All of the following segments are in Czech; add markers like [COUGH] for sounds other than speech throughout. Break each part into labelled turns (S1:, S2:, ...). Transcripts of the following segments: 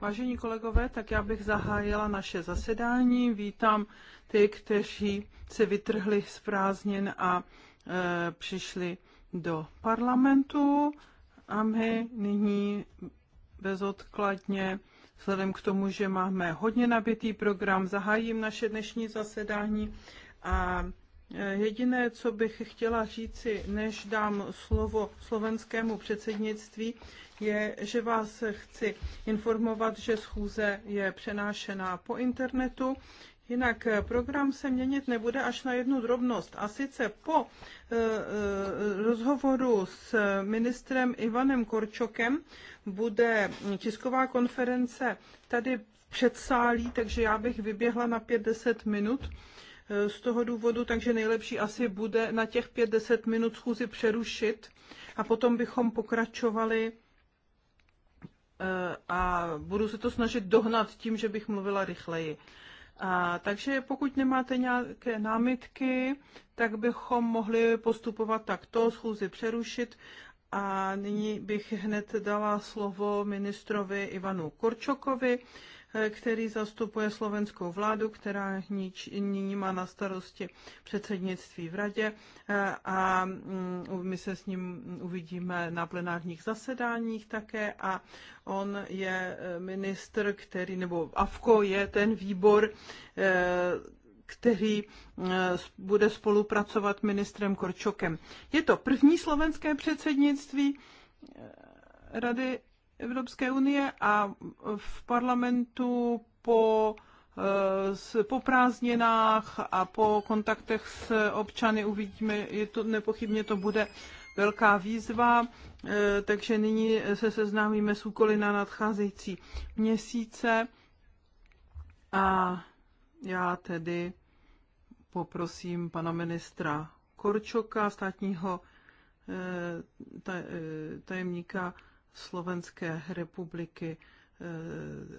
S1: Vážení kolegové, tak já bych zahájila naše zasedání. Vítám ty, kteří se vytrhli z prázdnin a e, přišli do parlamentu. A my nyní bezodkladně, vzhledem k tomu, že máme hodně nabitý program, zahájím naše dnešní zasedání a e, Jediné, co bych chtěla říci, než dám slovo slovenskému předsednictví, je, že vás chci informovat, že schůze je přenášená po internetu. Jinak eh, program se měnit nebude až na jednu drobnost. A sice po eh, eh, rozhovoru s ministrem Ivanem Korčokem bude tisková konference tady před sálí, takže já bych vyběhla na 5-10 minut z toho důvodu, takže nejlepší asi bude na těch 5-10 minut schůzi přerušit a potom bychom pokračovali Eh, a budu se to snažit dohnat tím, že bych mluvila rychleji. A, takže pokud nemáte nějaké námitky, tak bychom mohli postupovat takto, schůzi přerušit a nyní bych hned dala slovo ministrovi Ivanu Korčokovi, Eh, který zastupuje slovenskou vládu, která nyní má na starosti předsednictví v radě eh, a mm, my se s ním uvidíme na plenárních zasedáních také a on je eh, ministr, který, nebo AFKO je ten výbor, který bude spolupracovat ministrem Korčokem. Je to první slovenské předsednictví Rady Evropské unie a v parlamentu po, eh, po prázdninách a po kontaktech s občany uvidíme, je to, nepochybně to bude velká výzva, eh, takže nyní se seznámíme s úkoly na nadcházející měsíce a já tedy poprosím pana ministra Korčoka, státního eh, tajemníka Slovenské republiky, eh,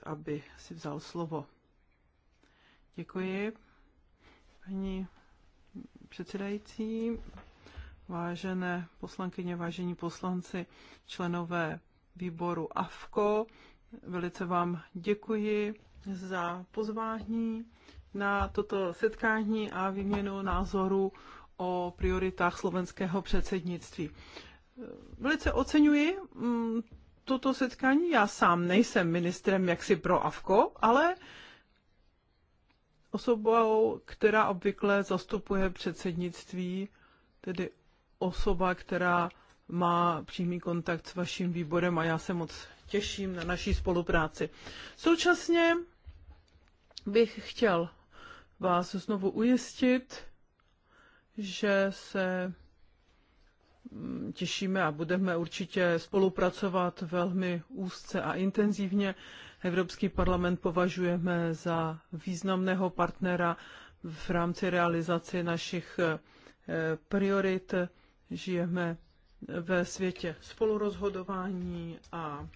S1: aby si vzal slovo. Děkuji, paní předsedající, vážené poslankyně, vážení poslanci, členové výboru AFKO. Velice vám děkuji za pozvání na toto setkání a výměnu názoru o prioritách slovenského předsednictví velice oceňuji mm, toto setkání. Já sám nejsem ministrem jaksi pro AVKO, ale osobou, která obvykle zastupuje předsednictví, tedy osoba, která má přímý kontakt s vaším výborem a já se moc těším na naší spolupráci. Současně bych chtěl vás znovu ujistit, že se těšíme a budeme určitě spolupracovat velmi úzce a intenzivně. Evropský parlament považujeme za významného partnera v rámci realizace našich eh, priorit. Žijeme ve světě spolurozhodování a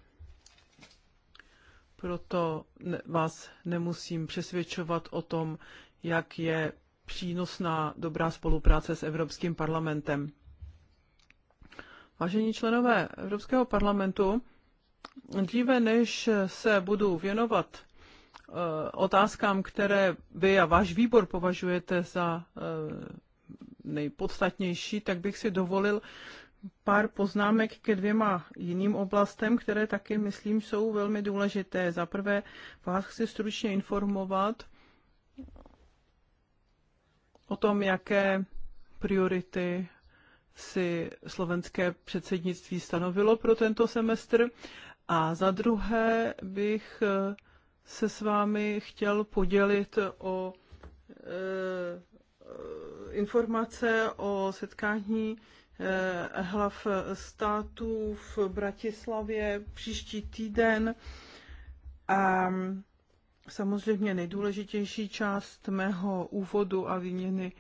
S1: proto vás nemusím přesvědčovat o tom, jak je přínosná dobrá spolupráce s Evropským parlamentem. Vážení členové Evropského parlamentu, dříve než se budu věnovat eh, otázkám, které vy a váš výbor považujete za eh, nejpodstatnější, tak bych si dovolil pár poznámek ke dvěma jiným oblastem, které taky, myslím, jsou velmi důležité. Za prvé vás chci stručně informovat o tom, jaké priority si slovenské předsednictví stanovilo pro tento semestr. A za druhé bych eh, se s vámi chtěl podělit o e, informace o setkání e, hlav států v Bratislavě příští týden. A samozřejmě nejdůležitější část mého úvodu a výměny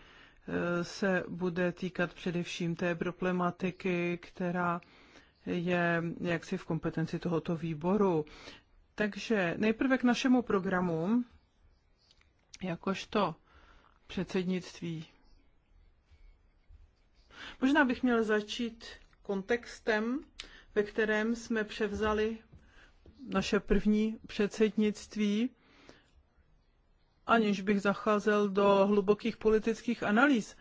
S1: se bude týkat především té problematiky, která je jaksi v kompetenci tohoto výboru. Takže nejprve k našemu programu, jakožto předsednictví. Možná bych měl začít kontextem, ve kterém jsme převzali naše první předsednictví aniž bych zacházel do hlubokých politických analýz,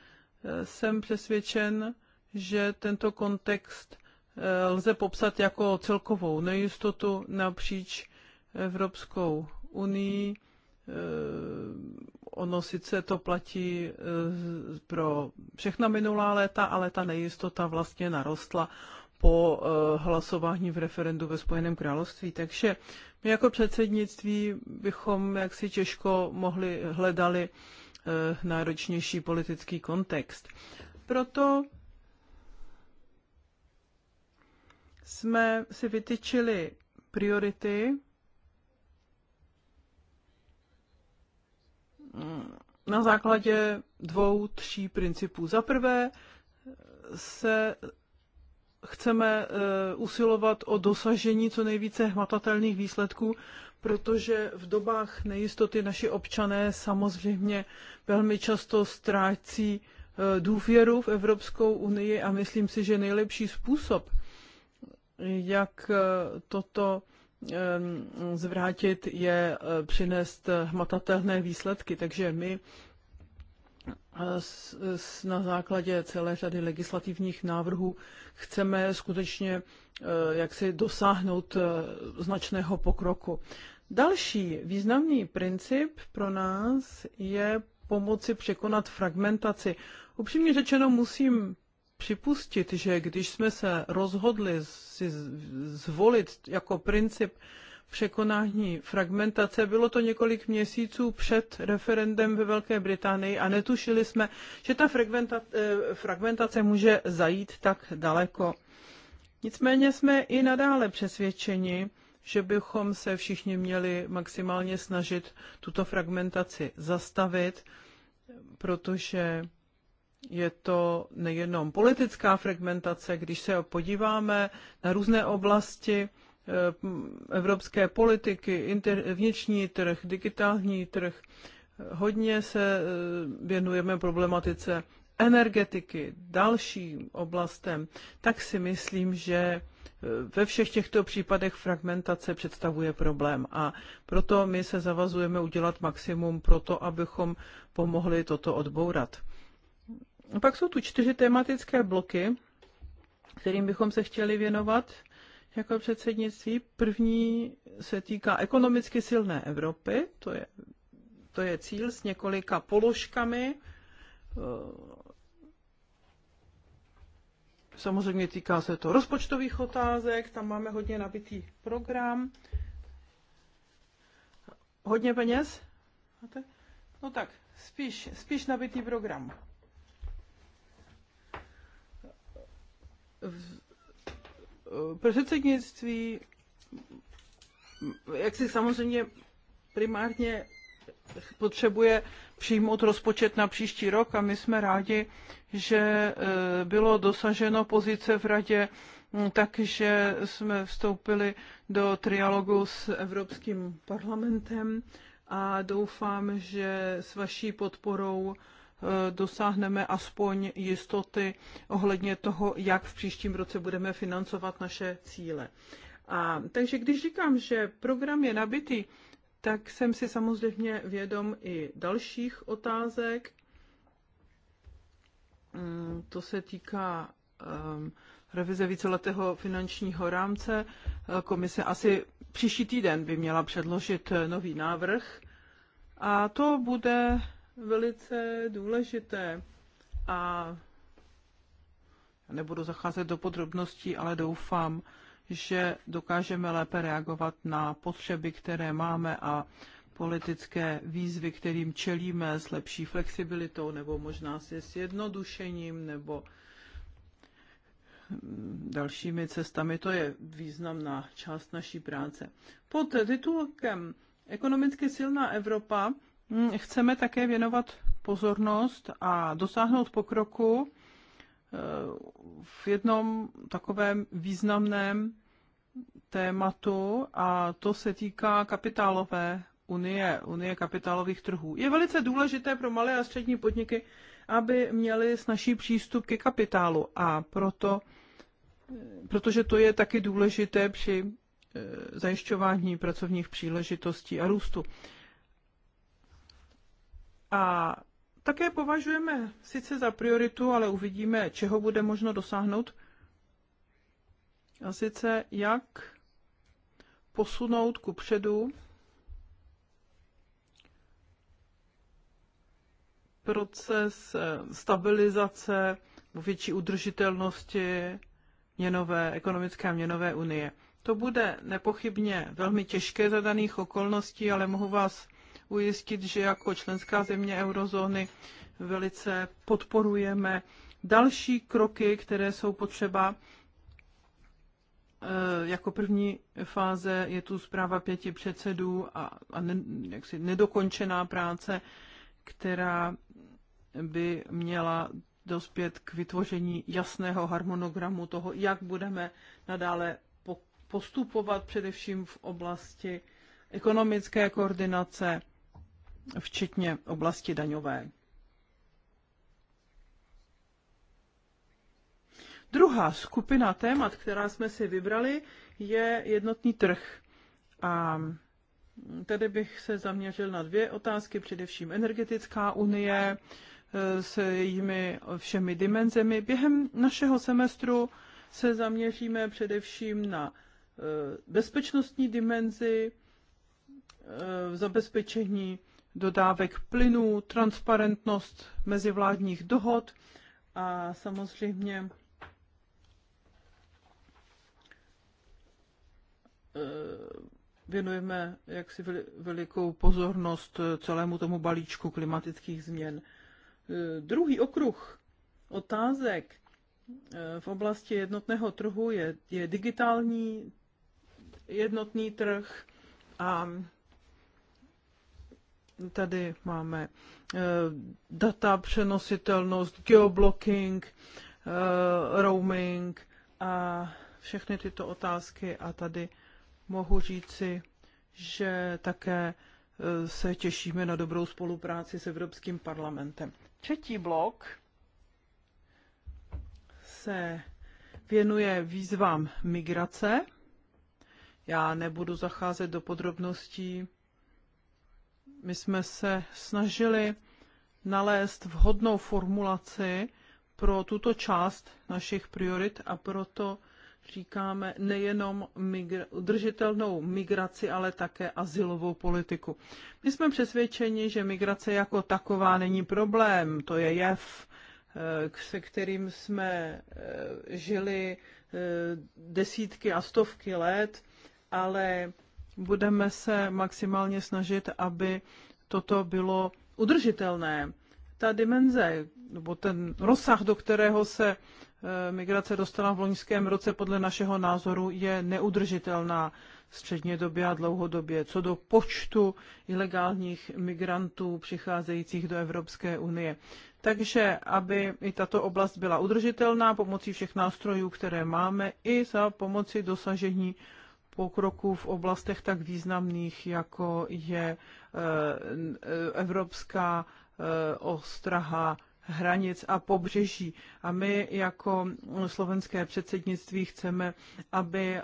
S1: eh, jsem přesvědčen, že tento kontext eh, lze popsat jako celkovou nejistotu napříč Evropskou unii. Eh, ono sice to platí pro všechna minulá léta, ale ta nejistota vlastně narostla po eh, hlasování v referendu ve Spojeném království. Takže my jako předsednictví bychom jaksi těžko mohli hledali eh, náročnější politický kontext. Proto jsme si vytyčili priority mm, na základě dvou, tří principů. Za prvé se chceme eh, usilovat o dosažení co nejvíce hmatatelných výsledků, protože v dobách nejistoty naši občané samozřejmě velmi často ztrácí eh, důvěru v Evropskou unii a myslím si, že nejlepší způsob, jak eh, toto zvrátit, je přinést hmatatelné výsledky. Takže my na základě celé řady legislativních návrhů chceme skutečně e, jak si dosáhnout e, značného pokroku. Další významný princip pro nás je pomoci překonat fragmentaci. Upřímně řečeno musím připustit, že když jsme se rozhodli si zvolit jako princip překonání fragmentace. Bylo to několik měsíců před referendem ve Velké Británii a netušili jsme, že ta eh, fragmentace může zajít tak daleko. Nicméně jsme i nadále přesvědčeni, že bychom se všichni měli maximálně snažit tuto fragmentaci zastavit, protože je to nejenom politická fragmentace, když se podíváme na různé oblasti, Eh, evropské politiky, inter, vnitřní trh, digitální trh. Hodně se eh, věnujeme problematice energetiky, dalším oblastem, tak si myslím, že eh, ve všech těchto případech fragmentace představuje problém a proto my se zavazujeme udělat maximum pro to, abychom pomohli toto odbourat. Pak jsou tu čtyři tematické bloky, kterým bychom se chtěli věnovat jako předsednictví. První se týká ekonomicky silné Evropy, to je, to je cíl s několika položkami. Eh, samozřejmě týká se to rozpočtových otázek, tam máme hodně nabitý program. Hodně peněz? No tak, spíš, spíš nabitý program. Eh, předsednictví, jak si samozřejmě primárně potřebuje přijmout rozpočet na příští rok a my jsme rádi, že eh, bylo dosaženo pozice v radě, hm, takže jsme vstoupili do trialogu s Evropským parlamentem a doufám, že s vaší podporou Eh, dosáhneme aspoň jistoty ohledně toho, jak v příštím roce budeme financovat naše cíle. A, takže když říkám, že program je nabitý, tak jsem si samozřejmě vědom i dalších otázek. Mm, to se týká um, revize víceletého finančního rámce. Eh, komise asi příští týden by měla předložit nový návrh a to bude velice důležité. A nebudu zacházet do podrobností, ale doufám, že dokážeme lépe reagovat na potřeby, které máme a politické výzvy, kterým čelíme s lepší flexibilitou nebo možná se sjednodušením nebo dalšími cestami. To je významná část naší práce. Pod titulkem Ekonomicky silná Evropa Mm, chceme také věnovat pozornost a dosáhnout pokroku eh, v jednom takovém významném tématu a to se týká kapitálové unie, unie kapitálových trhů. Je velice důležité pro malé a střední podniky, aby měli snažší přístup ke kapitálu a proto, eh, protože to je taky důležité při eh, zajišťování pracovních příležitostí a růstu. A také považujeme sice za prioritu, ale uvidíme, čeho bude možno dosáhnout. A sice jak posunout ku předu proces eh, stabilizace, větší udržitelnosti měnové, ekonomické a měnové unie. To bude nepochybně velmi těžké za daných okolností, ale mohu vás ujistit, že jako členská země eurozóny velice podporujeme další kroky, které jsou potřeba. E, jako první fáze je tu zpráva pěti předsedů a, a ne, jaksi nedokončená práce, která by měla dospět k vytvoření jasného harmonogramu toho, jak budeme nadále postupovat především v oblasti ekonomické koordinace včetně oblasti daňové. Druhá skupina témat, která jsme si vybrali, je jednotný trh. A tady bych se zaměřil na dvě otázky, především energetická unie e, s jejími všemi dimenzemi. Během našeho semestru se zaměříme především na e, bezpečnostní dimenzi, e, zabezpečení dodávek plynů, transparentnost mezivládních dohod a samozřejmě eh, věnujeme jaksi velikou pozornost eh, celému tomu balíčku klimatických změn. Eh, druhý okruh otázek v oblasti jednotného trhu je, je digitální jednotný trh a tady máme eh, data, přenositelnost, geoblocking, eh, roaming a všechny tyto otázky a tady mohu říci, že také eh, se těšíme na dobrou spolupráci s Evropským parlamentem. Třetí blok se věnuje výzvám migrace. Já nebudu zacházet do podrobností my jsme se snažili nalézt vhodnou formulaci pro tuto část našich priorit a proto říkáme nejenom migra- udržitelnou migraci, ale také asilovou politiku. My jsme přesvědčeni, že migrace jako taková není problém, to je jev, eh, se kterým jsme eh, žili eh, desítky a stovky let, ale budeme se maximálně snažit, aby toto bylo udržitelné. Ta dimenze, nebo ten rozsah, do kterého se e, migrace dostala v loňském roce, podle našeho názoru je neudržitelná střednědobě a dlouhodobě. Co do počtu ilegálních migrantů přicházejících do Evropské unie. Takže, aby i tato oblast byla udržitelná pomocí všech nástrojů, které máme, i za pomoci dosažení pokroku v oblastech tak významných, jako je eh, evropská eh, ostraha hranic a pobřeží. A my jako slovenské předsednictví chceme, aby eh,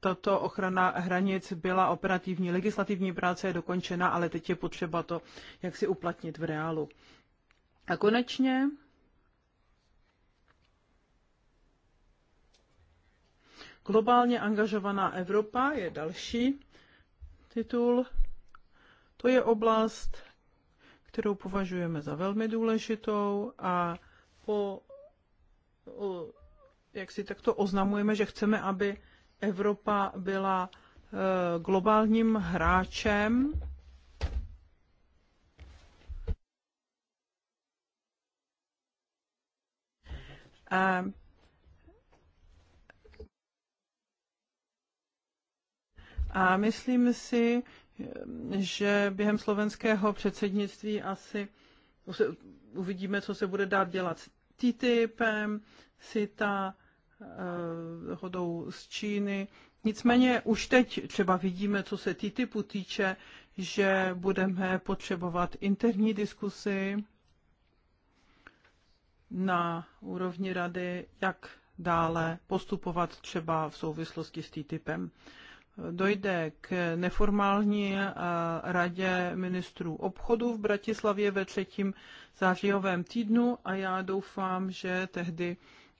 S1: tato ochrana hranic byla operativní. Legislativní práce je dokončena, ale teď je potřeba to, jak si uplatnit v reálu. A konečně Globálně angažovaná Evropa je další titul. To je oblast, kterou považujeme za velmi důležitou a po, jak si takto oznamujeme, že chceme, aby Evropa byla e, globálním hráčem Um, A myslím si, že během slovenského předsednictví asi uvidíme, co se bude dát dělat s TTIPem, SITA, eh, hodou z Číny. Nicméně už teď třeba vidíme, co se TTIPu týče, že budeme potřebovat interní diskusy na úrovni rady, jak dále postupovat třeba v souvislosti s TTIPem dojde k neformální eh, radě ministrů obchodu v Bratislavě ve třetím zářijovém týdnu a já doufám, že tehdy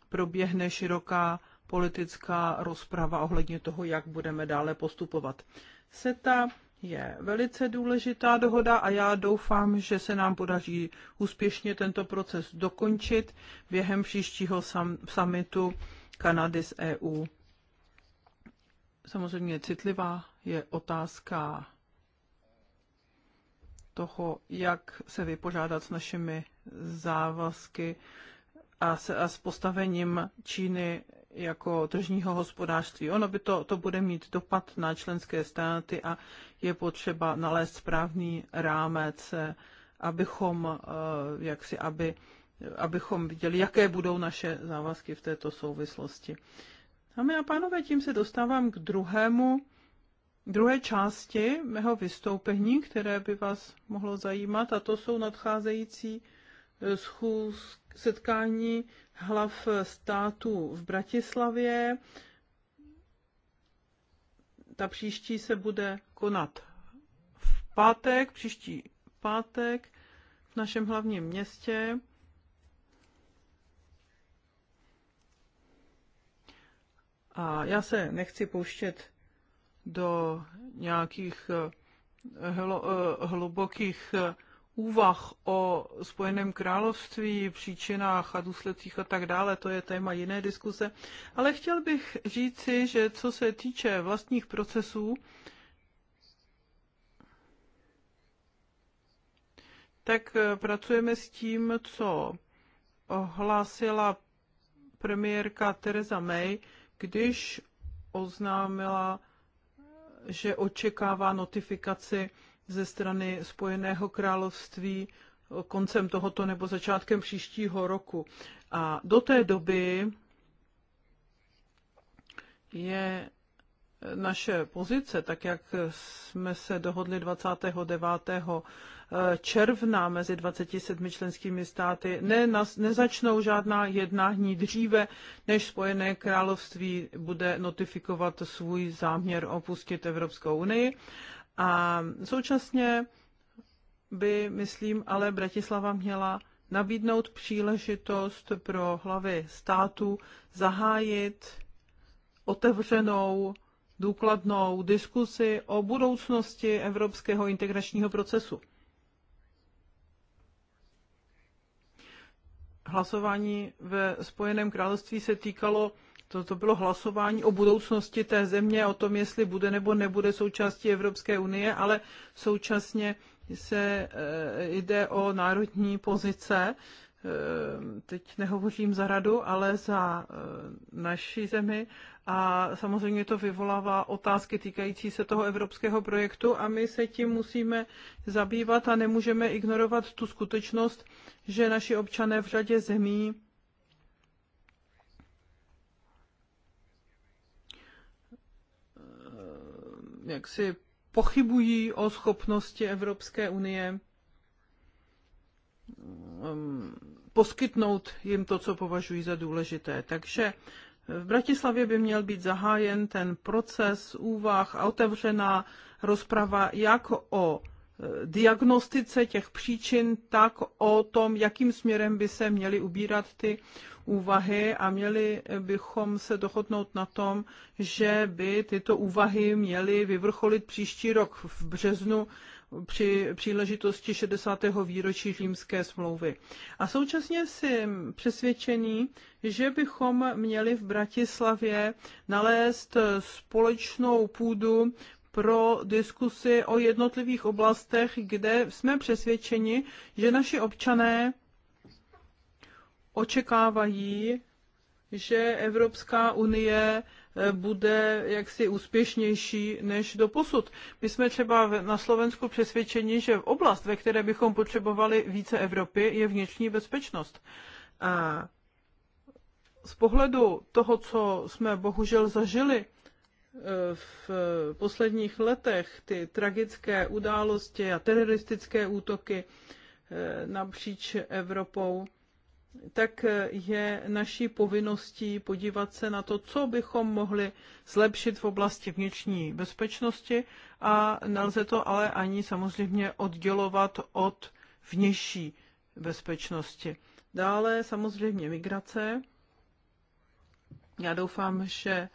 S1: proběhne široká politická rozprava ohledně toho, jak budeme dále postupovat. SETA je velice důležitá dohoda a já doufám, že se nám podaří úspěšně tento proces dokončit během příštího summitu Kanady s EU samozřejmě citlivá je otázka toho, jak se vypořádat s našimi závazky a, se, a s postavením Číny jako tržního hospodářství. Ono by to, to bude mít dopad na členské státy a je potřeba nalézt správný rámec, abychom, eh, jaksi, aby, abychom viděli, jaké budou naše závazky v této souvislosti. Dámy a pánové, tím se dostávám k druhému, druhé části mého vystoupení, které by vás mohlo zajímat, a to jsou nadcházející eh, schůz, setkání hlav států v Bratislavě. Ta příští se bude konat v pátek, příští pátek v našem hlavním městě. A já se nechci pouštět do nějakých eh, eh, hlubokých eh, úvah o Spojeném království, příčinách a důsledcích a tak dále, to je téma jiné diskuse. Ale chtěl bych říci, že co se týče vlastních procesů, tak pracujeme s tím, co ohlásila premiérka Theresa May, když oznámila, že očekává notifikaci ze strany Spojeného království koncem tohoto nebo začátkem příštího roku. A do té doby je naše pozice, tak jak jsme se dohodli 29. Eh, června mezi 27 členskými státy, ne, nezačnou žádná jednání dříve, než Spojené království bude notifikovat svůj záměr opustit Evropskou unii. A současně by, myslím, ale Bratislava měla nabídnout příležitost pro hlavy států zahájit otevřenou důkladnou diskusi o budoucnosti evropského integračního procesu. Hlasování ve Spojeném království se týkalo, to, to bylo hlasování o budoucnosti té země, o tom, jestli bude nebo nebude součástí Evropské unie, ale současně se e, jde o národní pozice. E, teď nehovořím za radu, ale za e, eh, naší zemi. E, a samozřejmě to vyvolává otázky týkající se toho evropského projektu a my se tím musíme zabývat a nemůžeme ignorovat tu skutečnost, že naši občané v řadě zemí eh, jak si pochybují o schopnosti Evropské unie mm, poskytnout jim to, co považují za důležité. Takže v Bratislavě by měl být zahájen ten proces úvah a otevřená rozprava jak o e, diagnostice těch příčin, tak o tom, jakým směrem by se měly ubírat ty úvahy a měli bychom se dohodnout na tom, že by tyto úvahy měly vyvrcholit příští rok v březnu při příležitosti 60. výročí římské smlouvy. A současně jsem přesvědčený, že bychom měli v Bratislavě nalézt společnou půdu pro diskusy o jednotlivých oblastech, kde jsme přesvědčeni, že naši občané očekávají, že Evropská unie eh, bude jaksi úspěšnější než do posud. My jsme třeba na Slovensku přesvědčeni, že oblast, ve které bychom potřebovali více Evropy, je vnitřní bezpečnost. A z pohledu toho, co jsme bohužel zažili eh, v posledních letech, ty tragické události a teroristické útoky eh, napříč Evropou, tak eh, je naší povinností podívat se na to, co bychom mohli zlepšit v oblasti vnitřní bezpečnosti a nelze to ale ani samozřejmě oddělovat od vnější bezpečnosti. Dále samozřejmě migrace. Já doufám, že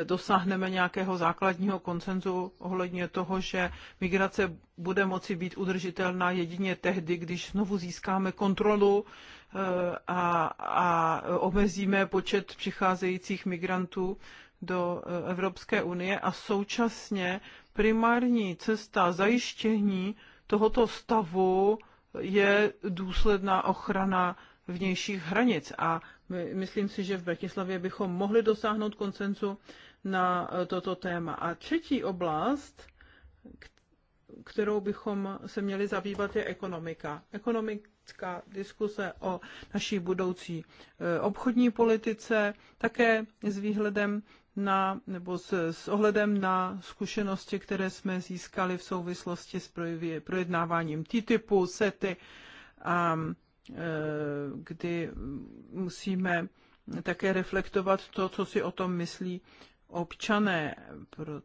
S1: eh, dosáhneme nějakého základního koncenzu ohledně toho, že migrace bude moci být udržitelná jedině tehdy, když znovu získáme kontrolu eh, a, a omezíme počet přicházejících migrantů do eh, Evropské unie a současně primární cesta zajištění tohoto stavu je důsledná ochrana vnějších hranic. A my myslím si, že v Bratislavě bychom mohli dosáhnout koncenzu na eh, toto téma. A třetí oblast, kterou bychom se měli zabývat, je ekonomika. Ekonomická diskuse o naší budoucí eh, obchodní politice, také s výhledem na, nebo s, s ohledem na zkušenosti, které jsme získali v souvislosti s projednáváním TTIPu, SETY, um, Eh, kdy musíme také reflektovat to, co si o tom myslí občané pro,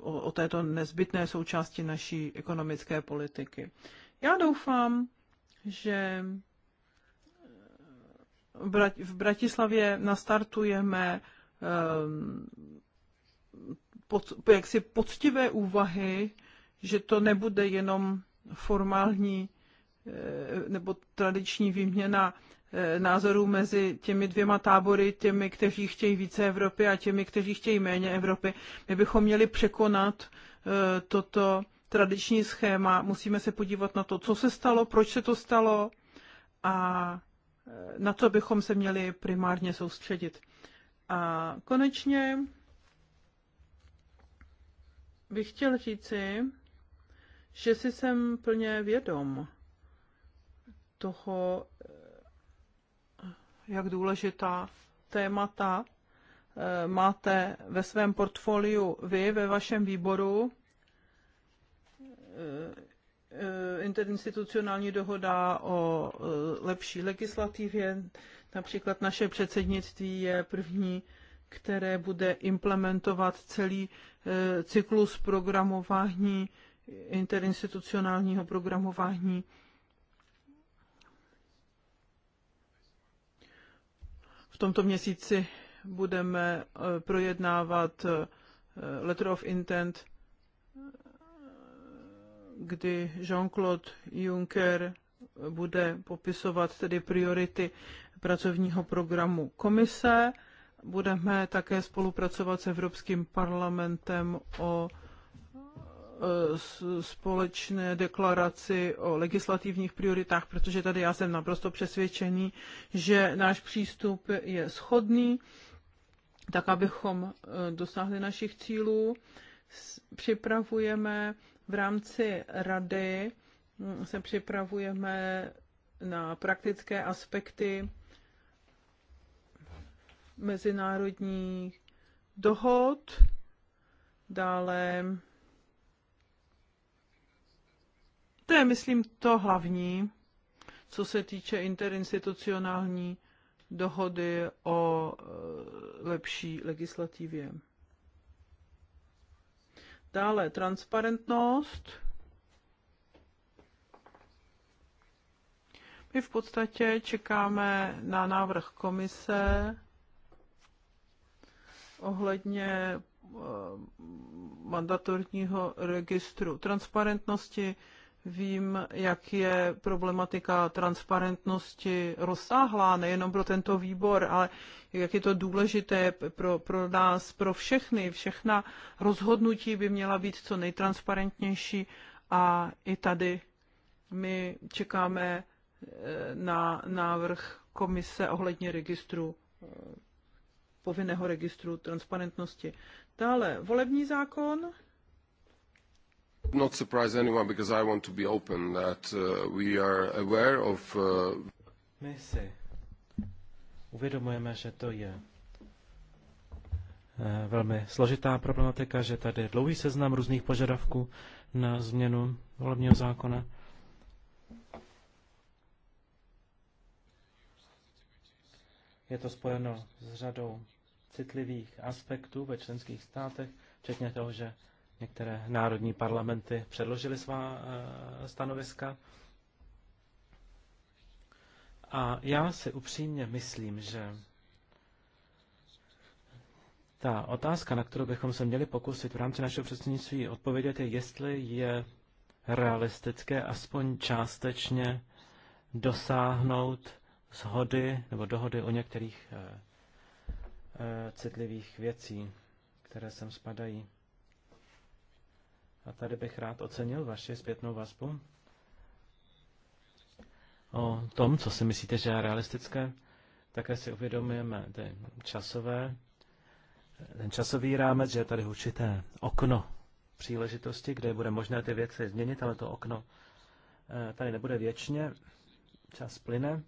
S1: o, o této nezbytné součásti naší ekonomické politiky. Já doufám, že eh, v Bratislavě nastartujeme eh, pod, jaksi poctivé úvahy, že to nebude jenom formální Eh, nebo tradiční výměna eh, názorů mezi těmi dvěma tábory, těmi, kteří chtějí více Evropy a těmi, kteří chtějí méně Evropy. My bychom měli překonat eh, toto tradiční schéma. Musíme se podívat na to, co se stalo, proč se to stalo a na to bychom se měli primárně soustředit. A konečně bych chtěl říci, že si jsem plně vědom toho, jak důležitá témata eh, máte ve svém portfoliu vy, ve vašem výboru. Eh, eh, interinstitucionální dohoda o lepší legislativě, například naše předsednictví je první, které bude implementovat celý cyklus programování, interinstitucionálního programování tomto měsíci budeme eh, projednávat eh, Letter of Intent, eh, kdy Jean-Claude Juncker bude popisovat tedy priority pracovního programu komise. Budeme také spolupracovat s Evropským parlamentem o Eh, společné deklaraci o legislativních prioritách, protože tady já jsem naprosto přesvědčený, že náš přístup je shodný, tak abychom eh, dosáhli našich cílů. Připravujeme v rámci rady, hm, se připravujeme na praktické aspekty mezinárodních dohod, dále To je, myslím, to hlavní, co se týče interinstitucionální dohody o e, lepší legislativě. Dále transparentnost. My v podstatě čekáme na návrh komise ohledně e, mandatorního registru transparentnosti Vím, jak je problematika transparentnosti rozsáhlá, nejenom pro tento výbor, ale jak je to důležité pro, pro nás, pro všechny. Všechna rozhodnutí by měla být co nejtransparentnější a i tady my čekáme eh, na návrh komise ohledně registru, eh, povinného registru transparentnosti. Dále, volební zákon.
S2: Not surprise anyone because I want to be open that uh, we are aware of uh...
S3: My uvědomujeme, že to je uh, velmi složitá problematika, že tady je dlouhý seznam různých požadavků na změnu volebního zákona. Je to spojeno s řadou citlivých aspektů ve členských státech, včetně toho, že Některé národní parlamenty předložily svá eh, stanoviska. A já si upřímně myslím, že ta otázka, na kterou bychom se měli pokusit v rámci našeho předsednictví odpovědět, je, jestli je realistické aspoň částečně dosáhnout shody nebo dohody o některých eh, eh citlivých věcí, které sem spadají. A tady bych rád ocenil vaši zpětnou vazbu o tom, co si myslíte, že je realistické. Také si uvědomujeme ty časové, ten časový rámec, že je tady určité okno příležitosti, kde bude možné ty věci změnit, ale to okno eh, tady nebude věčně, čas plyne.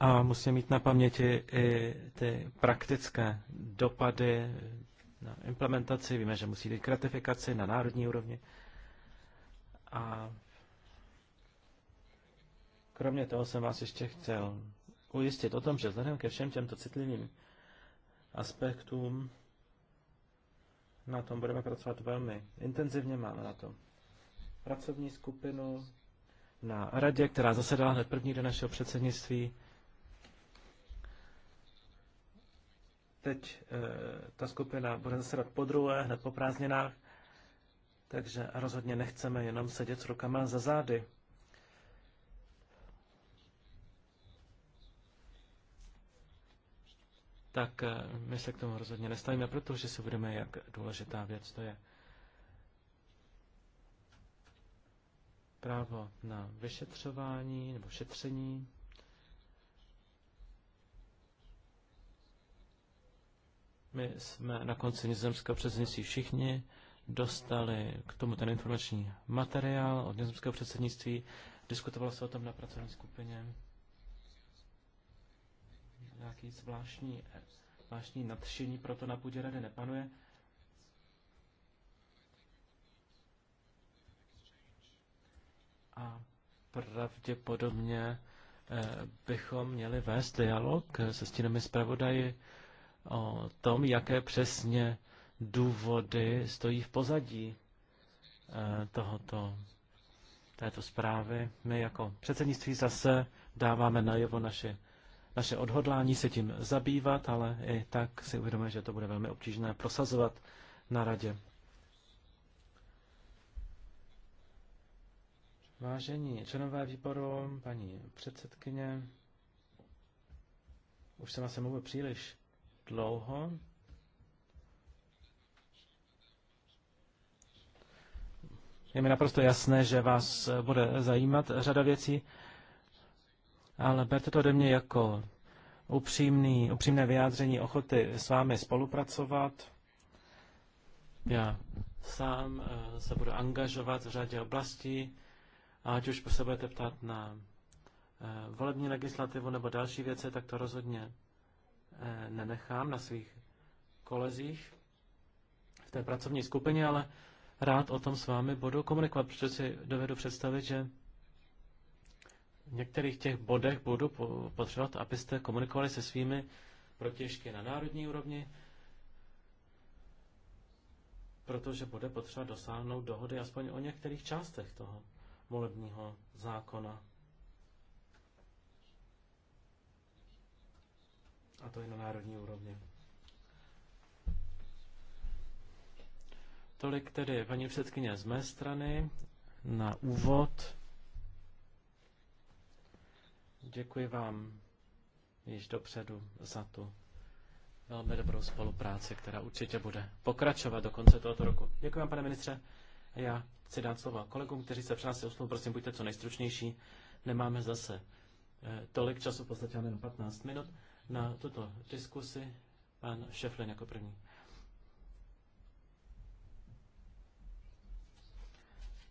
S3: A musíme mít na paměti i ty praktické dopady na implementaci, víme, že musí být k na národní úrovni. A kromě toho jsem vás ještě chtěl ujistit o tom, že vzhledem ke všem těmto citlivým aspektům na tom budeme pracovat velmi intenzivně. Máme na tom pracovní skupinu na radě, která zasedala hned první den našeho předsednictví. Teď eh, ta skupina bude zasedat po druhé, hned po prázdninách, takže rozhodně nechceme jenom sedět s rukama za zády. tak eh, my se k tomu rozhodně nestavíme, protože si budeme, jak důležitá věc to je. Právo na vyšetřování nebo šetření My jsme na konci nizozemského předsednictví všichni dostali k tomu ten informační materiál od nizozemského předsednictví. Diskutovalo se o tom na pracovní skupině. Nějaký zvláštní, zvláštní nadšení to na půdě rady nepanuje. A pravděpodobně eh, bychom měli vést dialog se stínami zpravodaji o tom, jaké přesně důvody stojí v pozadí eh, tohoto, této zprávy. My jako předsednictví zase dáváme najevo naše, naše odhodlání se tím zabývat, ale i tak si uvědomujeme, že to bude velmi obtížné prosazovat na radě. Vážení členové výboru, paní předsedkyně, už jsem asi mluvil příliš dlouho. Je mi naprosto jasné, že vás bude zajímat řada věcí, ale berte to ode mě jako upřímný, upřímné vyjádření ochoty s vámi spolupracovat. Já sám eh, se budu angažovat v řadě oblastí, ať už se budete ptát na eh, volební legislativu nebo další věci, tak to rozhodně Eh, nenechám na svých kolezích v té pracovní skupině, ale rád o tom s vámi budu komunikovat, protože si dovedu představit, že v některých těch bodech budu potřebovat, abyste komunikovali se svými protěžky na národní úrovni, protože bude potřeba dosáhnout dohody aspoň o některých částech toho volebního zákona. A to je na národní úrovni. Tolik tedy, paní předsedkyně, z mé strany na úvod. Děkuji vám již dopředu za tu velmi dobrou spolupráci, která určitě bude pokračovat do konce tohoto roku. Děkuji vám, pane ministře. Já chci dát slovo kolegům, kteří se přihlásili o slovo. Prosím, buďte co nejstručnější. Nemáme zase eh, tolik času, v podstatě jenom 15 minut na tuto diskusi. Pan Šeflin jako první.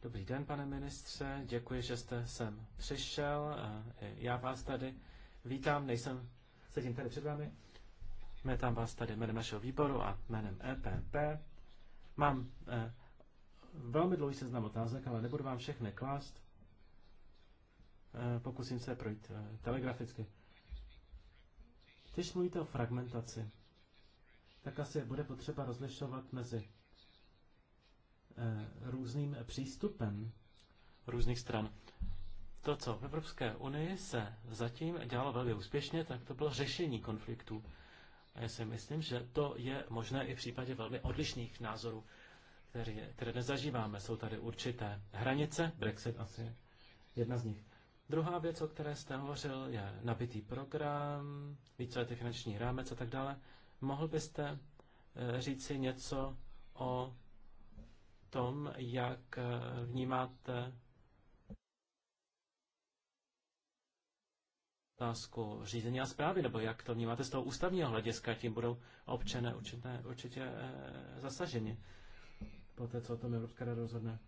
S3: Dobrý den, pane ministře, děkuji, že jste sem přišel. Já vás tady vítám, nejsem, sedím tady před vámi. Vítám vás tady jménem našeho výboru a jménem EPP. Mám eh, velmi dlouhý seznam otázek, ale nebudu vám všechny klást. Eh, pokusím se projít eh, telegraficky. Když mluvíte o fragmentaci, tak asi bude potřeba rozlišovat mezi eh, různým přístupem různých stran. To, co v Evropské unii se zatím dělalo velmi úspěšně, tak to bylo řešení konfliktů. A já si myslím, že to je možné i v případě velmi odlišných názorů, které, které nezažíváme. Jsou tady určité hranice, Brexit asi jedna z nich. Druhá věc, o které jste hovořil, je nabitý program, víceletý finanční rámec a tak dále. Mohl byste eh, říci něco o tom, jak eh, vnímáte otázku řízení a zprávy, nebo jak to vnímáte z toho ústavního hlediska, tím budou občané určitě, určitě eh, zasaženi po té, co o tom Evropská rada rozhodne.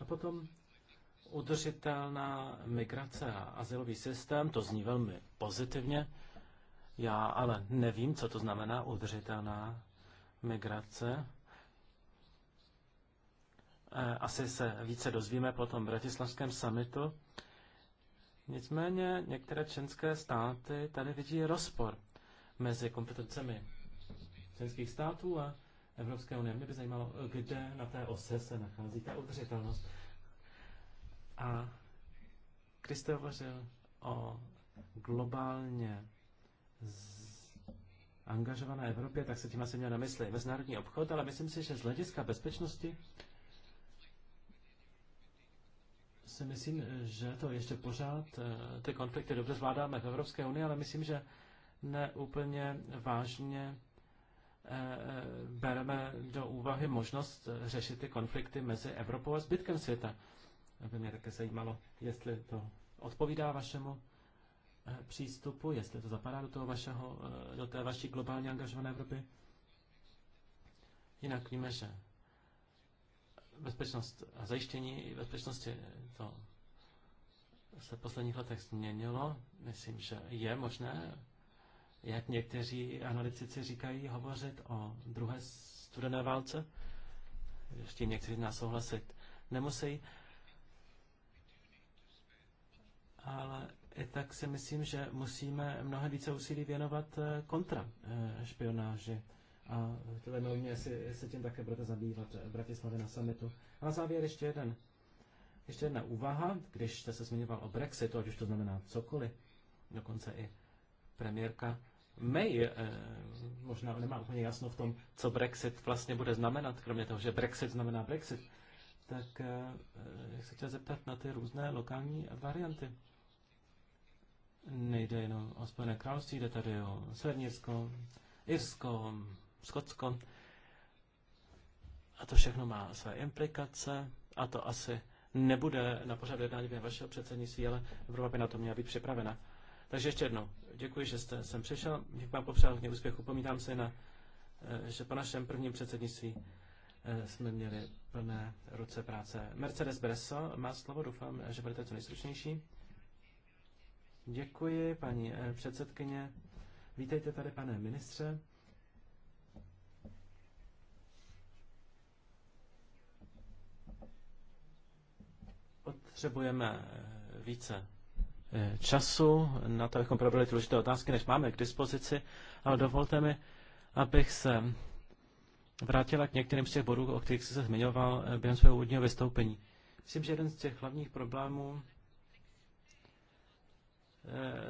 S3: A potom udržitelná migrace a asilový systém, to zní velmi pozitivně. Já ale nevím, co to znamená udržitelná migrace. E, asi se více dozvíme po tom bratislavském summitu. Nicméně některé členské státy tady vidí rozpor mezi kompetencemi členských států a Evropské unie. Mě by zajímalo, kde na té ose se nachází ta udržitelnost. A když jste hovořil o globálně angažované Evropě, tak se tím asi měl na mysli mezinárodní obchod, ale myslím si, že z hlediska bezpečnosti si myslím, že to ještě pořád, eh, ty konflikty dobře zvládáme v Evropské unii, ale myslím, že neúplně vážně Eh, bereme do úvahy možnost řešit ty konflikty mezi Evropou a zbytkem světa. By mě také zajímalo, jestli to odpovídá vašemu eh, přístupu, jestli to zapadá do, toho vašeho, eh, do té vaší globálně angažované Evropy. Jinak víme, že bezpečnost a zajištění bezpečnosti to se v posledních letech změnilo. Myslím, že je možné jak někteří analytici říkají, hovořit o druhé studené válce. Ještě někteří nás souhlasit nemusí. Ale i tak si myslím, že musíme mnohem více úsilí věnovat eh, kontra eh, špionáži. A mě jestli se tím také budete zabývat eh, v Bratislavě na summitu. A na závěr ještě jeden. Ještě jedna úvaha, když jste se zmiňoval o Brexitu, ať už to znamená cokoliv, dokonce i premiérka May eh, možná nemá úplně jasno v tom, co Brexit vlastně bude znamenat, kromě toho, že Brexit znamená Brexit, tak eh, eh se chtěl zeptat na ty různé lokální varianty. Nejde jenom o Spojené království, jde tady o Severněrsko, Irsko, Skotsko. A to všechno má své implikace a to asi nebude na pořad jednání vašeho předsednictví, ale Evropa by na to měla být připravena. Takže ještě jednou, děkuji, že jste sem přišel, Děkuji vám popřál hodně úspěchu. Pomítám se, na, eh, že po našem prvním předsednictví eh, jsme měli plné ruce práce. Mercedes Bresso má slovo, doufám, že budete co nejstručnější. Děkuji, paní eh, předsedkyně. Vítejte tady, pane ministře. Potřebujeme více Eh, času na to, abychom probrali důležité otázky, než máme k dispozici, ale dovolte mi, abych se vrátila k některým z těch bodů, o kterých jsi se zmiňoval eh, během svého úvodního vystoupení. Myslím, že jeden z těch hlavních problémů,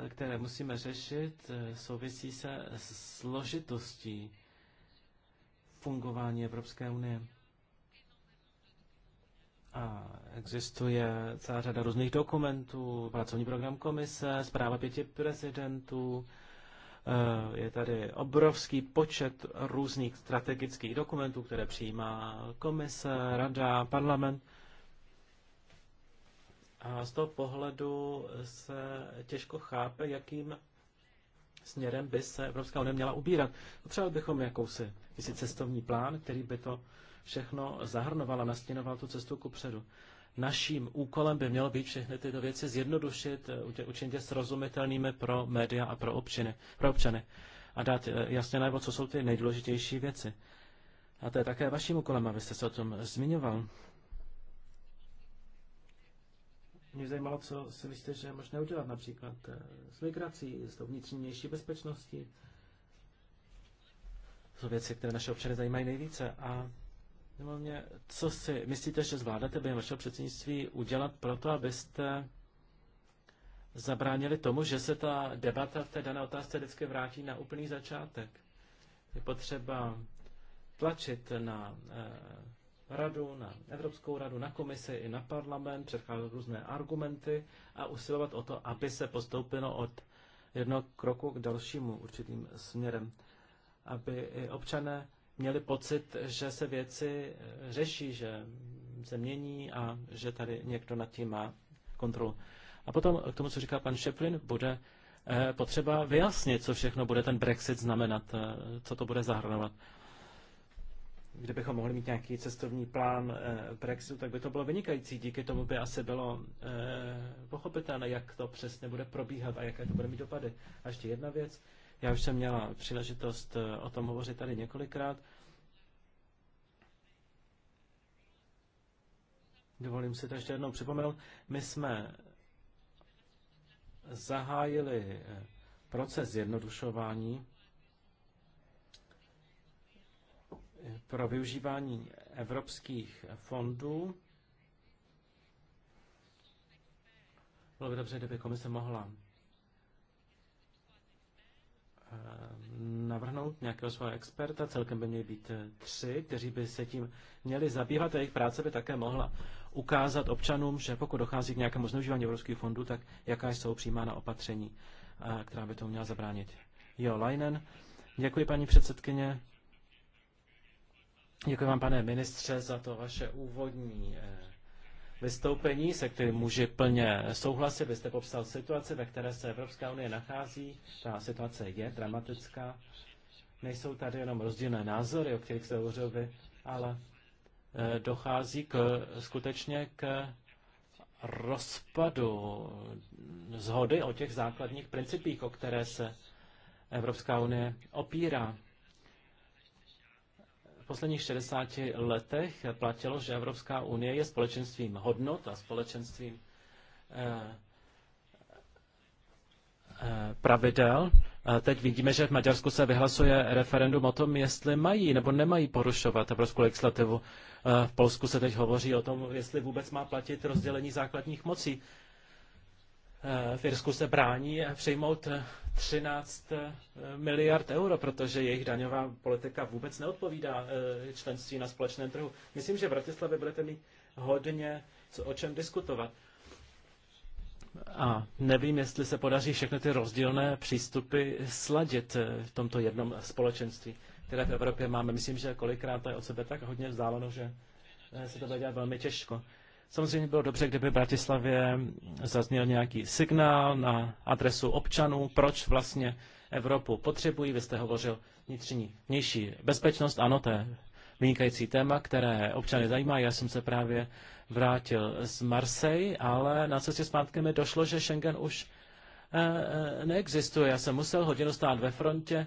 S3: eh, které musíme řešit, souvisí se s složitostí fungování Evropské unie. A existuje celá řada různých dokumentů, pracovní program komise, zpráva pěti prezidentů, eh, je tady obrovský počet různých strategických dokumentů, které přijímá komise, rada, parlament. A z toho pohledu se těžko chápe, jakým směrem by se Evropská unie měla ubírat. Potřebovali bychom jakousi cestovní plán, který by to všechno zahrnoval a nastěnoval tu cestu ku předu. Naším úkolem by mělo být všechny tyto věci zjednodušit, eh, učinit je srozumitelnými pro média a pro, občiny, pro občany a dát eh, jasně najevo, co jsou ty nejdůležitější věci. A to je také vaším úkolem, abyste se o tom zmiňoval. Mě zajímalo, co si myslíte, že je možné udělat například eh, s migrací, s tou vnitřní bezpečností. To jsou věci, které naše občany zajímají nejvíce a nebo mě, co si myslíte, že zvládáte během vašeho předsednictví udělat pro to, abyste zabránili tomu, že se ta debata v té dané otázce vždycky vrátí na úplný začátek? Je potřeba tlačit na eh, radu, na Evropskou radu, na komisi i na parlament, předcházet různé argumenty a usilovat o to, aby se postoupilo od jednoho kroku k dalšímu určitým směrem, aby i občané měli pocit, že se věci eh, řeší, že se mění a že tady někdo nad tím má kontrolu. A potom k tomu, co říká pan Šeplin, bude eh, potřeba vyjasnit, co všechno bude ten Brexit znamenat, eh, co to bude zahrnovat. Kdybychom mohli mít nějaký cestovní plán Brexitu, tak by to bylo vynikající. Díky tomu by asi bylo pochopitelné, jak to přesně bude probíhat a jaké to bude mít dopady. A ještě jedna věc. Já už jsem měla příležitost eh, o tom hovořit tady několikrát. Dovolím si to ještě jednou připomenout. My jsme zahájili eh, proces zjednodušování eh, pro využívání evropských fondů. Bylo by dobře, kdyby komise mohla Eh, navrhnout nějakého svého experta, celkem by měly být eh, tři, kteří by se tím měli zabývat a jejich práce by také mohla ukázat občanům, že pokud dochází k nějakému zneužívání evropských fondů, tak jaká jsou přijímána opatření, eh, která by to měla zabránit. Jo, Leinen. Děkuji, paní předsedkyně. Děkuji vám, pane ministře, za to vaše úvodní vystoupení, se kterým může plně souhlasit. Vy jste popsal situaci, ve které se Evropská unie nachází. Ta situace je dramatická. Nejsou tady jenom rozdílné názory, o kterých jste hovořil vy, ale eh, dochází k, skutečně k rozpadu zhody o těch základních principích, o které se Evropská unie opírá posledních 60 letech platilo, že Evropská unie je společenstvím hodnot a společenstvím eh, eh, pravidel. Teď vidíme, že v Maďarsku se vyhlasuje referendum o tom, jestli mají nebo nemají porušovat evropskou legislativu. Eh, v Polsku se teď hovoří o tom, jestli vůbec má platit rozdělení základních mocí. V Irsku se brání přijmout 13 eh, miliard euro, protože jejich daňová politika vůbec neodpovídá eh, členství na společném trhu. Myslím, že v Bratislavě budete mít hodně co, o čem diskutovat. A nevím, jestli se podaří všechny ty rozdílné přístupy sladit eh, v tomto jednom společenství, které v Evropě máme. Myslím, že kolikrát to je od sebe tak hodně vzdáleno, že se to bude dělat velmi těžko. Samozřejmě bylo dobře, kdyby v Bratislavě zazněl nějaký signál na adresu občanů, proč vlastně Evropu potřebují. Vy jste hovořil vnitřní, vnější bezpečnost, ano, to je vynikající téma, které občany zajímá. Já jsem se právě vrátil z Marseille, ale na cestě zpátky mi došlo, že Schengen už eh, eh, neexistuje. Já jsem musel hodinu stát ve frontě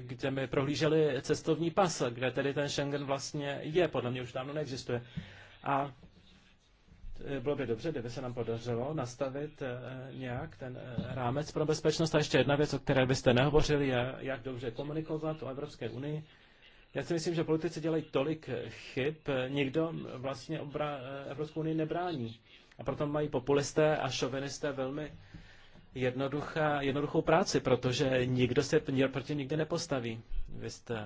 S3: kde mi prohlíželi cestovní pas, kde tedy ten Schengen vlastně je, podle mě už dávno neexistuje. A e, bylo by dobře, kdyby se nám podařilo nastavit e, nějak ten e, rámec pro bezpečnost. A ještě jedna věc, o které byste nehovořili, je, jak dobře komunikovat o Evropské unii. Já si myslím, že politici dělají tolik chyb, nikdo vlastně obra- Evropskou unii nebrání. A proto mají populisté a šovinisté velmi jednoduchá, jednoduchou práci, protože nikdo se proti nikdy nepostaví. Vy jste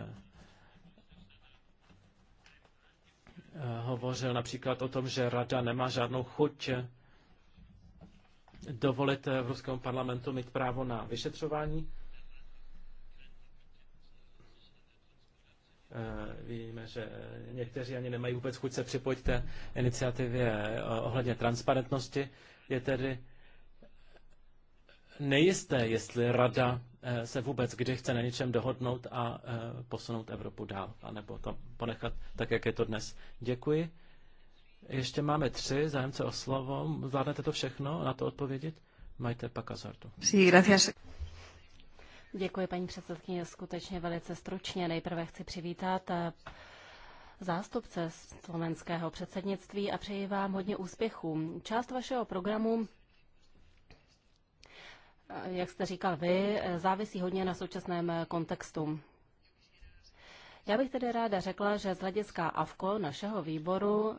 S3: eh, hovořil například o tom, že rada nemá žádnou chuť dovolit v ruském parlamentu mít právo na vyšetřování. Eh, víme, že někteří ani nemají vůbec chuť se připojit té iniciativě eh, ohledně transparentnosti. Je tedy nejisté, jestli rada eh, se vůbec kdy chce na něčem dohodnout a eh, posunout Evropu dál, anebo to ponechat tak, jak je to dnes. Děkuji. Ještě máme tři zájemce o slovo. Zvládnete to všechno na to odpovědět? Majte pak azartu.
S4: Děkuji, paní předsedkyně, skutečně velice stručně. Nejprve chci přivítat eh, zástupce slovenského předsednictví a přeji vám hodně úspěchů. Část vašeho programu Eh, jak jste říkal vy, eh, závisí hodně na současném eh, kontextu. Já bych tedy ráda řekla, že z hlediska AFKO, našeho výboru,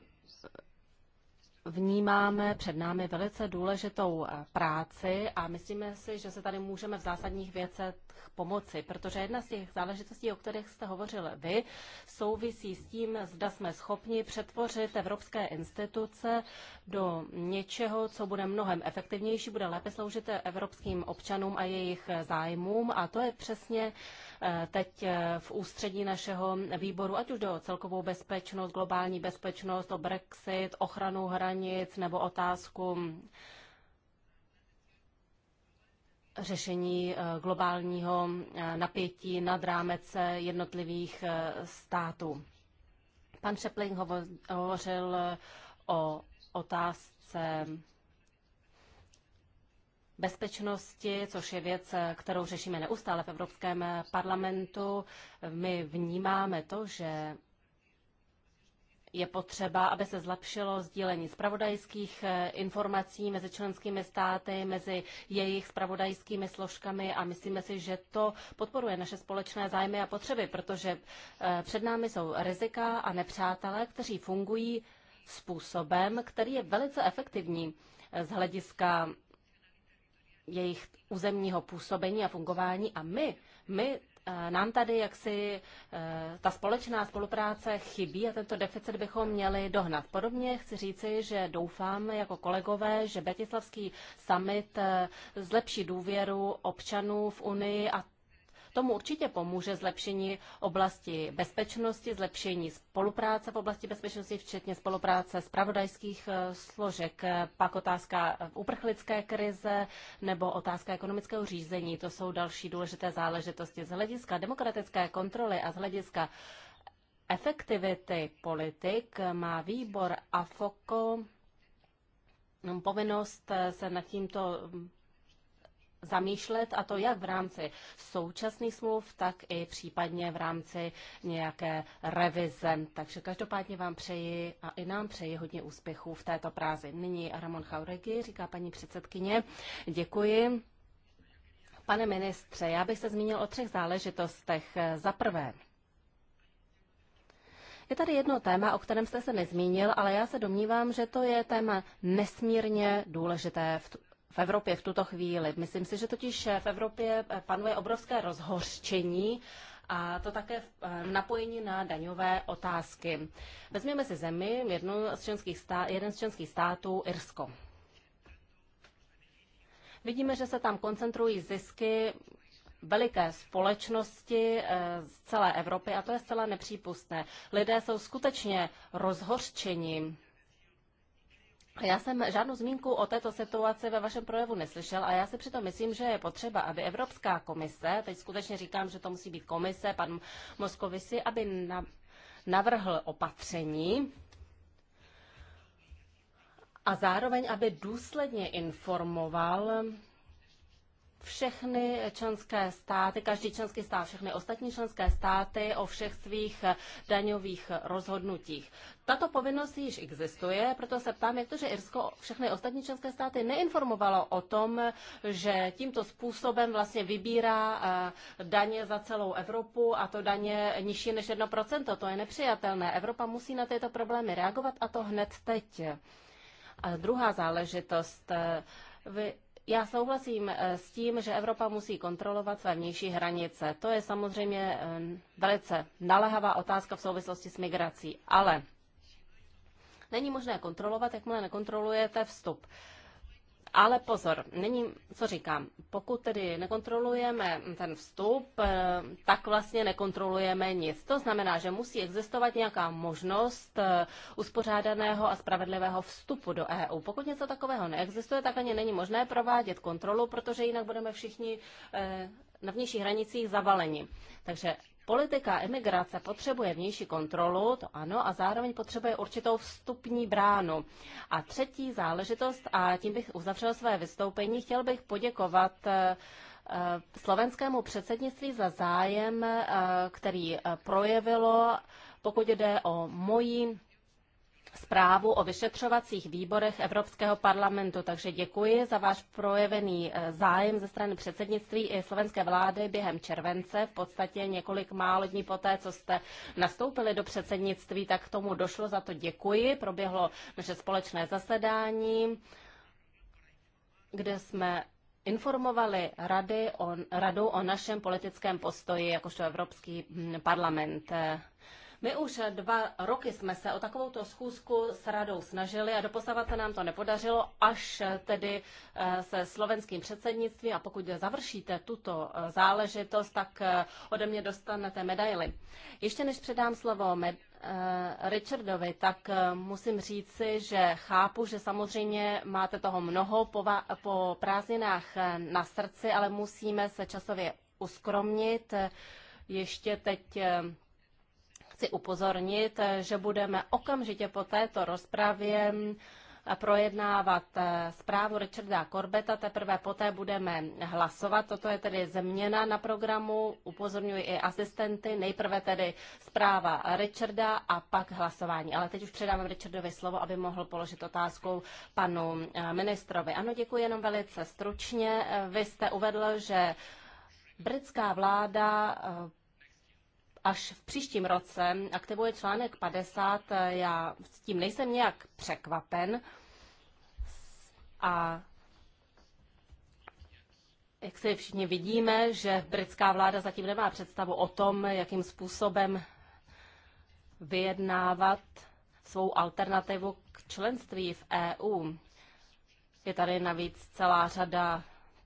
S4: vnímáme před námi velice důležitou eh, práci a myslíme si, že se tady můžeme v zásadních věcech pomoci, protože jedna z těch záležitostí, o kterých jste hovořil vy, souvisí s tím, zda jsme schopni přetvořit evropské instituce do něčeho, co bude mnohem efektivnější, bude lépe sloužit evropským občanům a jejich eh, zájmům a to je přesně Eh, teď eh, v ústředí našeho výboru, ať už jde o celkovou bezpečnost, globální bezpečnost, o Brexit, ochranu hranic nebo otázku řešení eh, globálního napětí nad rámec jednotlivých států. Pan Šepling hovořil o otázce bezpečnosti, což je věc, kterou řešíme neustále v Evropském parlamentu. My vnímáme to, že je potřeba, aby se zlepšilo sdílení spravodajských eh, informací mezi členskými státy, mezi jejich spravodajskými složkami a myslíme si, že to podporuje naše společné zájmy a potřeby, protože eh, před námi jsou rizika a nepřátelé, kteří fungují způsobem, který je velice efektivní eh, z hlediska jejich územního působení a fungování a my, my eh, nám tady jaksi eh, ta společná spolupráce chybí a tento deficit bychom měli dohnat. Podobně chci říci, že doufám jako kolegové, že Betislavský summit eh, zlepší důvěru občanů v Unii a Tomu určitě pomůže zlepšení oblasti bezpečnosti, zlepšení spolupráce v oblasti bezpečnosti, včetně spolupráce spravodajských eh, složek, eh, pak otázka uprchlické krize nebo otázka ekonomického řízení. To jsou další důležité záležitosti z hlediska demokratické kontroly a z hlediska efektivity politik má výbor AFOKO mm, povinnost eh, se nad tímto mm, zamýšlet, a to jak v rámci současných smluv, tak i případně v rámci nějaké revize. Takže každopádně vám přeji a i nám přeji hodně úspěchů v této práci. Nyní Ramon Chauregi, říká paní předsedkyně. Děkuji. Pane ministře, já bych se zmínil o třech záležitostech. Za prvé, je tady jedno téma, o kterém jste se nezmínil, ale já se domnívám, že to je téma nesmírně důležité v Evropě v tuto chvíli. Myslím si, že totiž v Evropě eh, panuje obrovské rozhořčení a to také v eh, napojení na daňové otázky. Vezměme si zemi, jednu z členských stát, jeden z členských států, Irsko. Vidíme, že se tam koncentrují zisky veliké společnosti eh, z celé Evropy a to je zcela nepřípustné. Lidé jsou skutečně rozhořčeni já jsem žádnou zmínku o této situaci ve vašem projevu neslyšel a já si přitom myslím, že je potřeba, aby Evropská komise, teď skutečně říkám, že to musí být komise, pan Moskovisi, aby navrhl opatření a zároveň, aby důsledně informoval všechny členské státy, každý členský stát, všechny ostatní členské státy o všech svých daňových rozhodnutích. Tato povinnost již existuje, proto se ptám, jak to, že Irsko všechny ostatní členské státy neinformovalo o tom, že tímto způsobem vlastně vybírá eh, daně za celou Evropu a to daně nižší než 1%. To je nepřijatelné. Evropa musí na tyto problémy reagovat a to hned teď. A druhá záležitost. Eh, vy já souhlasím eh, s tím, že Evropa musí kontrolovat své vnější hranice. To je samozřejmě eh, velice naléhavá otázka v souvislosti s migrací, ale není možné kontrolovat, jakmile nekontrolujete vstup. Ale pozor, není, co říkám, pokud tedy nekontrolujeme ten vstup, eh, tak vlastně nekontrolujeme nic. To znamená, že musí existovat nějaká možnost eh, uspořádaného a spravedlivého vstupu do EU. Pokud něco takového neexistuje, tak ani není možné provádět kontrolu, protože jinak budeme všichni eh, na vnějších hranicích zavaleni. Takže politika emigrace potřebuje vnější kontrolu, to ano, a zároveň potřebuje určitou vstupní bránu. A třetí záležitost, a tím bych uzavřel své vystoupení, chtěl bych poděkovat eh, eh, slovenskému předsednictví za zájem, eh, který projevilo, pokud jde o moji zprávu o vyšetřovacích výborech Evropského parlamentu. Takže děkuji za váš projevený eh, zájem ze strany předsednictví i slovenské vlády během července. V podstatě několik málo dní poté, co jste nastoupili do předsednictví, tak k tomu došlo. Za to děkuji. Proběhlo naše společné zasedání, kde jsme informovali rady o, radu o našem politickém postoji jakožto Evropský hm, parlament. My už dva roky jsme se o takovouto schůzku s radou snažili a doposavat se nám to nepodařilo, až tedy eh, se slovenským předsednictvím a pokud završíte tuto eh, záležitost, tak eh, ode mě dostanete medaily. Ještě než předám slovo med, Richardovi, tak musím říci, že chápu, že samozřejmě máte toho mnoho po, po prázdninách na srdci, ale musíme se časově uskromnit. Ještě teď chci upozornit, že budeme okamžitě po této rozpravě eh, projednávat eh, zprávu Richarda Corbeta, teprve poté budeme hlasovat. Toto je tedy změna na programu, upozorňuji i asistenty, nejprve tedy zpráva Richarda a pak hlasování. Ale teď už předávám Richardovi slovo, aby mohl položit otázkou panu eh, ministrovi. Ano, děkuji jenom velice stručně. Vy jste uvedl, že britská vláda až v příštím roce aktivuje článek 50. Já s tím nejsem nějak překvapen. A jak si všichni vidíme, že britská vláda zatím nemá představu o tom, jakým způsobem vyjednávat svou alternativu k členství v EU. Je tady navíc celá řada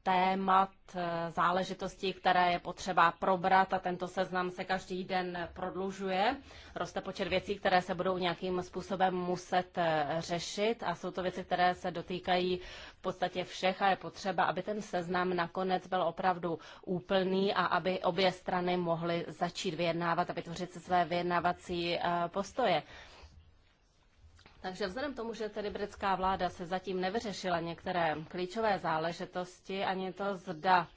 S4: témat, eh, záležitostí, které je potřeba probrat a tento seznam se každý den prodlužuje. Roste počet věcí, které se budou nějakým způsobem muset eh, řešit a jsou to věci, které se dotýkají v podstatě všech a je potřeba, aby ten seznam nakonec byl opravdu úplný a aby obě strany mohly začít vyjednávat a vytvořit se své vyjednávací eh, postoje. Takže vzhledem tomu, že tedy britská vláda se zatím nevyřešila některé klíčové záležitosti, ani to zda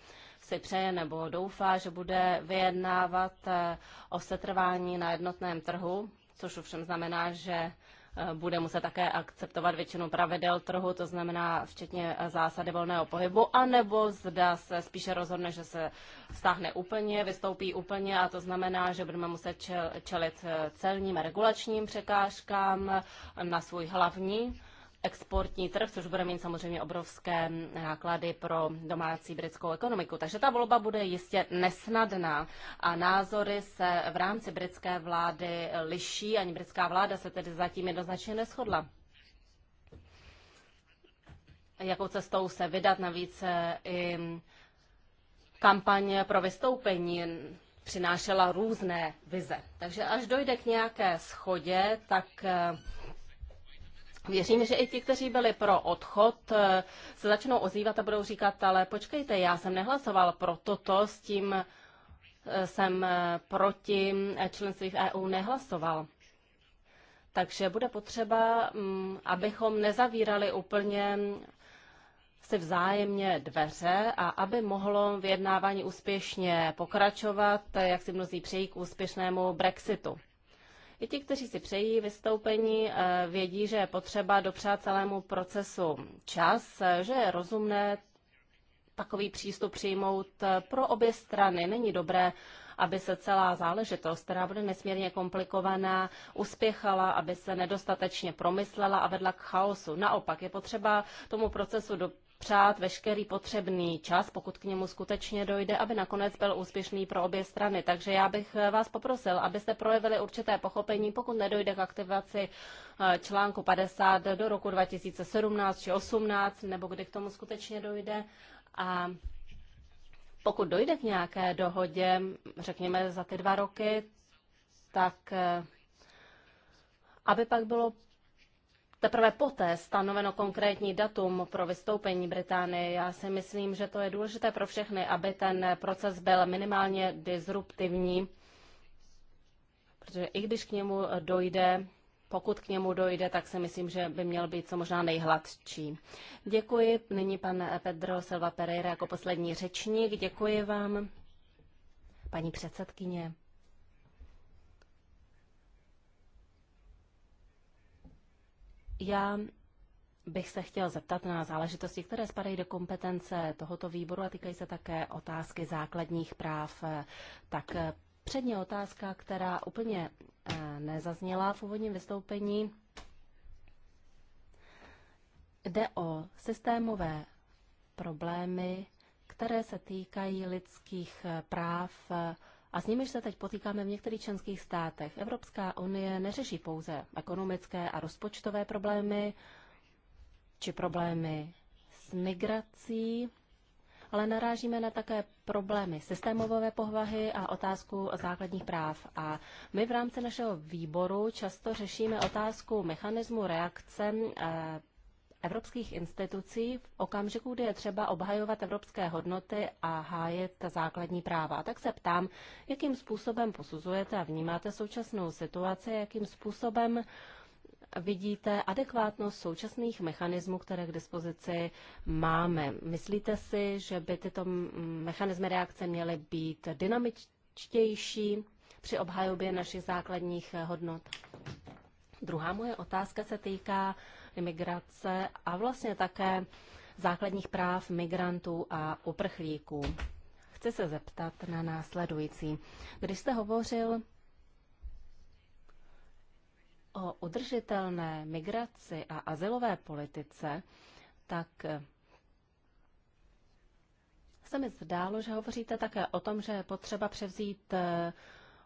S4: si přeje nebo doufá, že bude vyjednávat eh, o setrvání na jednotném trhu, což ovšem znamená, že Eh, bude muset také akceptovat většinu pravidel trhu, to znamená včetně zásady volného pohybu, anebo zda se spíše rozhodne, že se stáhne úplně, vystoupí úplně a to znamená, že budeme muset čelit eh, celním regulačním překážkám na svůj hlavní exportní trh, což bude mít samozřejmě obrovské náklady pro domácí britskou ekonomiku. Takže ta volba bude jistě nesnadná a názory se v rámci britské vlády liší, ani britská vláda se tedy zatím jednoznačně neschodla jakou cestou se vydat. Navíc eh, i kampaň pro vystoupení přinášela různé vize. Takže až dojde k nějaké schodě, tak eh, Věřím, že i ti, kteří byli pro odchod, eh, se začnou ozývat a budou říkat, ale počkejte, já jsem nehlasoval pro toto, s tím eh, jsem eh, proti členství v EU nehlasoval. Takže bude potřeba, mm, abychom nezavírali úplně mm, si vzájemně dveře a aby mohlo vyjednávání úspěšně pokračovat, jak si mnozí přejí k úspěšnému Brexitu. I ti, kteří si přejí vystoupení, eh, vědí, že je potřeba dopřát celému procesu čas, eh, že je rozumné takový přístup přijmout eh, pro obě strany. Není dobré, aby se celá záležitost, která bude nesmírně komplikovaná, uspěchala, aby se nedostatečně promyslela a vedla k chaosu. Naopak je potřeba tomu procesu do přát veškerý potřebný čas, pokud k němu skutečně dojde, aby nakonec byl úspěšný pro obě strany. Takže já bych eh, vás poprosil, abyste projevili určité pochopení, pokud nedojde k aktivaci eh, článku 50 do roku 2017 či 18, nebo kdy k tomu skutečně dojde. A pokud dojde k nějaké dohodě, řekněme za ty dva roky, tak eh, aby pak bylo teprve poté stanoveno konkrétní datum pro vystoupení Británie. Já si myslím, že to je důležité pro všechny, aby ten proces byl minimálně disruptivní, protože i když k němu dojde, pokud k němu dojde, tak si myslím, že by měl být co možná nejhladší. Děkuji. Nyní pan Pedro Silva Pereira jako poslední řečník. Děkuji vám, paní předsedkyně. Já bych se chtěl zeptat na záležitosti, které spadají do kompetence tohoto výboru a týkají se také otázky základních práv. Tak eh, předně otázka, která úplně eh, nezazněla v úvodním vystoupení. Jde o systémové problémy, které se týkají lidských eh, práv a s nimiž se teď potýkáme v některých členských státech. Evropská unie neřeší pouze ekonomické a rozpočtové problémy či problémy s migrací, ale narážíme na také problémy systémové povahy a otázku základních práv. A my v rámci našeho výboru často řešíme otázku mechanismu reakce eh, evropských institucí v okamžiku, kdy je třeba obhajovat evropské hodnoty a hájet základní práva. Tak se ptám, jakým způsobem posuzujete a vnímáte současnou situaci, jakým způsobem vidíte adekvátnost současných mechanismů, které k dispozici máme. Myslíte si, že by tyto mechanismy reakce měly být dynamičtější při obhajobě našich základních hodnot? Druhá moje otázka se týká uh, imigrace a vlastně také základních práv migrantů a uprchlíků. Chci se zeptat na následující. Když jste hovořil o udržitelné migraci a asilové politice, tak se mi zdálo, že hovoříte také o tom, že je potřeba převzít eh,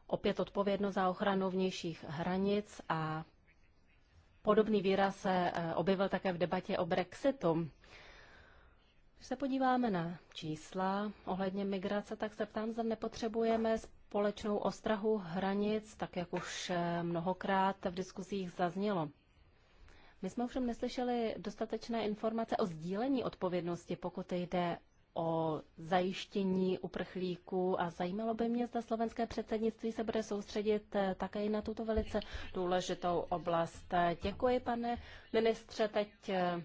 S4: opět odpovědnost za ochranu vnějších hranic a Podobný výraz se eh, objevil také v debatě o Brexitu. Když se podíváme na čísla ohledně migrace, tak se ptám, zda nepotřebujeme společnou ostrahu hranic, tak jak už eh, mnohokrát v diskuzích zaznělo. My jsme ovšem neslyšeli dostatečné informace o sdílení odpovědnosti, pokud jde o zajištění uprchlíků a zajímalo by mě, zda slovenské předsednictví se bude soustředit eh, také na tuto velice důležitou oblast. Eh, děkuji, pane ministře. Teď eh,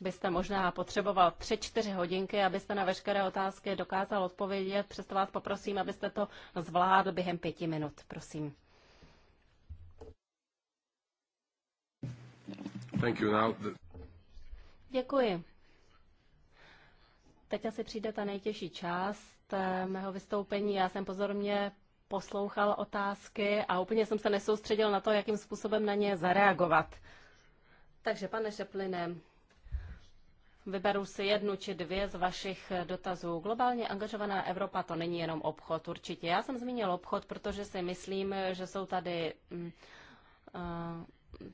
S4: byste možná potřeboval tři čtyři hodinky, abyste na veškeré otázky dokázal odpovědět. Přesto vás poprosím, abyste to zvládl během pěti minut. Prosím. Thank you now. Děkuji. Teď asi přijde ta nejtěžší část eh, mého vystoupení. Já jsem pozorně poslouchal otázky a úplně jsem se nesoustředil na to, jakým způsobem na ně zareagovat. Takže, pane Šepline, Vyberu si jednu či dvě z vašich dotazů. Globálně angažovaná Evropa to není jenom obchod, určitě. Já jsem zmínil obchod, protože si myslím, že jsou tady. Mm, eh,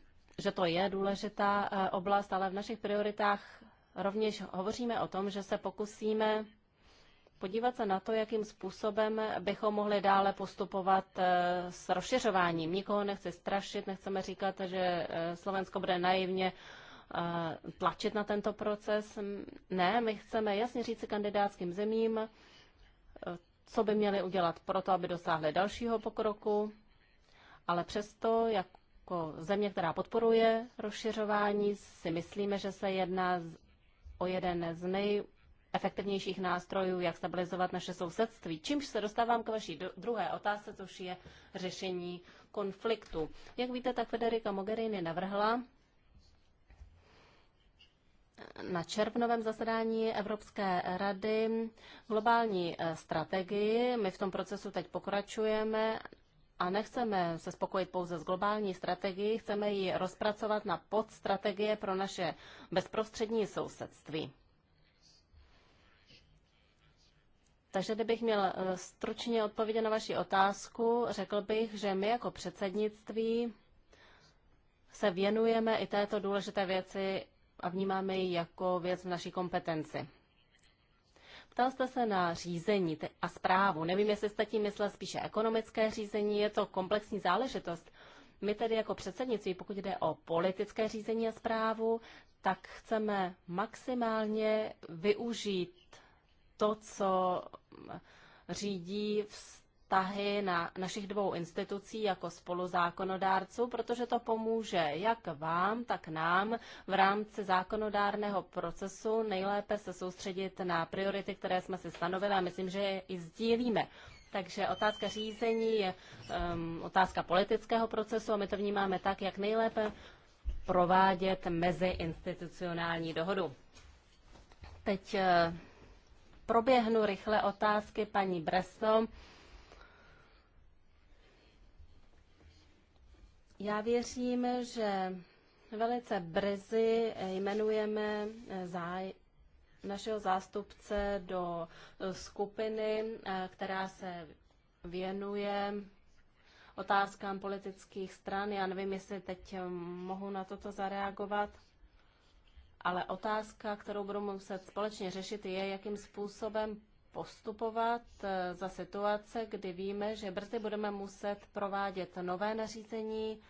S4: že to je důležitá eh, oblast, ale v našich prioritách Rovněž hovoříme o tom, že se pokusíme podívat se na to, jakým způsobem bychom mohli dále postupovat eh, s rozšiřováním. Nikoho nechci strašit, nechceme říkat, že eh, Slovensko bude naivně eh, tlačit na tento proces. Ne, my chceme jasně říct kandidátským zemím, co by měli udělat pro to, aby dosáhli dalšího pokroku, ale přesto, jako země, která podporuje rozšiřování, si myslíme, že se jedná o jeden z nejefektivnějších nástrojů, jak stabilizovat naše sousedství. Čímž se dostávám k vaší druhé otázce, což je řešení konfliktu. Jak víte, tak Federica Mogherini navrhla na červnovém zasedání Evropské rady globální eh, strategii. My v tom procesu teď pokračujeme a nechceme se spokojit pouze s globální strategií, chceme ji rozpracovat na podstrategie pro naše bezprostřední sousedství. Takže kdybych měl eh, stručně odpovědět na vaši otázku, řekl bych, že my jako předsednictví se věnujeme i této důležité věci a vnímáme ji jako věc v naší kompetenci. Ptal jste se na řízení a zprávu. Nevím, jestli jste tím myslel spíše ekonomické řízení, je to komplexní záležitost. My tedy jako předsednictví, pokud jde o politické řízení a zprávu, tak chceme maximálně využít to, co řídí vztahy na našich dvou institucí jako spoluzákonodárců, protože to pomůže jak vám, tak nám v rámci zákonodárného procesu nejlépe se soustředit na priority, které jsme si stanovili a myslím, že je i sdílíme. Takže otázka řízení je um, otázka politického procesu a my to vnímáme tak, jak nejlépe provádět meziinstitucionální dohodu. Teď eh, proběhnu rychle otázky paní Bresto. Já věřím, že velice brzy jmenujeme záj našeho zástupce do skupiny, eh, která se věnuje otázkám politických stran. Já nevím, jestli teď eh, mohu na toto zareagovat, ale otázka, kterou budu muset společně řešit, je, jakým způsobem postupovat eh, za situace, kdy víme, že brzy budeme muset provádět nové nařízení,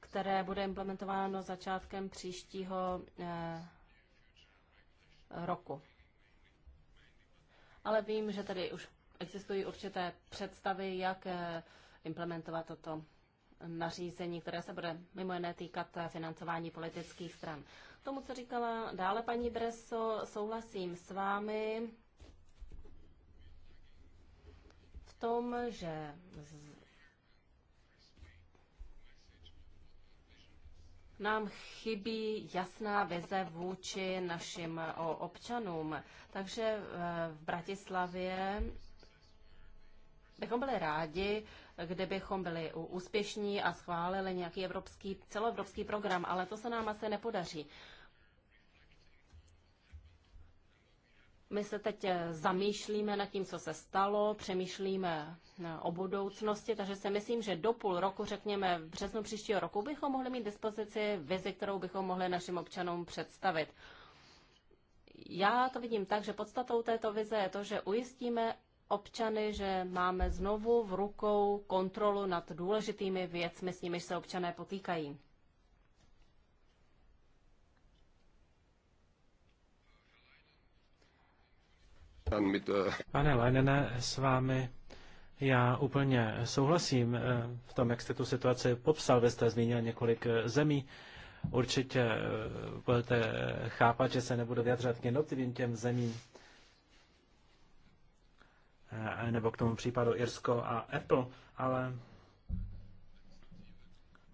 S4: které bude implementováno začátkem příštího eh, roku. Ale vím, že tady už existují určité představy, jak eh, implementovat toto nařízení, které se bude mimo jiné týkat financování politických stran. K tomu, co říkala dále paní Breso, souhlasím s vámi v tom, že nám chybí jasná vize vůči našim občanům. Takže eh, v Bratislavě bychom byli rádi, kdybychom byli úspěšní a schválili nějaký evropský, celoevropský program, ale to se nám asi nepodaří. My se teď eh, zamýšlíme nad tím, co se stalo, přemýšlíme eh, o budoucnosti, takže si myslím, že do půl roku, řekněme v březnu příštího roku, bychom mohli mít dispozici vizi, kterou bychom mohli našim občanům představit. Já to vidím tak, že podstatou této vize je to, že ujistíme občany, že máme znovu v rukou kontrolu nad důležitými věcmi, s nimiž se občané potýkají.
S3: Pane Lenene, s vámi já úplně souhlasím eh, v tom, jak jste tu situaci popsal. Vy jste zmínil několik eh, zemí. Určitě eh, budete chápat, že se nebudu vyjadřovat k jednotlivým těm zemím. Eh, nebo k tomu případu Irsko a Apple, ale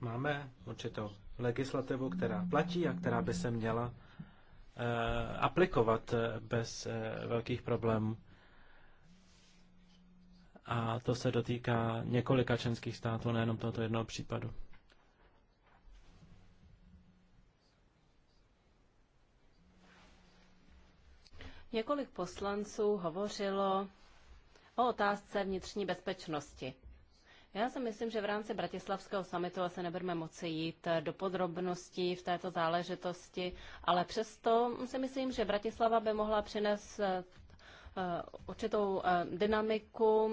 S3: máme určitou legislativu, která platí a která by se měla eh, aplikovat eh, bez velkých problémů. A to se dotýká několika členských států, nejenom tohoto jednoho případu.
S4: Několik poslanců hovořilo o otázce vnitřní bezpečnosti. Já si myslím, že v rámci Bratislavského samitu asi nebudeme moci jít eh, do podrobností v této záležitosti, ale přesto si myslím, že Bratislava by mohla přinést eh, eh, určitou dynamiku,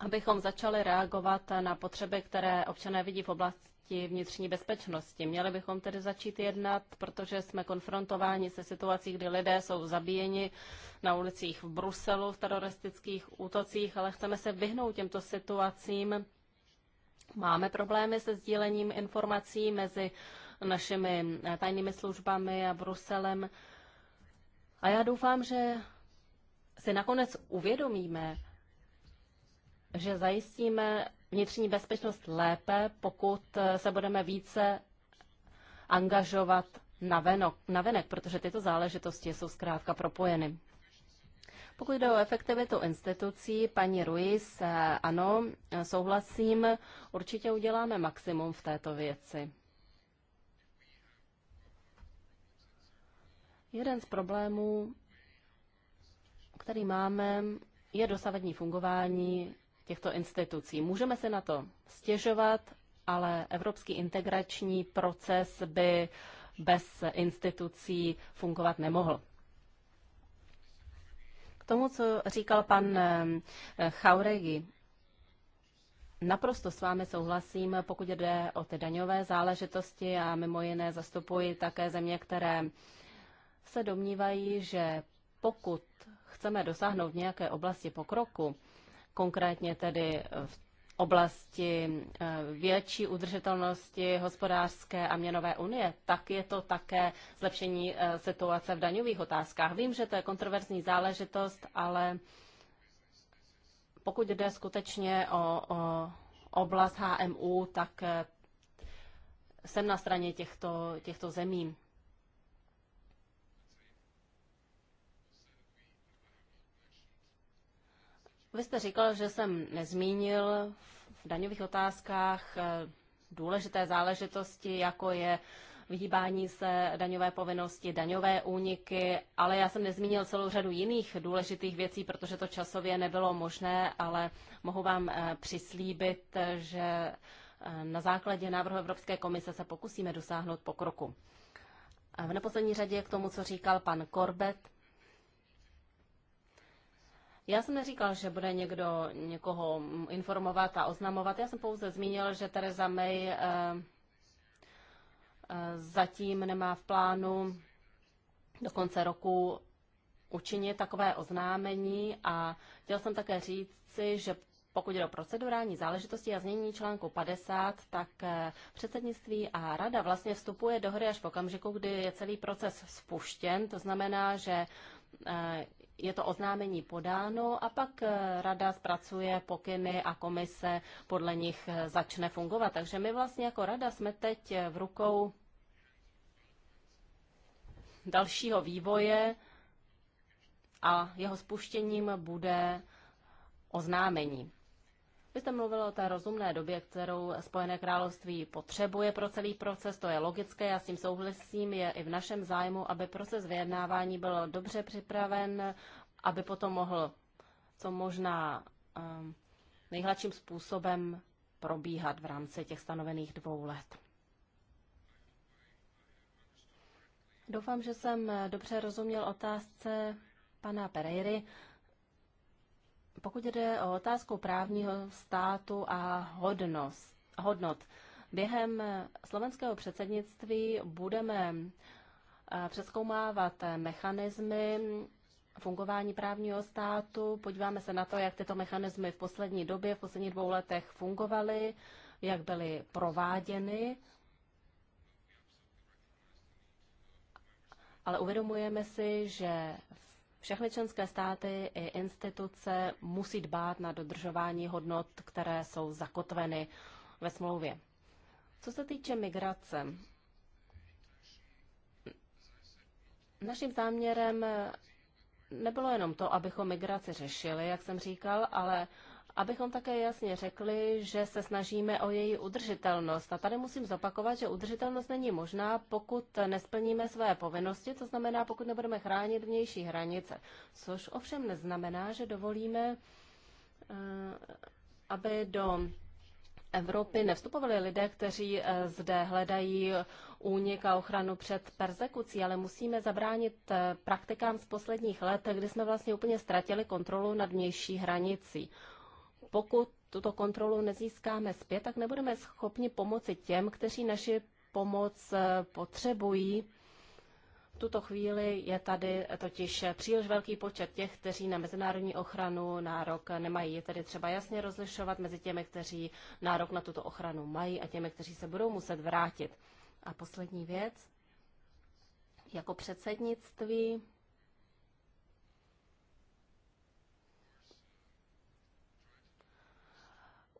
S4: abychom začali reagovat na potřeby, které občané vidí v oblasti oblasti vnitřní bezpečnosti. Měli bychom tedy začít jednat, protože jsme konfrontováni se situací, kdy lidé jsou zabíjeni na ulicích v Bruselu v teroristických útocích, ale chceme se vyhnout těmto situacím. Máme problémy se sdílením informací mezi našimi eh, tajnými službami a Bruselem. A já doufám, že si nakonec uvědomíme, že zajistíme vnitřní bezpečnost lépe, pokud eh, se budeme více angažovat na venek, protože tyto záležitosti jsou zkrátka propojeny. Pokud jde o efektivitu institucí, paní Ruiz, eh, ano, souhlasím, určitě uděláme maximum v této věci. Jeden z problémů, který máme, je dosavadní fungování těchto institucí. Můžeme se na to stěžovat, ale evropský integrační proces by bez institucí fungovat nemohl. K tomu, co říkal pan eh, Chauregi, Naprosto s vámi souhlasím, pokud jde o ty daňové záležitosti a mimo jiné zastupuji také země, které se domnívají, že pokud chceme dosáhnout nějaké oblasti pokroku, konkrétně tedy eh, v oblasti eh, větší udržitelnosti hospodářské a měnové unie, tak je to také zlepšení eh, situace v daňových otázkách. Vím, že to je kontroverzní záležitost, ale pokud jde skutečně o, o oblast HMU, tak jsem na straně těchto, těchto zemí. Vy jste říkal, že jsem nezmínil v daňových otázkách eh, důležité záležitosti, jako je vyhýbání se daňové povinnosti, daňové úniky, ale já jsem nezmínil celou řadu jiných důležitých věcí, protože to časově nebylo možné, ale mohu vám eh, přislíbit, že eh, na základě návrhu Evropské komise se pokusíme dosáhnout pokroku. v neposlední řadě k tomu, co říkal pan Korbet, já jsem neříkal, že bude někdo někoho informovat a oznamovat. Já jsem pouze zmínil, že Tereza May eh, eh, zatím nemá v plánu do konce roku učinit takové oznámení a chtěl jsem také říci, že pokud jde o procedurální záležitosti a změní článku 50, tak eh, předsednictví a rada vlastně vstupuje do hry až v okamžiku, kdy je celý proces spuštěn. To znamená, že je to oznámení podáno a pak eh, rada zpracuje pokyny a komise podle nich eh, začne fungovat. Takže my vlastně jako rada jsme teď eh, v rukou dalšího vývoje a jeho spuštěním bude oznámení. Vy jste mluvil o té rozumné době, kterou Spojené království potřebuje pro celý proces, to je logické, já s tím souhlasím, je i v našem zájmu, aby proces vyjednávání byl dobře připraven, aby potom mohl co možná um, nejhladším způsobem probíhat v rámci těch stanovených dvou let. Doufám, že jsem dobře rozuměl otázce pana Pereiry. Pokud jde o otázku právního státu a hodnost, hodnot, během slovenského předsednictví budeme eh, přeskoumávat mechanismy fungování právního státu. Podíváme se na to, jak tyto mechanismy v poslední době, v posledních dvou letech fungovaly, jak byly prováděny. Ale uvědomujeme si, že v všechny členské státy i instituce musí dbát na dodržování hodnot, které jsou zakotveny ve smlouvě. Co se týče migrace, naším záměrem nebylo jenom to, abychom migraci řešili, jak jsem říkal, ale abychom také jasně řekli, že se snažíme o její udržitelnost. A tady musím zopakovat, že udržitelnost není možná, pokud nesplníme své povinnosti, to znamená, pokud nebudeme chránit vnější hranice. Což ovšem neznamená, že dovolíme, eh, aby do Evropy nevstupovali lidé, kteří eh, zde hledají únik a ochranu před persekucí, ale musíme zabránit eh, praktikám z posledních let, kdy jsme vlastně úplně ztratili kontrolu nad vnější hranicí pokud tuto kontrolu nezískáme zpět, tak nebudeme schopni pomoci těm, kteří naši pomoc eh, potřebují. V tuto chvíli je tady totiž příliš velký počet těch, kteří na mezinárodní ochranu nárok nemají. Je tedy třeba jasně rozlišovat mezi těmi, kteří nárok na tuto ochranu mají a těmi, kteří se budou muset vrátit. A poslední věc. Jako předsednictví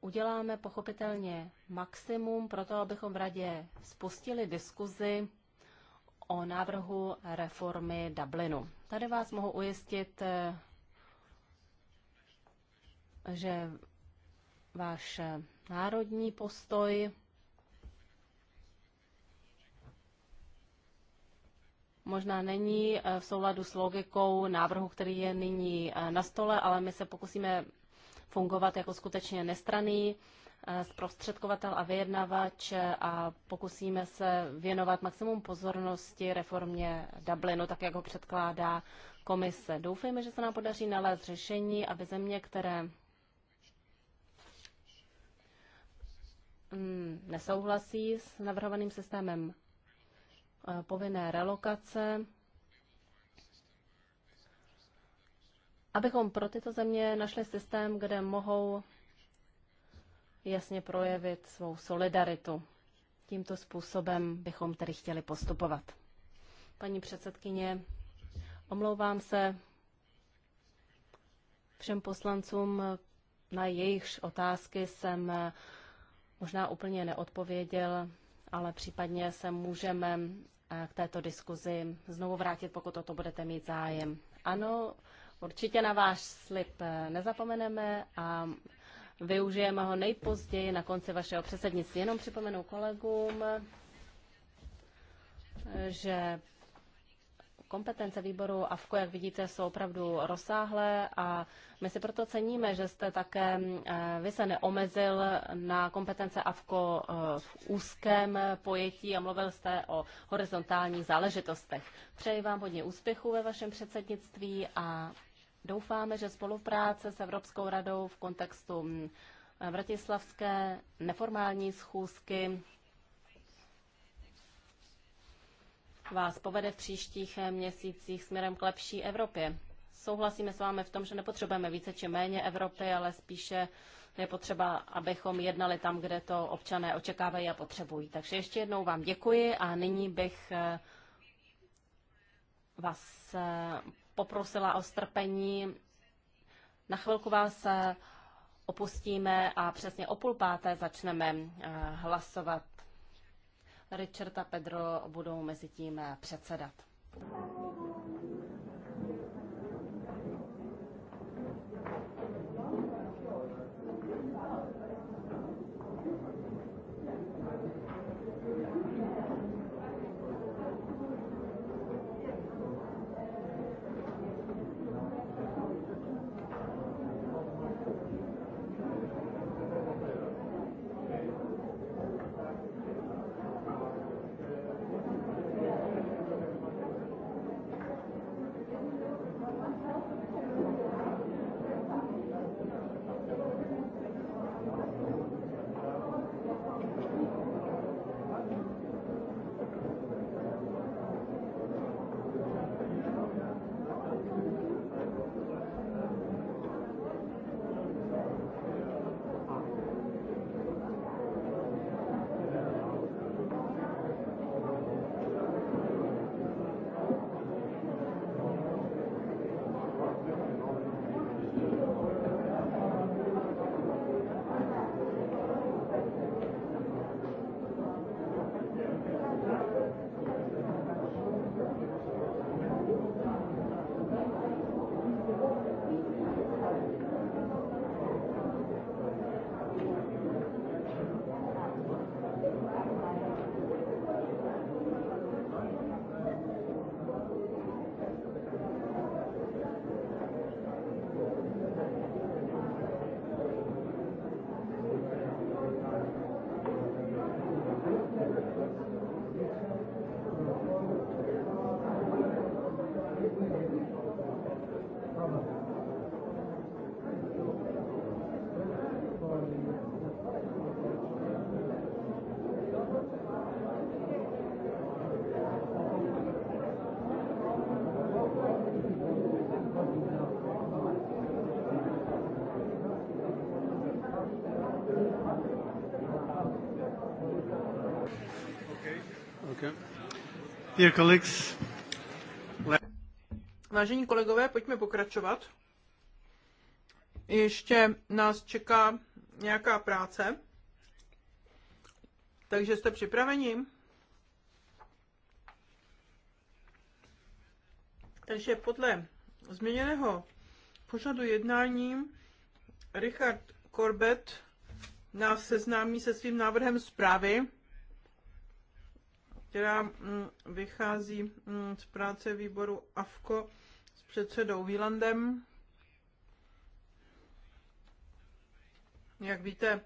S4: uděláme pochopitelně maximum pro to, abychom v radě spustili diskuzi o návrhu reformy Dublinu. Tady vás mohu ujistit, že váš národní postoj možná není v souladu s logikou návrhu, který je nyní na stole, ale my se pokusíme fungovat jako skutečně nestraný eh, zprostředkovatel a vyjednavač eh, a pokusíme se věnovat maximum pozornosti reformě Dublinu, tak jak ho předkládá komise. Doufejme, že se nám podaří nalézt řešení, aby země, které mm, nesouhlasí s navrhovaným systémem eh, povinné relokace, abychom pro tyto země našli systém, kde mohou jasně projevit svou solidaritu. Tímto způsobem bychom tedy chtěli postupovat. Paní předsedkyně, omlouvám se všem poslancům, na jejichž otázky jsem možná úplně neodpověděl, ale případně se můžeme k této diskuzi znovu vrátit, pokud o to budete mít zájem. Ano, Určitě na váš slib eh, nezapomeneme a využijeme ho nejpozději na konci vašeho předsednictví. Jenom připomenu kolegům, že kompetence výboru AFKO, jak vidíte, jsou opravdu rozsáhlé a my si proto ceníme, že jste také, eh, vy se neomezil na kompetence AFKO eh, v úzkém pojetí a mluvil jste o horizontálních záležitostech. Přeji vám hodně úspěchů ve vašem předsednictví a Doufáme, že spolupráce s Evropskou radou v kontextu mm, vratislavské neformální schůzky vás povede v příštích eh, měsících směrem k lepší Evropě. Souhlasíme s vámi v tom, že nepotřebujeme více či méně Evropy, ale spíše je potřeba, abychom jednali tam, kde to občané očekávají a potřebují. Takže ještě jednou vám děkuji a nyní bych eh, vás eh, poprosila o strpení. Na chvilku vás eh, opustíme a přesně o půl páté začneme eh, hlasovat. Richard a Pedro budou mezi tím eh, předsedat.
S5: Dear colleagues,
S1: Vážení kolegové, pojďme pokračovat. Ještě nás čeká nějaká práce. Takže jste připraveni? Takže podle změněného pořadu jednání Richard Corbett nás seznámí se svým návrhem zprávy která mm, vychází mm, z práce výboru AFKO s předsedou Výlandem. Jak víte,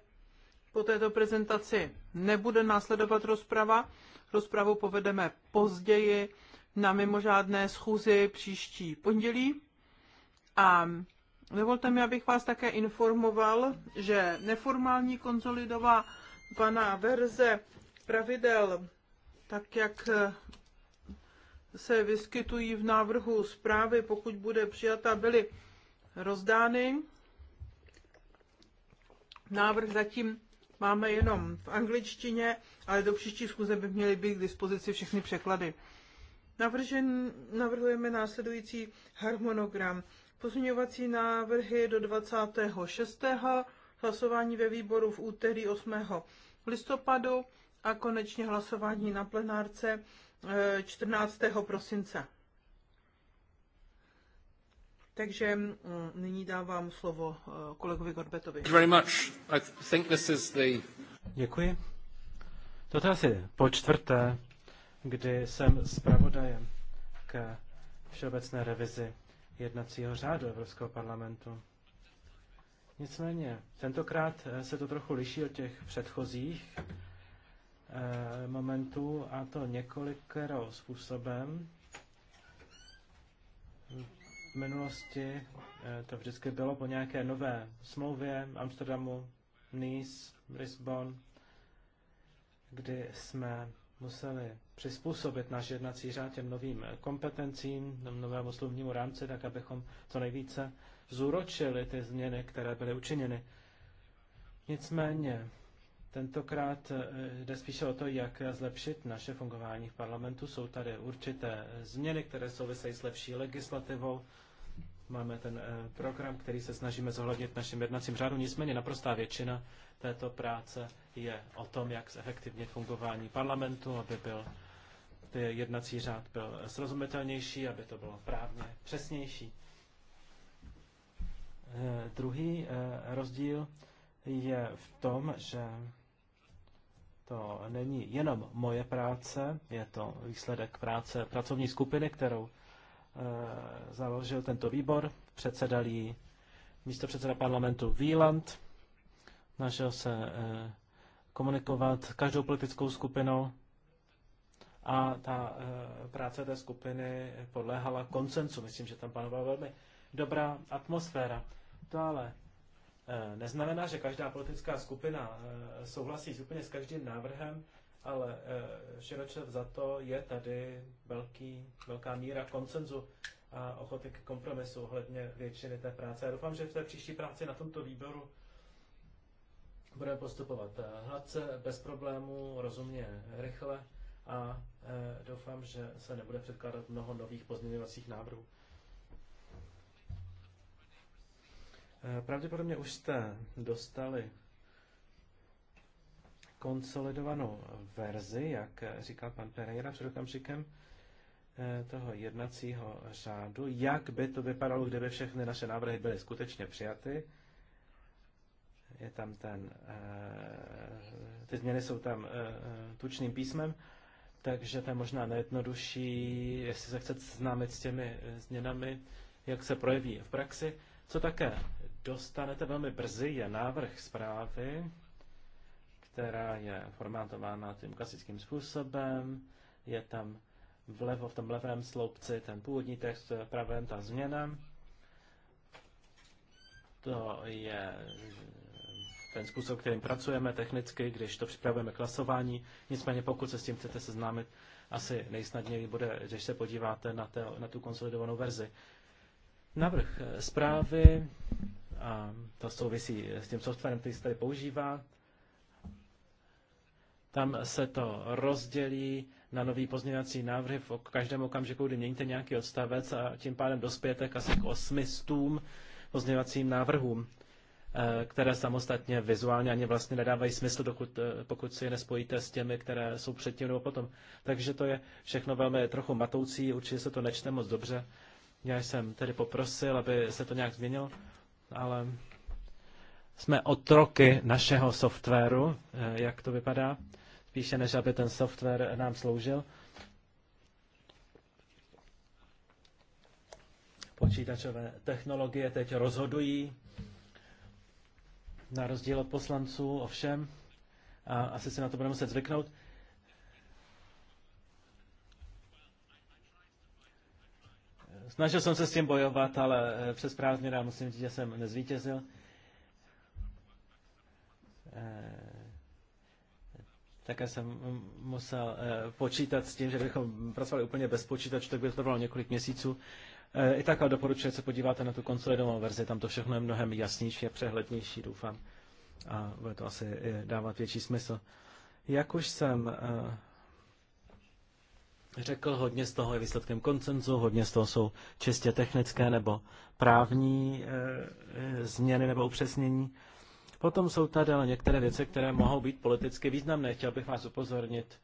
S1: po této prezentaci nebude následovat rozprava. Rozpravu povedeme později na mimořádné schůzi příští pondělí. A dovolte mi, abych vás také informoval, že neformální konzolidová pana verze pravidel tak jak eh, se vyskytují v návrhu zprávy, pokud bude přijata, byly rozdány. Návrh zatím máme jenom v angličtině, ale do příští schůze by měly být k dispozici všechny překlady. Navržen, navrhujeme následující harmonogram. Pozměňovací návrhy do 26. hlasování ve výboru v úterý 8. listopadu a konečně hlasování na plenárce eh, 14. prosince. Takže mm, nyní dávám slovo eh, kolegovi Gorbetovi.
S3: Děkuji. Toto je asi po čtvrté, kdy jsem zpravodajem k všeobecné revizi jednacího řádu Evropského parlamentu. Nicméně, tentokrát eh, se to trochu liší od těch předchozích Eh, momentů, a to několikero způsobem. V minulosti eh, to vždycky bylo po nějaké nové smlouvě Amsterdamu, Nice, Lisbon, kdy jsme museli přizpůsobit náš jednací řád těm novým kompetencím, novému slovnímu rámci, tak abychom co nejvíce zúročili ty změny, které byly učiněny. Nicméně Tentokrát eh, jde spíše o to, jak zlepšit naše fungování v parlamentu. Jsou tady určité změny, které souvisejí s lepší legislativou. Máme ten eh, program, který se snažíme zohlednit našim jednacím řádu. Nicméně naprostá většina této práce je o tom, jak zefektivnit fungování parlamentu, aby byl ty jednací řád byl srozumitelnější, aby to bylo právně přesnější. Eh, druhý rozdíl je v tom, že to není jenom moje práce, je to výsledek práce pracovní skupiny, kterou e, založil tento výbor. Předsedal jí místo předseda parlamentu Wieland. Snažil se e, komunikovat s každou politickou skupinou a ta e, práce té skupiny podléhala koncensu. Myslím, že tam panovala velmi dobrá atmosféra. To ale Eh, neznamená, že každá politická skupina eh, souhlasí s úplně s každým návrhem, ale eh, široce za to je tady velký, velká míra koncenzu a ochoty k kompromisu ohledně většiny té práce. Já doufám, že v té příští práci na tomto výboru budeme postupovat hladce, bez problémů, rozumně, rychle a doufám, že se nebude předkládat mnoho nových pozměňovacích návrhů. Eh, pravděpodobně už jste dostali konsolidovanou verzi, jak eh, říkal pan Pereira před okamžikem, eh, toho jednacího řádu, jak by to vypadalo, kdyby všechny naše návrhy byly skutečně přijaty. Je tam ten, ty změny jsou tam tučným písmem, takže to je možná nejjednodušší, jestli se chcete známit s těmi změnami, jak se projeví v praxi. Co také dostanete velmi brzy, je návrh zprávy, která je formátována tím klasickým způsobem. Je tam vlevo, v tom levém sloupci, ten původní text, v eh, pravém ta změna. To je eh, ten způsob, kterým pracujeme technicky, když to připravujeme k hlasování. Nicméně pokud se s tím chcete seznámit, asi nejsnadněji bude, když se podíváte na, te, na tu konsolidovanou verzi. Navrh eh, zprávy a to souvisí s tím softwarem, který se tady používá. Tam se to rozdělí na nový pozměňovací návrhy v každém okamžiku, kdy měníte nějaký odstavec a tím pádem dospějete k asi k osmistům pozměňovacím návrhům, eh, které samostatně vizuálně ani vlastně nedávají smysl, dokud, eh, pokud si je nespojíte s těmi, které jsou předtím nebo potom. Takže to je všechno velmi trochu matoucí, určitě se to nečte moc dobře. Já jsem tedy poprosil, aby se to nějak změnilo ale jsme otroky našeho softwaru, eh, jak to vypadá, spíše než aby ten software nám sloužil. Počítačové technologie teď rozhodují, na rozdíl od poslanců, ovšem, a asi se na to budeme muset zvyknout. Snažil jsem se s tím bojovat, ale eh, přes prázdniny musím říct, že jsem nezvítězil. Eh, také jsem musel eh, počítat s tím, že bychom pracovali úplně bez počítačů, tak by to trvalo několik měsíců. I tak ale doporučuji, se podíváte na tu konsolidovanou verzi, tam to všechno je mnohem jasnější a přehlednější, doufám. A bude to asi dávat větší smysl. Jak už jsem řekl, hodně z toho je výsledkem koncenzu, hodně z toho jsou čistě technické nebo právní e, změny nebo upřesnění. Potom jsou tady ale některé věci, které mohou být politicky významné. Chtěl bych vás upozornit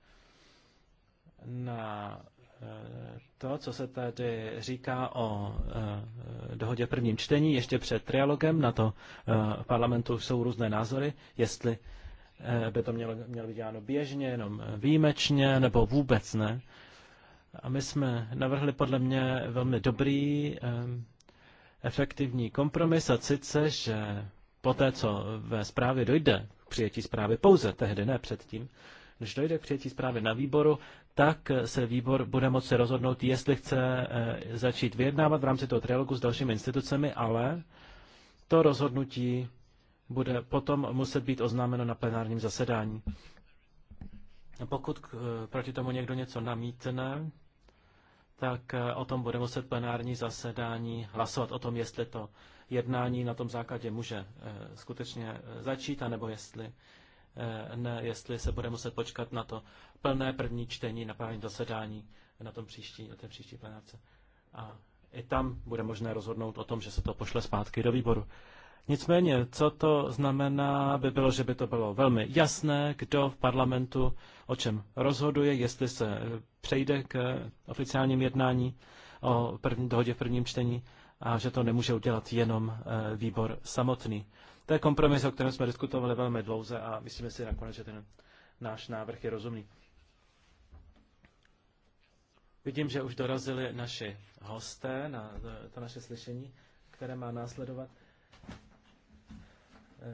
S3: na eh, to, co se tady říká o dohodě v prvním čtení, ještě před trialogem, na to v parlamentu jsou různé názory, jestli by to mělo, mělo být děláno běžně, jenom výjimečně, nebo vůbec ne. A my jsme navrhli podle mě velmi dobrý, efektivní kompromis a sice, že po té, co ve zprávě dojde k přijetí zprávy pouze tehdy, ne předtím, když dojde k přijetí zprávy na výboru, tak se výbor bude moci rozhodnout, jestli chce eh, začít vyjednávat v rámci toho trialogu s dalšími institucemi, ale to rozhodnutí bude potom muset být oznámeno na plenárním zasedání. Pokud eh, proti tomu někdo něco namítne, tak eh, o tom bude muset plenární zasedání hlasovat o tom, jestli to jednání na tom základě může eh, skutečně eh, začít, anebo jestli, ne, jestli se bude muset počkat na to plné první čtení na plenární zasedání na tom příští, na té příští plenárce. A i tam bude možné rozhodnout o tom, že se to pošle zpátky do výboru. Nicméně, co to znamená, by bylo, že by to bylo velmi jasné, kdo v parlamentu o čem rozhoduje, jestli se eh, přejde k eh, oficiálním jednání o první dohodě v prvním čtení a že to nemůže udělat jenom eh, výbor samotný. To je kompromis, o kterém jsme diskutovali velmi dlouze a myslíme si nakonec, že ten náš návrh je rozumný. Vidím, že už dorazili naši hosté na to naše slyšení, které má následovat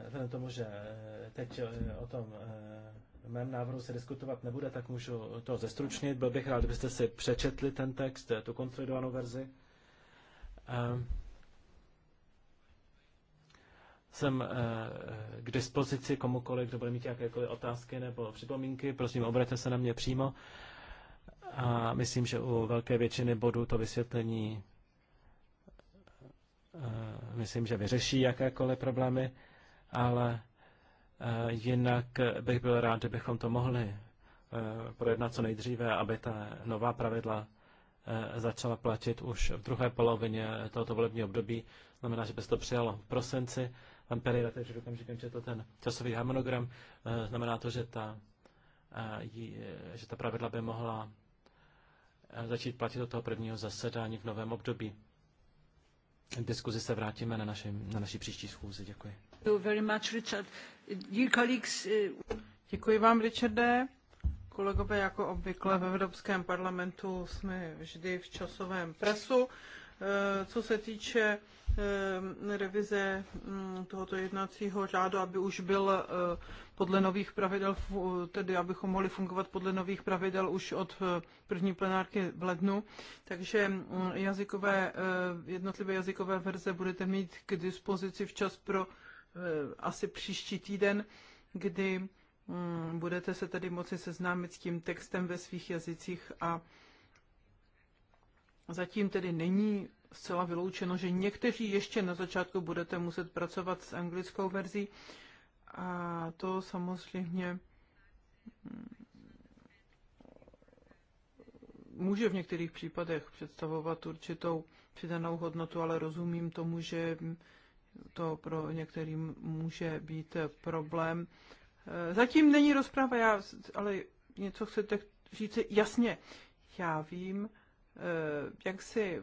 S3: vzhledem tomu, že eh, teď eh, o tom eh, mém návrhu se diskutovat nebude, tak můžu to zestručnit. Byl bych rád, kdybyste si přečetli ten text, tu konsolidovanou verzi. Ehm, jsem k dispozici komukoliv, kdo bude mít jakékoliv otázky nebo připomínky. Prosím, obraťte se na mě přímo. A myslím, že u velké většiny bodů to vysvětlení myslím, že vyřeší jakékoliv problémy ale eh, jinak bych byl rád, kdybychom to mohli eh, projednat co nejdříve, aby ta nová pravidla eh, začala platit už v druhé polovině tohoto volebního období. Znamená, že by se to přijalo v prosinci. Pan Pereira takže v že to ten časový harmonogram. Znamená to, že ta, že ta pravidla by mohla začít platit od toho prvního zasedání v novém období diskuzi se vrátíme na, naši, na naší příští schůzi. Děkuji.
S1: Very much, Richard. Dear colleagues, eh, Děkuji vám, Richarde. Kolegové, jako obvykle v Evropském parlamentu jsme vždy v časovém presu. Eh, co se týče Ehm, revize mm, tohoto jednacího řádu, aby už byl eh, podle nových pravidel, tedy abychom mohli fungovat podle nových pravidel už od eh, první plenárky v lednu. Takže mm, jazykové, eh, jednotlivé jazykové verze budete mít k dispozici včas pro asi příští týden, kdy mm, budete se tedy moci seznámit s tím textem ve svých jazycích a zatím tedy není zcela vyloučeno, že někteří ještě na začátku budete muset pracovat s anglickou verzí a to samozřejmě mm, může v některých případech představovat určitou přidanou hodnotu, ale rozumím tomu, že to pro některým může být problém. E, zatím není rozpráva, já, ale něco chcete říct? Jasně, já vím, e, jak si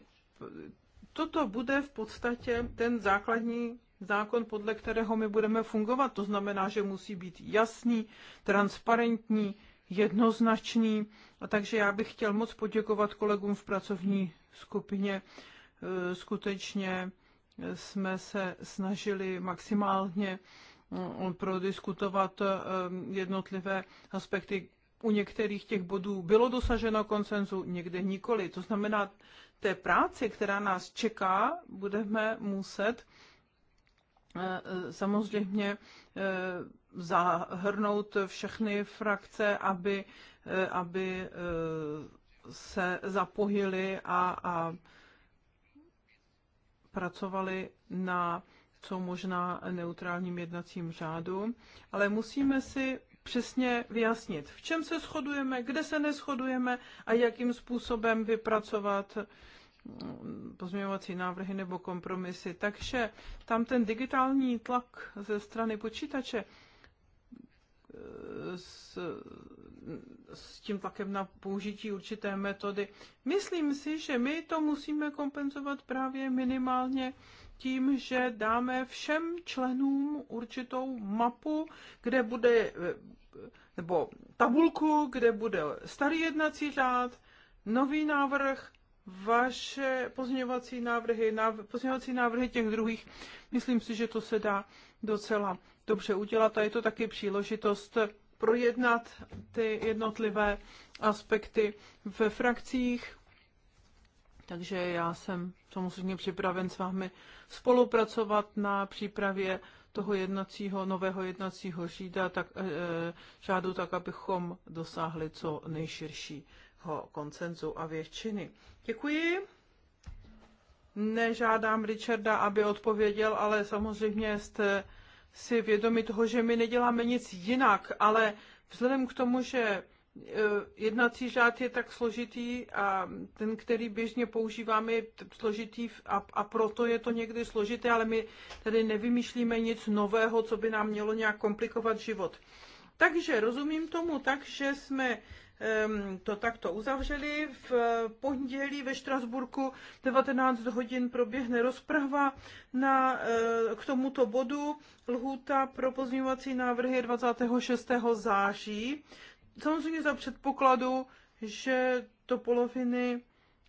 S1: toto bude v podstatě ten základní zákon, podle kterého my budeme fungovat. To znamená, že musí být jasný, transparentní, jednoznačný. A takže já bych chtěl moc poděkovat kolegům v pracovní skupině. E, skutečně jsme se snažili maximálně e, prodiskutovat e, jednotlivé aspekty. U některých těch bodů bylo dosaženo konsenzu, někde nikoli. To znamená, té práci, která nás čeká, budeme muset eh, eh, samozřejmě eh, zahrnout všechny frakce, aby, aby se zapojili a, a pracovali na co možná neutrálním jednacím řádu, ale musíme si přesně vyjasnit, v čem se shodujeme, kde se neschodujeme a jakým způsobem vypracovat mm, pozměňovací návrhy nebo kompromisy. Takže tam ten digitální tlak ze strany počítače e, s, s tím tlakem na použití určité metody. Myslím si, že my to musíme kompenzovat právě minimálně tím, že dáme všem členům určitou mapu, kde bude, eh, nebo tabulku, kde bude starý jednací řád, nový návrh, vaše pozměňovací návrhy, nav, pozměňovací návrhy těch druhých. Myslím si, že to se dá docela dobře udělat a je to taky příležitost projednat ty jednotlivé aspekty ve frakcích. Takže já jsem samozřejmě připraven s vámi spolupracovat na přípravě toho jednacího, nového jednacího řída, tak, e, řádu, tak abychom dosáhli co nejširšího koncenzu a většiny. Děkuji. Nežádám Richarda, aby odpověděl, ale samozřejmě jste si vědomi toho, že my neděláme nic jinak, ale vzhledem k tomu, že Eh, jednací řád je tak složitý a ten, který běžně používáme, je složitý a, a proto je to někdy složité, ale my tady nevymýšlíme nic nového, co by nám mělo nějak komplikovat život. Takže rozumím tomu tak, že jsme ehm, to takto uzavřeli. V eh, pondělí ve Štrasburku 19 hodin proběhne rozprava na, eh, k tomuto bodu. Lhůta pro pozměňovací návrhy je 26. září samozřejmě za předpokladu, že do poloviny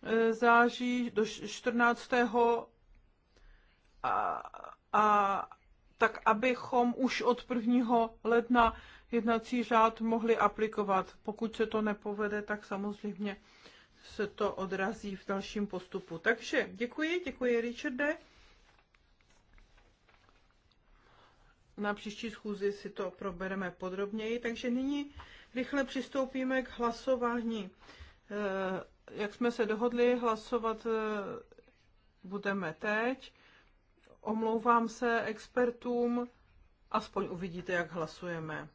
S1: e, září do 14. A, a tak abychom už od 1. ledna jednací řád mohli aplikovat. Pokud se to nepovede, tak samozřejmě se to odrazí v dalším postupu. Takže děkuji, děkuji Richarde. Na příští schůzi si to probereme podrobněji. Takže nyní rychle přistoupíme k hlasování. Eh, jak jsme se dohodli, hlasovat eh, budeme teď. Omlouvám se expertům, aspoň uvidíte, jak hlasujeme.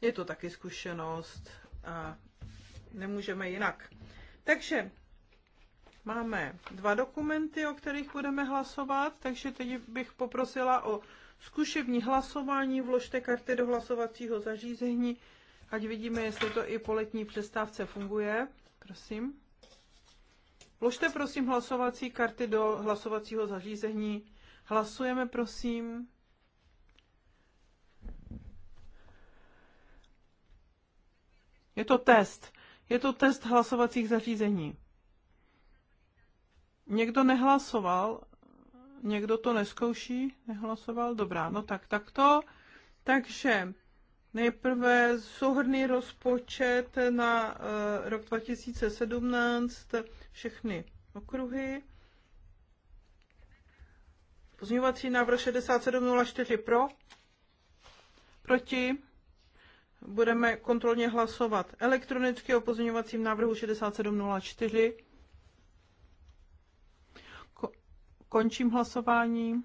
S1: Je to taky zkušenost a nemůžeme jinak. Takže máme dva dokumenty, o kterých budeme hlasovat, takže teď bych poprosila o zkušební hlasování. Vložte karty do hlasovacího zařízení ať vidíme, jestli to i po letní přestávce funguje. Prosím. Vložte prosím hlasovací karty do hlasovacího zařízení. Hlasujeme prosím. Je to test. Je to test hlasovacích zařízení. Někdo nehlasoval, někdo to neskouší, nehlasoval, dobrá, no tak, tak to. Takže Nejprve souhrný rozpočet na eh, rok 2017, všechny okruhy. Pozměňovací návrh 6704 pro, proti. Budeme kontrolně hlasovat elektronicky o pozměňovacím návrhu 6704. Ko- končím hlasování.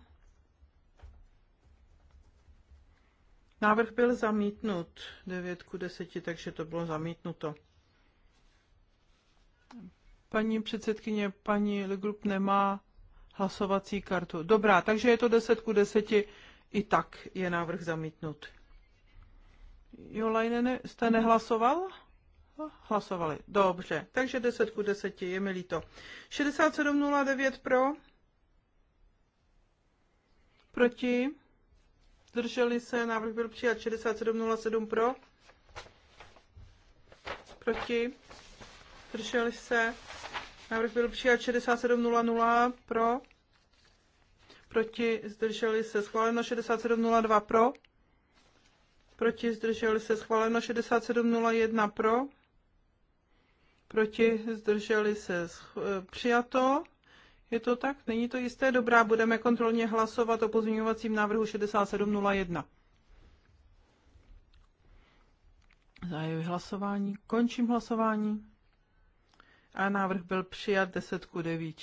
S1: Návrh byl zamítnut 9 ku 10, takže to bylo zamítnuto. Paní předsedkyně, paní Legrup nemá hlasovací kartu. Dobrá, takže je to 10 ku 10, i tak je návrh zamítnut. Jo, Jolajne, jste nehlasoval? Hlasovali. Dobře, takže 10 ku 10, je mi líto. 67,09 pro. Proti zdrželi se, návrh byl přijat 67.07 pro, proti, zdrželi se, návrh byl přijat 67.00 pro, proti, zdrželi se, schváleno 67.02 pro, proti, zdrželi se, schváleno 67.01 pro, proti, zdrželi se, eh, přijato je to tak? Není to jisté? Dobrá, budeme kontrolně hlasovat o pozměňovacím návrhu 6701. Zahajuji hlasování, končím hlasování a návrh byl přijat 10 ku 9.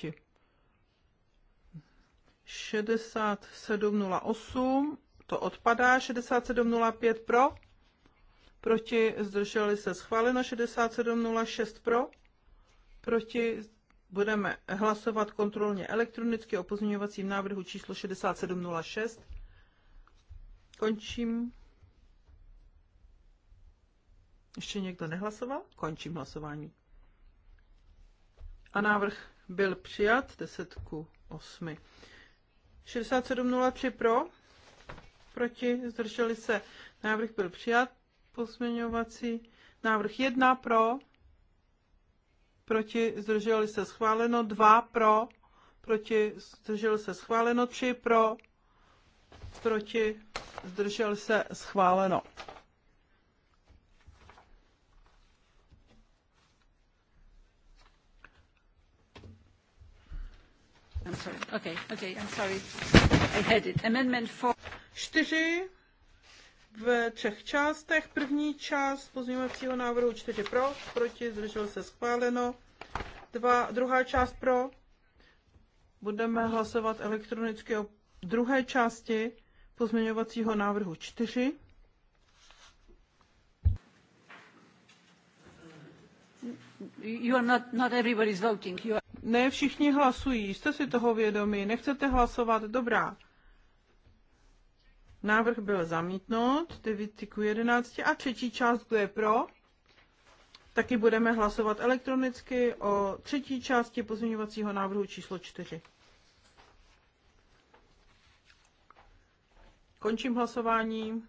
S1: 6708, to odpadá, 6705 pro, proti zdrželi se schváleno, 6706 pro, proti budeme hlasovat kontrolně elektronicky o pozměňovacím návrhu číslo 6706. Končím. Ještě někdo nehlasoval? Končím hlasování. A návrh byl přijat 10 k 8. 6703 pro, proti, zdrželi se. Návrh byl přijat. Pozměňovací návrh 1 pro, proti, zdrželi se schváleno, dva pro, proti, zdrželi se schváleno, tři pro, proti, zdrželi se schváleno. I'm sorry. Okay, okay, I'm sorry. I had it. Amendment 4. 4 ve třech částech. První část pozměňovacího návrhu 4 pro, proti, zdržel se schváleno. Dva, druhá část pro. Budeme hlasovat elektronicky o druhé části pozměňovacího návrhu 4. You are not, not everybody's voting. You are... Ne všichni hlasují, jste si toho vědomi, nechcete hlasovat, dobrá. Návrh byl zamítnut, 9 k 11. A třetí část, kdo je pro? Taky budeme hlasovat elektronicky o třetí části pozměňovacího návrhu číslo 4. Končím hlasování.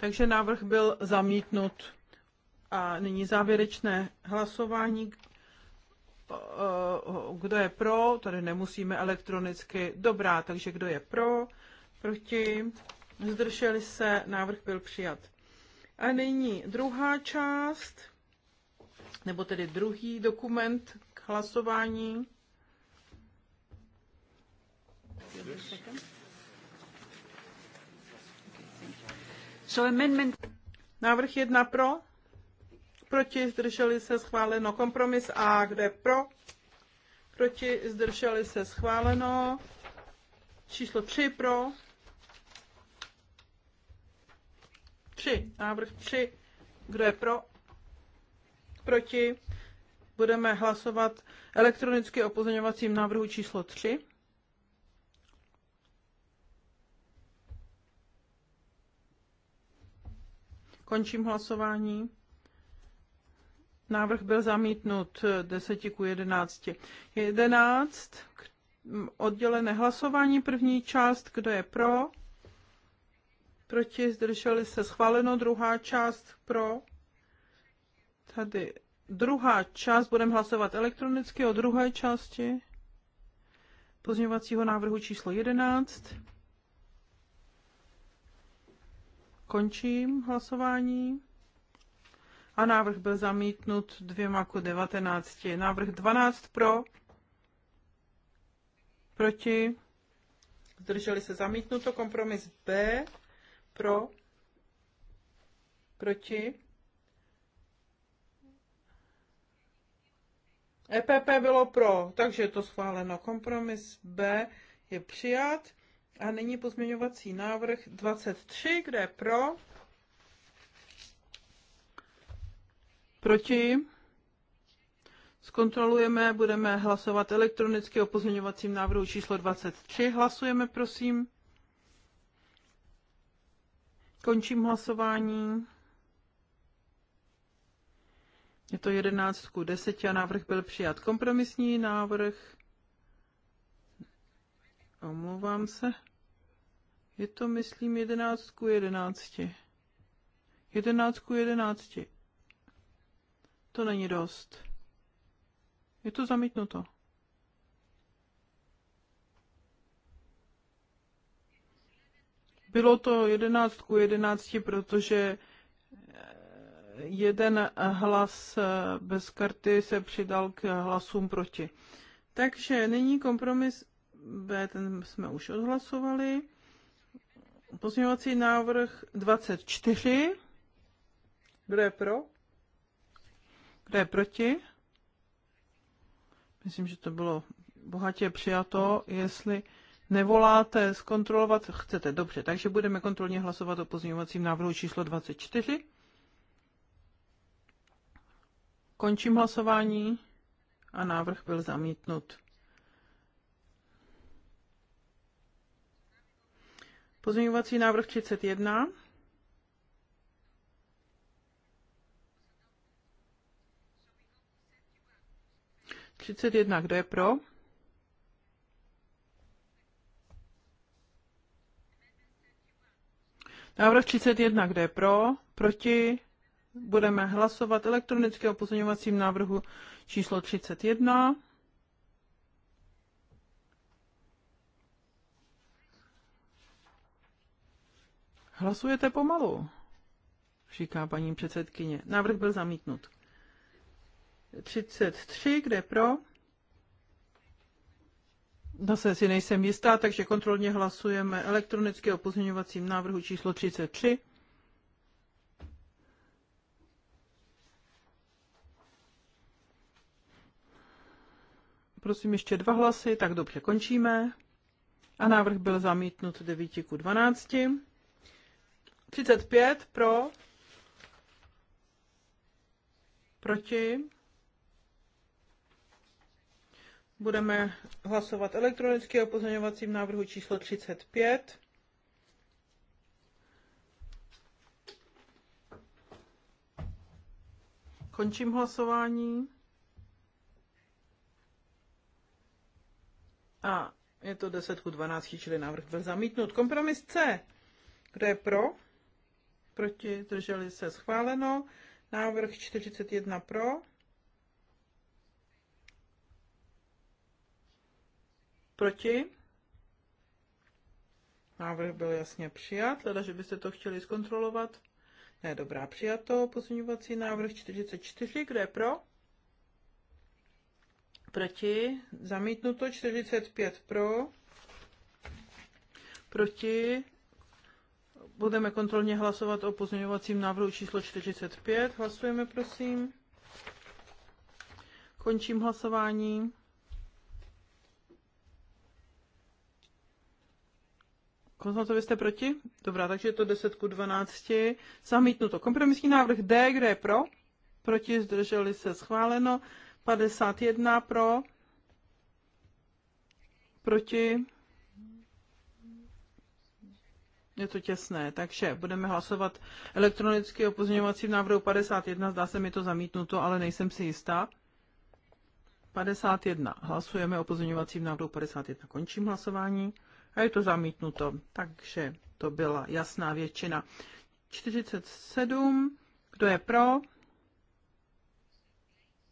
S1: Takže návrh byl zamítnut. A nyní závěrečné hlasování Eh, kdo je pro, tady nemusíme elektronicky, dobrá, takže kdo je pro, proti, zdrželi se, návrh byl přijat. A nyní druhá část, nebo tedy druhý dokument k hlasování. So amendment. Návrh jedna pro, proti, zdrželi se, schváleno. Kompromis A, kde pro, proti, zdrželi se, schváleno. Číslo 3 pro, 3, návrh 3, kdo je pro, proti, budeme hlasovat elektronicky o pozměňovacím návrhu číslo 3. Končím hlasování. Návrh byl zamítnut 10 ku 11. 11. Oddělené hlasování, první část, kdo je pro, proti, zdrželi se schváleno, druhá část pro, tady druhá část, budeme hlasovat elektronicky o druhé části pozměňovacího návrhu číslo 11. Končím hlasování a návrh byl zamítnut dvěma ku 19. Návrh 12 pro, proti, zdrželi se zamítnuto, kompromis B pro, proti. EPP bylo pro, takže je to schváleno. Kompromis B je přijat. A nyní pozměňovací návrh 23, kde je pro, Proti? Zkontrolujeme, budeme hlasovat elektronicky o pozměňovacím návrhu číslo 23. Hlasujeme, prosím. Končím hlasování. Je to 11 ku 10 a návrh byl přijat. Kompromisní návrh. Omlouvám se. Je to, myslím, 11 ku 11. 11 ku 11. To není dost. Je to zamítnuto. Bylo to 11 ku 11, protože eh, jeden hlas eh, bez karty se přidal k hlasům proti. Takže nyní kompromis B, ten jsme už odhlasovali. Pozměňovací návrh 24. Kdo je pro? Kdo je proti? Myslím, že to bylo bohatě přijato. Jestli nevoláte zkontrolovat, chcete, dobře. Takže budeme kontrolně hlasovat o pozměňovacím návrhu číslo 24. Končím hlasování a návrh byl zamítnut. Pozměňovací návrh 31. 31, kdo je pro? Návrh 31, Kdo je pro, proti, budeme hlasovat elektronicky o pozměňovacím návrhu číslo 31. Hlasujete pomalu, říká paní předsedkyně. Návrh byl zamítnut. 33, kde pro? Zase si nejsem jistá, takže kontrolně hlasujeme elektronicky o pozměňovacím návrhu číslo 33. Prosím ještě dva hlasy, tak dobře končíme. A návrh byl zamítnut 9 ku 12. 35 pro, proti, Budeme hlasovat elektronicky o pozměňovacím návrhu číslo 35. Končím hlasování. A je to 10 k 12, čili návrh byl zamítnut. Kompromis C. Kdo je pro? Proti, drželi se schváleno. Návrh 41 pro Proti? Návrh byl jasně přijat, leda, že byste to chtěli zkontrolovat. Ne, dobrá, přijato. Pozměňovací návrh 44, kdo je pro? Proti? Zamítnuto 45 pro. Proti? Budeme kontrolně hlasovat o pozměňovacím návrhu číslo 45. Hlasujeme, prosím. Končím hlasování. Konzultovali jste proti? Dobrá, takže je to 10 ku 12. Zamítnuto. Kompromisní návrh D, kde je pro? Proti zdrželi se schváleno. 51 pro. Proti. Je to těsné, takže budeme hlasovat elektronicky o pozměňovacím návrhu 51. Zdá se mi to zamítnuto, ale nejsem si jistá. 51. Hlasujeme o pozměňovacím návrhu 51. Končím hlasování a je to zamítnuto. Takže to byla jasná většina. 47, kdo je pro?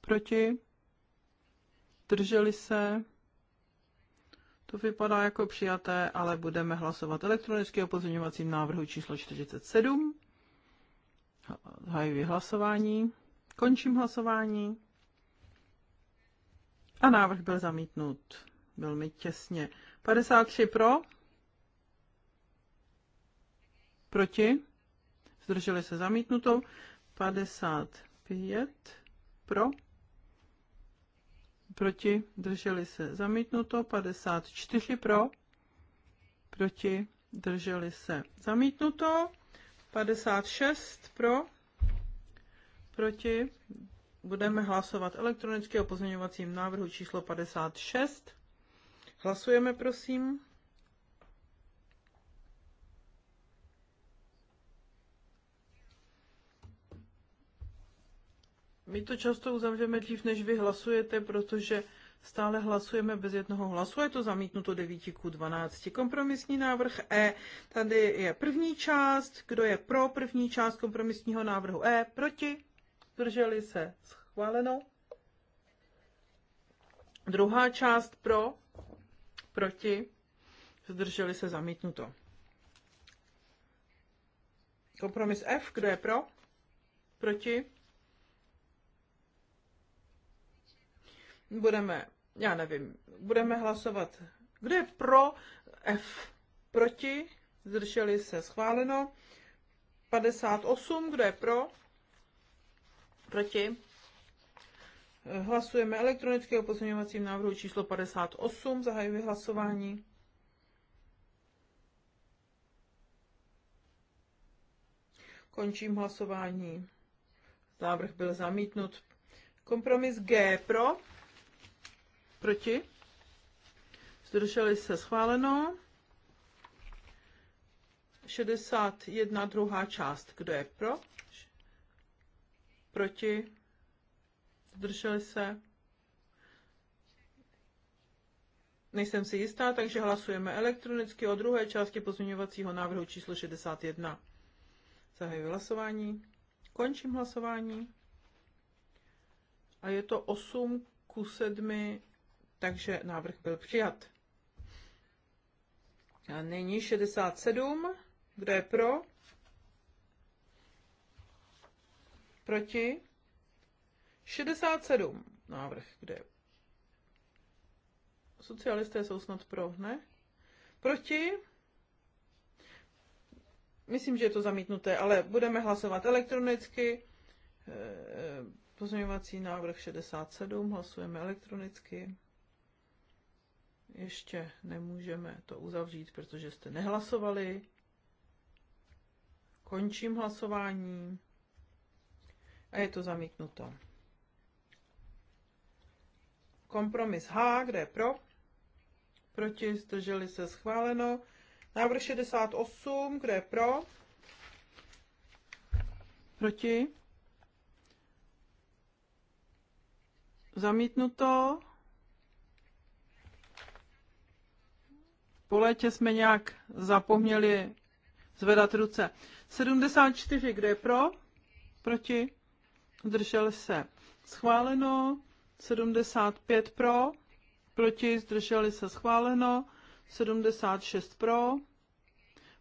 S1: Proti? Drželi se? To vypadá jako přijaté, ale budeme hlasovat elektronicky o pozměňovacím návrhu číslo 47. Zahajuji hlasování. Končím hlasování. A návrh byl zamítnut. Velmi těsně. 53 pro, proti, zdrželi se zamítnutou. 55 pro, proti, drželi se zamítnuto, 54 pro, proti, drželi se zamítnuto, 56 pro, proti, budeme hlasovat elektronicky o pozměňovacím návrhu číslo 56. Hlasujeme, prosím. My to často uzavřeme dřív, než vy hlasujete, protože stále hlasujeme bez jednoho hlasu. Je to zamítnuto 9 k 12. Kompromisní návrh E. Tady je první část. Kdo je pro první část kompromisního návrhu E? Proti? Zdrželi se. Schváleno. Druhá část pro proti, zdrželi se zamítnuto. Kompromis F, kdo je pro, proti, budeme, já nevím, budeme hlasovat, kdo je pro F, proti, zdrželi se schváleno, 58, kdo je pro, proti, Hlasujeme elektronicky o pozměňovacím návrhu číslo 58. Zahajuji hlasování. Končím hlasování. Návrh byl zamítnut. Kompromis G pro. Proti. Zdrželi se schváleno. 61 druhá část. Kdo je pro? Proti zdrželi se. Nejsem si jistá, takže hlasujeme elektronicky o druhé části pozměňovacího návrhu číslo 61. Zahajuji hlasování. Končím hlasování. A je to 8 ku 7, takže návrh byl přijat. A nyní 67. Kdo je pro? Proti? 67 návrh, kde socialisté jsou snad pro, ne? Proti? Myslím, že je to zamítnuté, ale budeme hlasovat elektronicky. Eh, eh, pozměňovací návrh 67, hlasujeme elektronicky. Ještě nemůžeme to uzavřít, protože jste nehlasovali. Končím hlasování a je to zamítnuto. Kompromis H, kde je pro? Proti, zdrželi se, schváleno. Návrh 68, kde je pro? Proti? Zamítnuto. Po létě jsme nějak zapomněli zvedat ruce. 74, kde je pro? Proti? Zdrželi se. Schváleno. 75 pro, proti zdrželi se schváleno, 76 pro,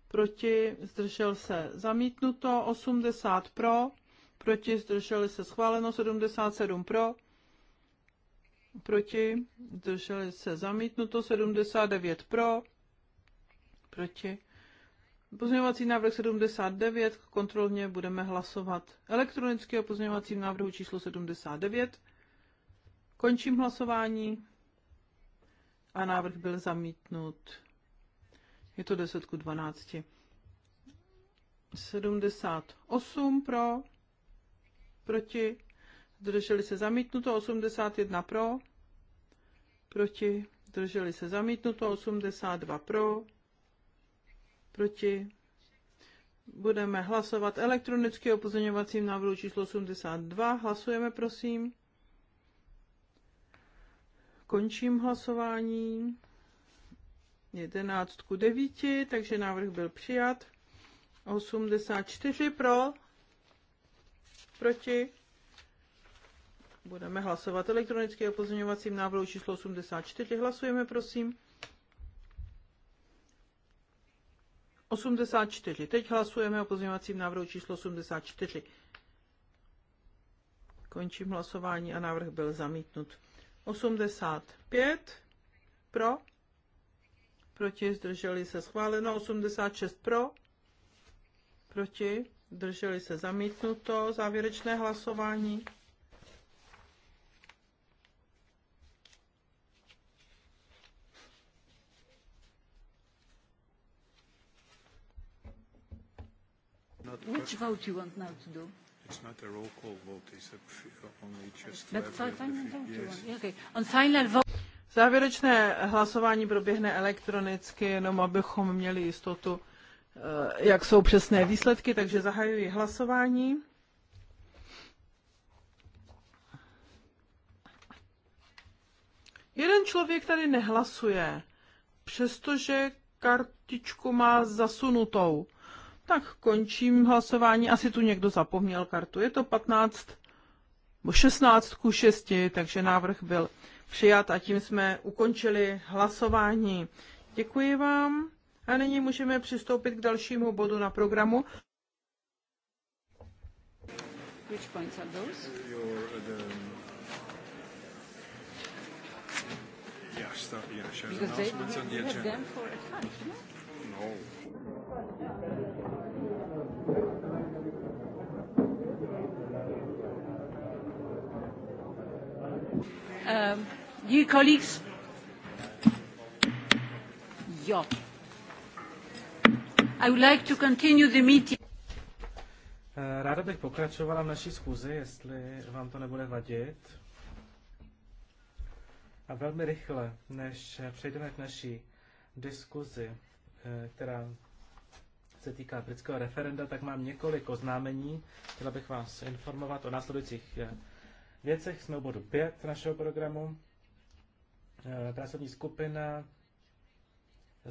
S1: proti zdržel se zamítnuto, 80 pro, proti zdrželi se schváleno, 77 pro, proti zdrželi se zamítnuto, 79 pro, proti. Pozměňovací návrh 79, kontrolně budeme hlasovat elektronicky o pozměňovacím návrhu číslo 79. Končím hlasování a návrh byl zamítnut. Je to 10 k 12. 78 pro, proti, zdrželi se zamítnuto, 81 pro, proti, zdrželi se zamítnuto, 82 pro, proti. Budeme hlasovat elektronicky o pozorňovacím návrhu číslo 82. Hlasujeme, prosím. Končím hlasování. 11 ku 9, takže návrh byl přijat. 84 pro, proti. Budeme hlasovat elektronicky o pozměňovacím návrhu číslo 84. Hlasujeme, prosím. 84. Teď hlasujeme o pozměňovacím návrhu číslo 84. Končím hlasování a návrh byl zamítnut. 85 pro, proti, zdrželi se schváleno, 86 pro, proti, zdrželi se zamítnuto, závěrečné hlasování.
S2: Which vote you want now to do? It's not a roll call vote, it's only
S1: just vote. Závěrečné hlasování proběhne elektronicky, jenom abychom měli jistotu, eh, jak jsou přesné výsledky, takže zahajuji hlasování. Jeden člověk tady nehlasuje, přestože kartičku má zasunutou. Tak končím hlasování. Asi tu někdo zapomněl kartu. Je to 15, 16 ku 6, takže návrh byl přijat a tím jsme ukončili hlasování. Děkuji vám a nyní můžeme přistoupit k dalšímu bodu na programu.
S2: Which points are those? Your, uh, the, yeah, start, yeah, Because they, we, we have them for
S6: a five,
S2: no? No.
S5: Um,
S4: colleagues, I would like to continue the meeting.
S3: Eh, ráda bych pokračovala v naší schůzi, jestli vám to nebude vadit. A velmi rychle, než přejdeme k naší diskuzi, eh, která se týká britského referenda, tak mám několik oznámení. Chtěla bych vás informovat o následujících eh, věcech. Jsme u bodu 5 našeho programu. Eh, pracovní skupina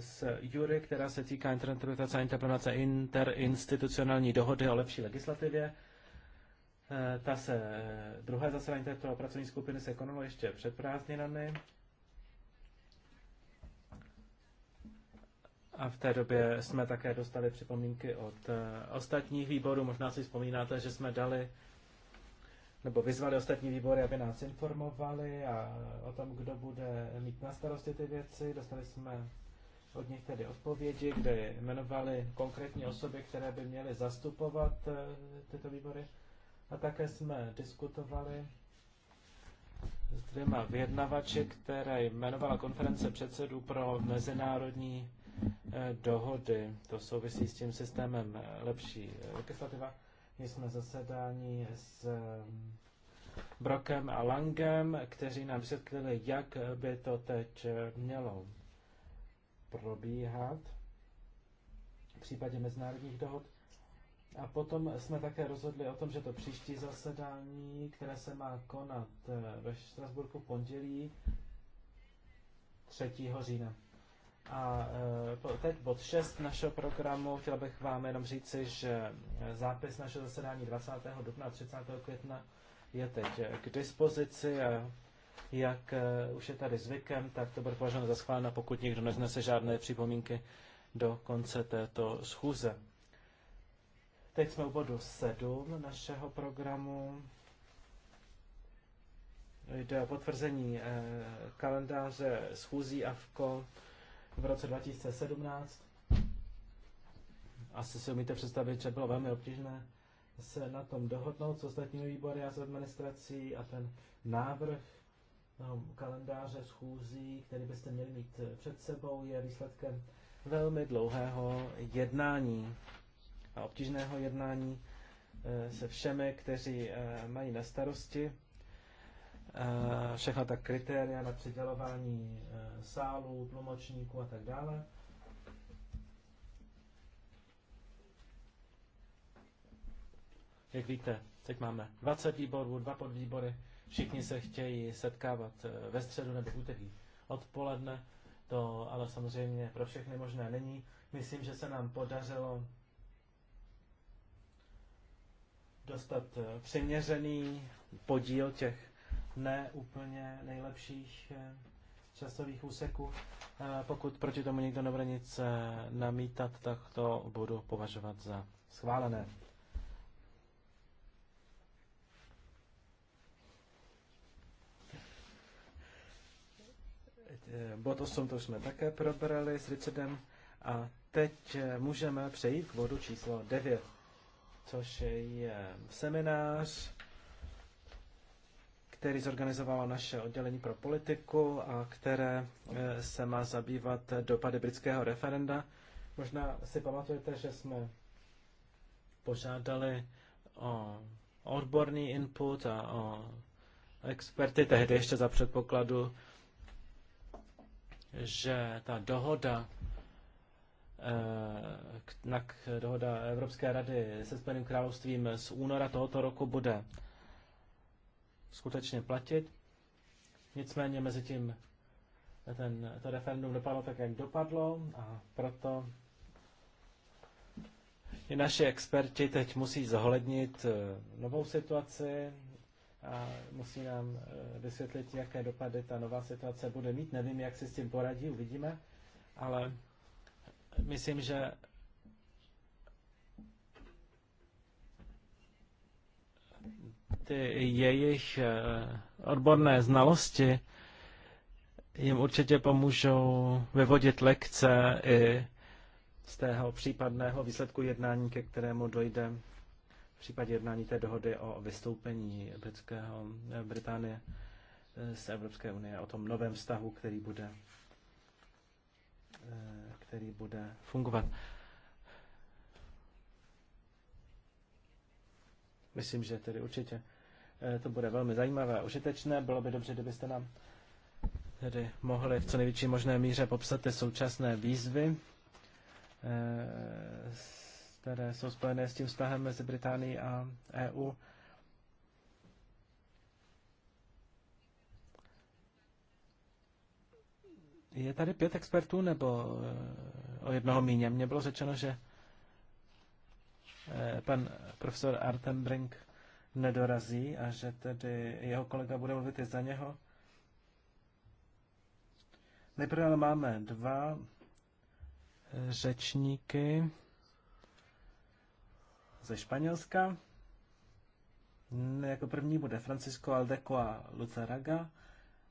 S3: s Jury, která se týká interpretace a interpretace interinstitucionální dohody o lepší legislativě. Eh, ta se, eh, druhé zasedání této pracovní skupiny se konalo ještě před prázdninami. A v té době jsme také dostali připomínky od ostatních výborů. Možná si vzpomínáte, že jsme dali nebo vyzvali ostatní výbory, aby nás informovali a o tom, kdo bude mít na starosti ty věci. Dostali jsme od nich tedy odpovědi, kde jmenovali konkrétní osoby, které by měly zastupovat eh, tyto výbory. A také jsme diskutovali s dvěma vyjednavači, které jmenovala konference předsedů pro mezinárodní eh, dohody. To souvisí s tím systémem eh, lepší legislativa jsme zasedání s um, Brokem a Langem, kteří nám vysvětlili, jak by to teď mělo probíhat v případě mezinárodních dohod. A potom jsme také rozhodli o tom, že to příští zasedání, které se má konat eh, ve Štrasburku pondělí 3. října. A e, teď bod 6 našeho programu. Chtěl bych vám jenom říci, že e, zápis našeho zasedání 20. dubna a 30. května je teď e, k dispozici. Jak už je tady zvykem, tak to bude považováno za schválené, pokud někdo neznese žádné připomínky do konce této schůze. Teď jsme u bodu 7 našeho programu. Jde o potvrzení kalendáře schůzí AFKO v roce 2017. Asi si umíte představit, že bylo velmi obtížné se na tom dohodnout s ostatními výbory a s administrací a ten návrh no, kalendáře schůzí, který byste měli mít eh, před sebou, je výsledkem velmi dlouhého jednání a obtížného jednání eh, se všemi, kteří eh, mají na starosti Eh, všechna ta kritéria na přidělování eh, sálu, tlumočníků a tak dále. Jak víte, teď máme 20 výborů, dva podvýbory, všichni se chtějí setkávat eh, ve středu nebo úterý odpoledne, to ale samozřejmě pro všechny možné není. Myslím, že se nám podařilo dostat přiměřený podíl těch ne úplně nejlepších eh, časových úseků. Eh, pokud proti tomu nikdo nebude nic eh, namítat, tak to budu považovat za schválené. Bod 8 to jsme také probrali s Richardem a teď můžeme přejít k bodu číslo 9, což je seminář který zorganizovalo naše oddělení pro politiku a které eh, se má zabývat dopady britského referenda. Možná si pamatujete, že jsme požádali o odborný input a o experty tehdy ještě za předpokladu, že ta dohoda eh, na dohoda Evropské rady se Spojeným královstvím z února tohoto roku bude skutečně platit. Nicméně mezi tím ten, to referendum dopadlo tak, jak dopadlo a proto i naši experti teď musí zohlednit eh, novou situaci a musí nám eh, vysvětlit, jaké dopady ta nová situace bude mít. Nevím, jak si s tím poradí, uvidíme, ale myslím, že jejich eh, odborné znalosti jim určitě pomůžou vyvodit lekce i z tého případného výsledku jednání, ke kterému dojde v případě jednání té dohody o vystoupení britského, eh, Británie eh, z Evropské unie, o tom novém vztahu, který bude, který bude fungovat. Myslím, že tedy určitě Eh, to bude velmi zajímavé a užitečné. Bylo by dobře, kdybyste nám tedy mohli v co největší možné míře popsat ty současné výzvy, eh, které jsou spojené s tím vztahem mezi Británií a EU. Je tady pět expertů nebo eh, o jednoho míně? Mně bylo řečeno, že pan profesor Artem Brink nedorazí a že tedy jeho kolega bude mluvit i za něho. Nejprve ale máme dva eh, řečníky ze Španělska. Jako první bude Francisco Aldecoa Luceraga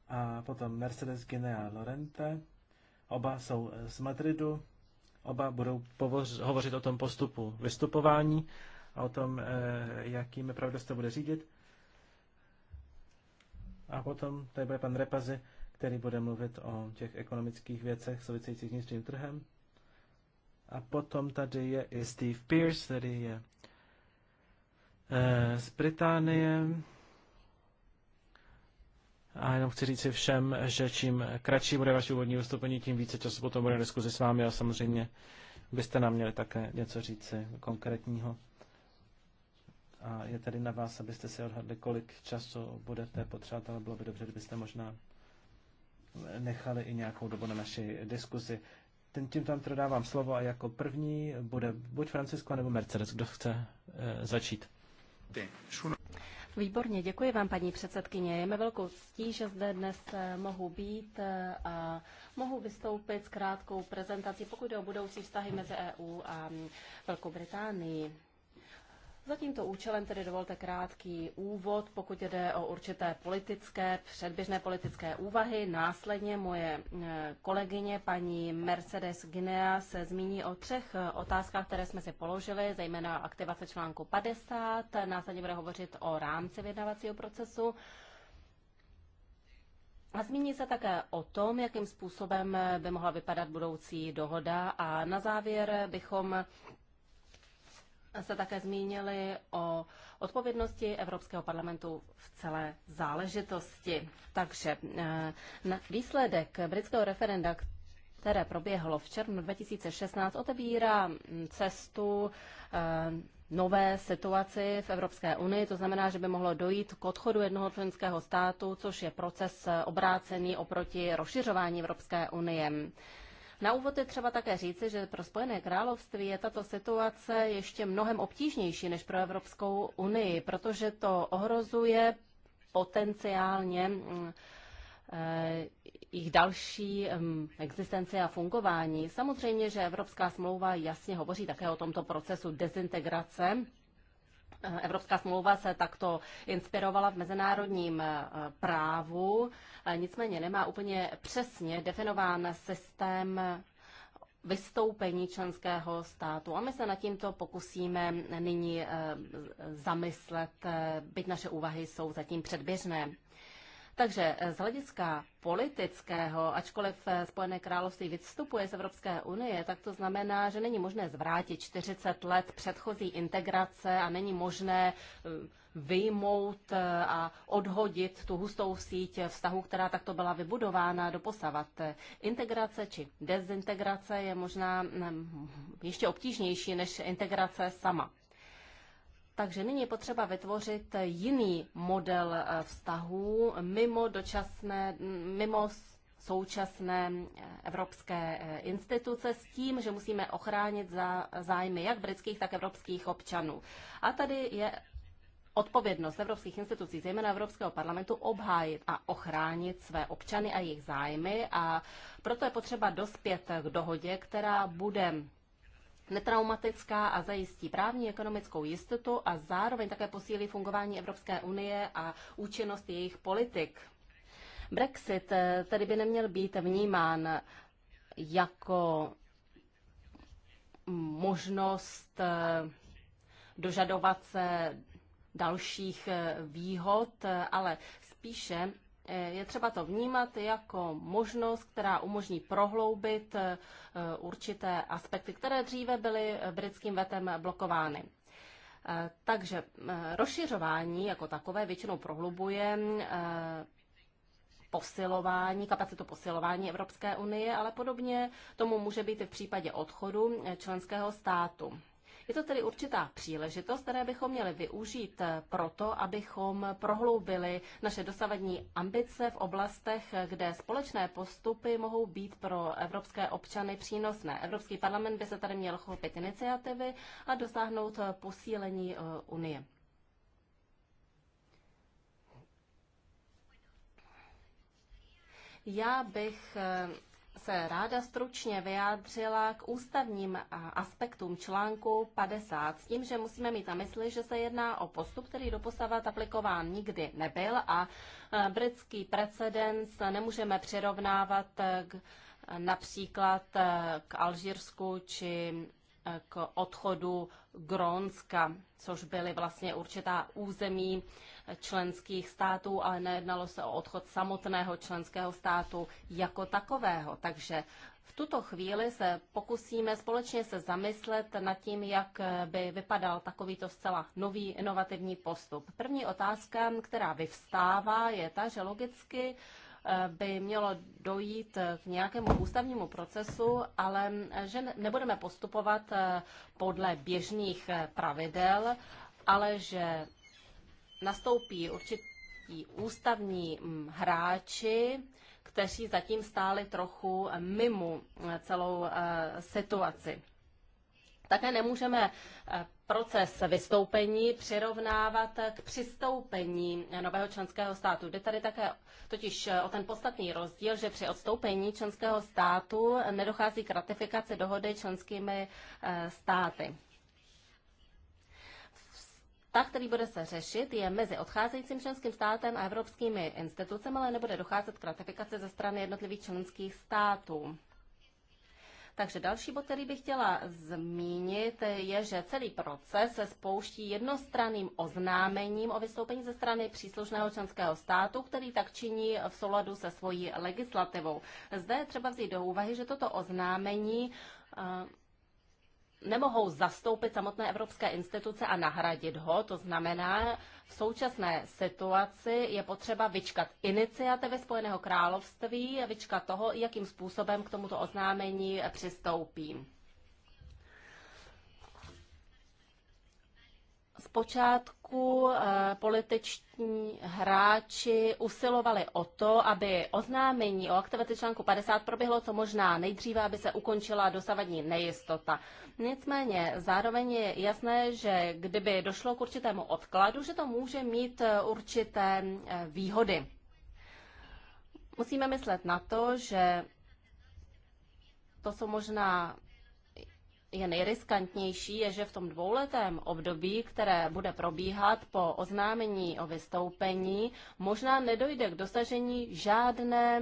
S3: a potom Mercedes Guinea Lorente. Oba jsou eh, z Madridu, oba budou hovořit o tom postupu vystupování a o tom, eh, jakým pravdost to bude řídit. A potom tady bude pan Repazy, který bude mluvit o těch ekonomických věcech souvisejících s vnitřním trhem. A potom tady je i Steve Pierce, který je eh, z Británie. A jenom chci říct si všem, že čím kratší bude vaše úvodní vystoupení, tím více času potom bude diskuzi s vámi a samozřejmě byste nám měli také něco říci konkrétního. A je tady na vás, abyste si odhadli, kolik času budete potřebovat, ale bylo by dobře, kdybyste možná nechali i nějakou dobu na naší diskuzi. Ten tím tam teda dávám slovo a jako první bude buď Francisco nebo Mercedes, kdo chce e, začít.
S4: Výborně, děkuji vám, paní předsedkyně. Je mi velkou ctí, že zde dnes eh, mohu být eh, a mohu vystoupit s krátkou prezentací, pokud jde o budoucí vztahy mezi EU a mm, Velkou Británií. Za tímto účelem tedy dovolte krátký úvod, pokud jde o určité politické, předběžné politické úvahy. Následně moje eh, kolegyně paní Mercedes Guinea se zmíní o třech eh, otázkách, které jsme si položili, zejména aktivace článku 50. Následně bude hovořit o rámci vyjednavacího procesu. A zmíní se také o tom, jakým způsobem eh, by mohla vypadat budoucí dohoda a na závěr bychom se také zmínili o odpovědnosti Evropského parlamentu v celé záležitosti. Takže eh, na výsledek britského referenda, které proběhlo v červnu 2016, otevírá cestu eh, nové situaci v Evropské unii. To znamená, že by mohlo dojít k odchodu jednoho členského státu, což je proces obrácený oproti rozšiřování Evropské unie. Na úvod je třeba také říci, že pro Spojené království je tato situace ještě mnohem obtížnější než pro Evropskou unii, protože to ohrozuje potenciálně mm, eh, jejich další mm, existence a fungování. Samozřejmě, že Evropská smlouva jasně hovoří také o tomto procesu dezintegrace Eh, Evropská smlouva se takto inspirovala v mezinárodním eh, právu, eh, nicméně nemá úplně přesně definován systém vystoupení členského státu. A my se nad tímto pokusíme nyní zamyslet, byť naše úvahy jsou zatím předběžné. Takže eh, z hlediska politického, ačkoliv eh, Spojené království vystupuje z Evropské unie, tak to znamená, že není možné zvrátit 40 let předchozí integrace a není možné eh, vyjmout a odhodit tu hustou síť vztahu, která takto byla vybudována do posavat. Integrace či dezintegrace je možná mm, ještě obtížnější než integrace sama. Takže nyní je potřeba vytvořit jiný model eh, vztahů mimo dočasné, mimo současné eh, evropské eh, instituce s tím, že musíme ochránit za zájmy jak britských, tak evropských občanů. A tady je odpovědnost evropských institucí, zejména Evropského parlamentu, obhájit a ochránit své občany a jejich zájmy a proto je potřeba dospět k dohodě, která bude netraumatická a zajistí právní ekonomickou jistotu a zároveň také posílí fungování Evropské unie a účinnost jejich politik. Brexit eh, tedy by neměl být vnímán jako možnost eh, dožadovat se dalších eh, výhod, ale spíše Eh, je třeba to vnímat jako možnost, která umožní prohloubit eh, určité aspekty, které dříve byly eh, britským vetem blokovány. Takže rozšiřování jako takové většinou prohlubuje posilování, kapacitu posilování Evropské unie, ale podobně tomu může být i v případě odchodu členského státu. Je to tedy určitá příležitost, které bychom měli využít eh, proto, abychom prohloubili naše dosavadní ambice v oblastech, kde společné postupy mohou být pro evropské občany přínosné. Evropský parlament by se tady měl chopit iniciativy a dosáhnout eh, posílení eh, Unie. Já bych se ráda stručně vyjádřila k ústavním aspektům článku 50 s tím, že musíme mít na mysli, že se jedná o postup, který doposavat aplikován nikdy nebyl a britský precedens nemůžeme přirovnávat k, například e, k Alžírsku či e, k odchodu Grónska, což byly vlastně určitá území členských států, ale nejednalo se o odchod samotného členského státu jako takového. Takže v tuto chvíli se pokusíme společně se zamyslet nad tím, jak by vypadal takovýto zcela nový inovativní postup. První otázka, která vyvstává, je ta, že logicky eh, by mělo dojít k nějakému ústavnímu procesu, ale že nebudeme postupovat eh, podle běžných eh, pravidel, ale že nastoupí určití ústavní mm, hráči, kteří zatím stáli trochu mimo eh, celou eh, situaci. Také nemůžeme eh, proces vystoupení přirovnávat k přistoupení nového členského státu. Jde tady také totiž o ten podstatný rozdíl, že při odstoupení členského státu nedochází k ratifikaci dohody členskými státy. Ta, který bude se řešit, je mezi odcházejícím členským státem a evropskými institucemi, ale nebude docházet k ratifikaci ze strany jednotlivých členských států. Takže další bod, který bych chtěla zmínit, je, že celý proces se spouští jednostranným oznámením o vystoupení ze strany příslušného členského státu, který tak činí v souladu se svojí legislativou. Zde je třeba vzít do úvahy, že toto oznámení nemohou zastoupit samotné evropské instituce a nahradit ho. To znamená, v současné situaci je potřeba vyčkat iniciativy Spojeného království a vyčkat toho, jakým způsobem k tomuto oznámení přistoupí. Zpočátku eh, političní hráči usilovali o to, aby oznámení o aktivaci článku 50 proběhlo co možná nejdříve, aby se ukončila dosavadní nejistota. Nicméně zároveň je jasné, že kdyby došlo k určitému odkladu, že to může mít eh, určité eh, výhody. Musíme myslet na to, že to jsou možná je nejriskantnější, je, že v tom dvouletém období, které bude probíhat po oznámení o vystoupení, možná nedojde k dosažení žádné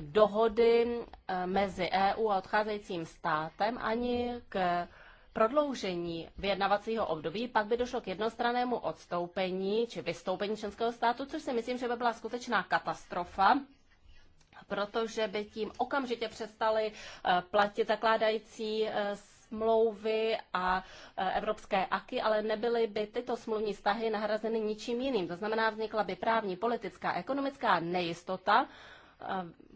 S4: dohody eh, mezi EU a odcházejícím státem ani k prodloužení vyjednavacího období, pak by došlo k jednostrannému odstoupení či vystoupení členského státu, což si myslím, že by byla skutečná katastrofa protože by tím okamžitě přestali eh, platit zakládající eh, smlouvy a eh, evropské aky, ale nebyly by tyto smluvní vztahy nahrazeny ničím jiným. To znamená, vznikla by právní, politická, ekonomická nejistota,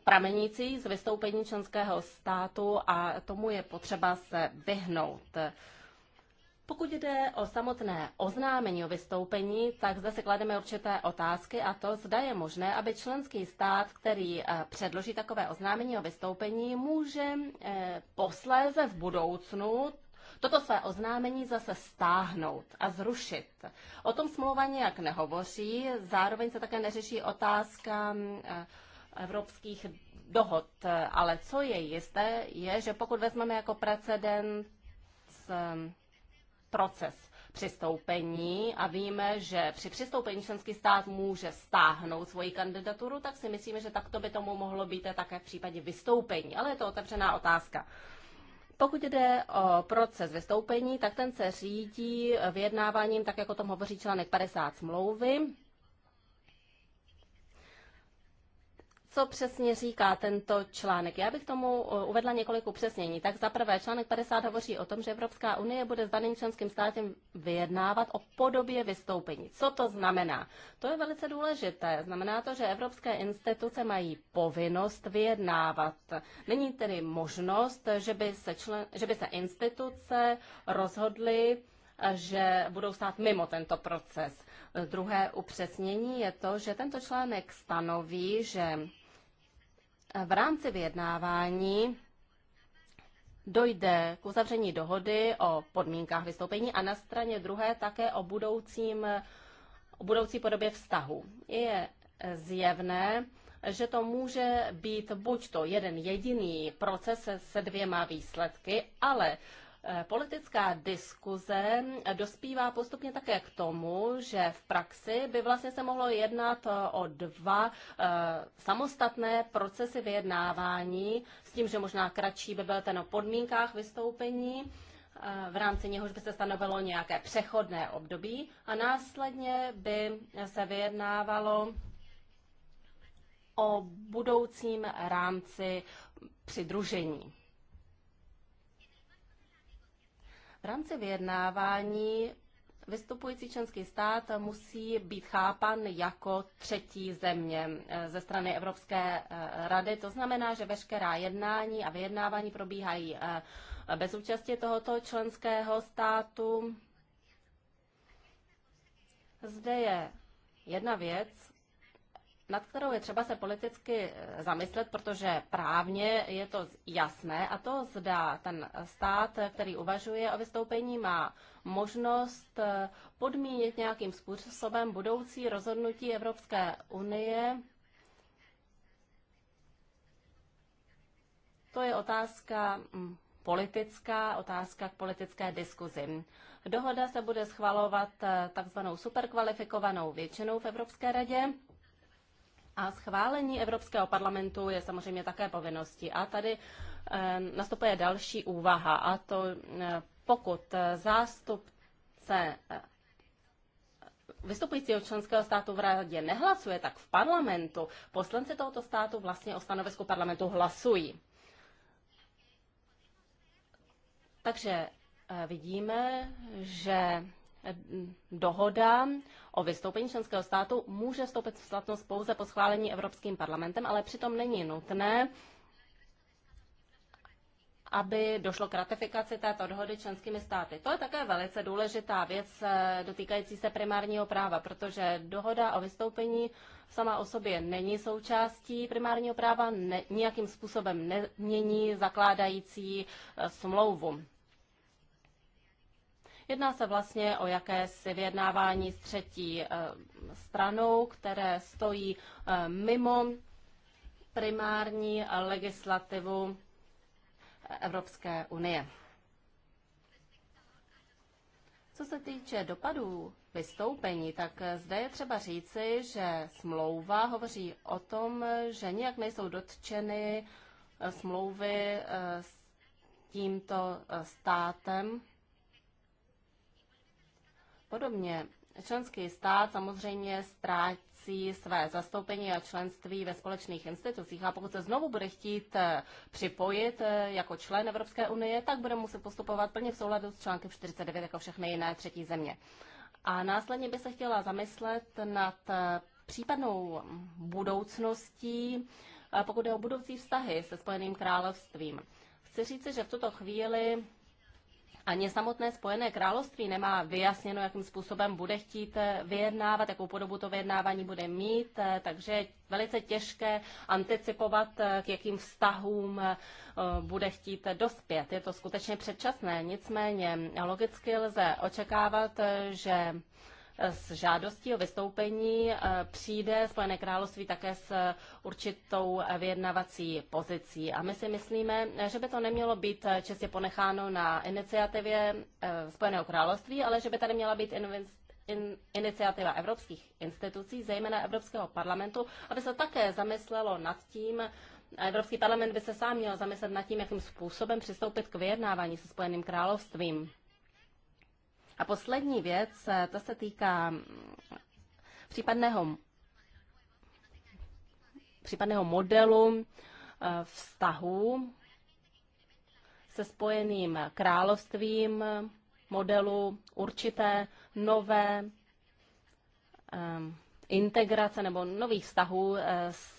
S4: pramenící z vystoupení členského státu a tomu je potřeba se vyhnout. Pokud jde o samotné oznámení o vystoupení, tak zde se klademe určité otázky a to, zda je možné, aby členský stát, který eh, předloží takové oznámení o vystoupení, může eh, posléze v budoucnu toto své oznámení zase stáhnout a zrušit. O tom smlouva nějak nehovoří, zároveň se také neřeší otázka eh, evropských dohod, ale co je jisté, je, že pokud vezmeme jako precedent proces přistoupení a víme, že při přistoupení členský stát může stáhnout svoji kandidaturu, tak si myslíme, že takto by tomu mohlo být také v případě vystoupení. Ale je to otevřená otázka. Pokud jde o proces vystoupení, tak ten se řídí vyjednáváním, tak jako o tom hovoří článek 50 smlouvy. co přesně říká tento článek? Já bych tomu eh, uvedla několik upřesnění. Tak za prvé, článek 50 hovoří o tom, že Evropská unie bude s daným členským státem vyjednávat o podobě vystoupení. Co to znamená? To je velice důležité. Znamená to, že evropské instituce mají povinnost vyjednávat. Není tedy možnost, že by se, člen, že by se instituce rozhodly, eh, že budou stát mimo tento proces. Eh, druhé upřesnění je to, že tento článek stanoví, že v rámci vyjednávání dojde k uzavření dohody o podmínkách vystoupení a na straně druhé také o, budoucím, o budoucí podobě vztahu. Je zjevné, že to může být buď to jeden jediný proces se, se dvěma výsledky, ale Eh, politická diskuze eh, dospívá postupně také k tomu, že v praxi by vlastně se mohlo jednat eh, o dva samostatné procesy vyjednávání, s tím, že možná kratší by byl ten o podmínkách vystoupení, v rámci něhož by se stanovilo nějaké přechodné období a následně by se vyjednávalo o budoucím rámci přidružení. V rámci vyjednávání vystupující členský stát musí být chápan jako třetí země eh, ze strany Evropské eh, rady. To znamená, že veškerá jednání a vyjednávání probíhají eh, bez účasti tohoto členského státu. Zde je jedna věc, nad kterou je třeba se politicky eh, zamyslet, protože právně je to jasné a to zda ten stát, který uvažuje o vystoupení, má možnost eh, podmínit nějakým způsobem budoucí rozhodnutí Evropské unie. To je otázka mm, politická, otázka k politické diskuzi. Dohoda se bude schvalovat eh, takzvanou superkvalifikovanou většinou v Evropské radě. A schválení Evropského parlamentu je samozřejmě také povinností. A tady eh, nastupuje další úvaha, a to eh, pokud zástupce eh, vystupujícího členského státu v radě nehlasuje, tak v parlamentu poslanci tohoto státu vlastně o stanovisku parlamentu hlasují. Takže vidíme, že Eh, dohoda o vystoupení členského státu může vstoupit v platnost pouze po schválení Evropským parlamentem, ale přitom není nutné, aby došlo k ratifikaci této dohody členskými státy. To je také velice důležitá věc eh, dotýkající se primárního práva, protože dohoda o vystoupení sama o sobě není součástí primárního práva, ne, nijakým způsobem nemění zakládající eh, smlouvu. Jedná se vlastně o jakési vyjednávání s třetí eh, stranou, které stojí eh, mimo primární legislativu Evropské unie. Co se týče dopadů vystoupení, tak zde je třeba říci, že smlouva hovoří o tom, že nijak nejsou dotčeny eh, smlouvy s tímto státem podobně. Členský stát samozřejmě ztrácí své zastoupení a členství ve společných institucích a pokud se znovu bude chtít eh, připojit eh, jako člen Evropské unie, tak bude muset postupovat plně v souladu s článkem 49 jako všechny jiné třetí země. A následně by se chtěla zamyslet nad eh, případnou budoucností, pokud je o budoucí vztahy se Spojeným královstvím. Chci říci, že v tuto chvíli ani samotné Spojené království nemá vyjasněno, jakým způsobem bude chtít eh, vyjednávat, jakou podobu to vyjednávání bude mít, eh, takže je velice těžké anticipovat, eh, k jakým vztahům bude chtít dospět. Je to skutečně předčasné, nicméně logicky lze očekávat, že s žádostí o vystoupení eh, přijde Spojené království také s určitou vyjednavací pozicí. A my si myslíme, že by to nemělo být čestě ponecháno na iniciativě eh, Spojeného království, ale že by tady měla být in, iniciativa evropských institucí, zejména Evropského parlamentu, aby se také zamyslelo nad tím, Evropský parlament by se sám měl zamyslet nad tím, jakým způsobem přistoupit k vyjednávání se Spojeným královstvím. A poslední věc, eh, to se týká mm, případného, případného modelu eh, vztahu se spojeným královstvím, modelu určité nové eh, integrace nebo nových vztahů s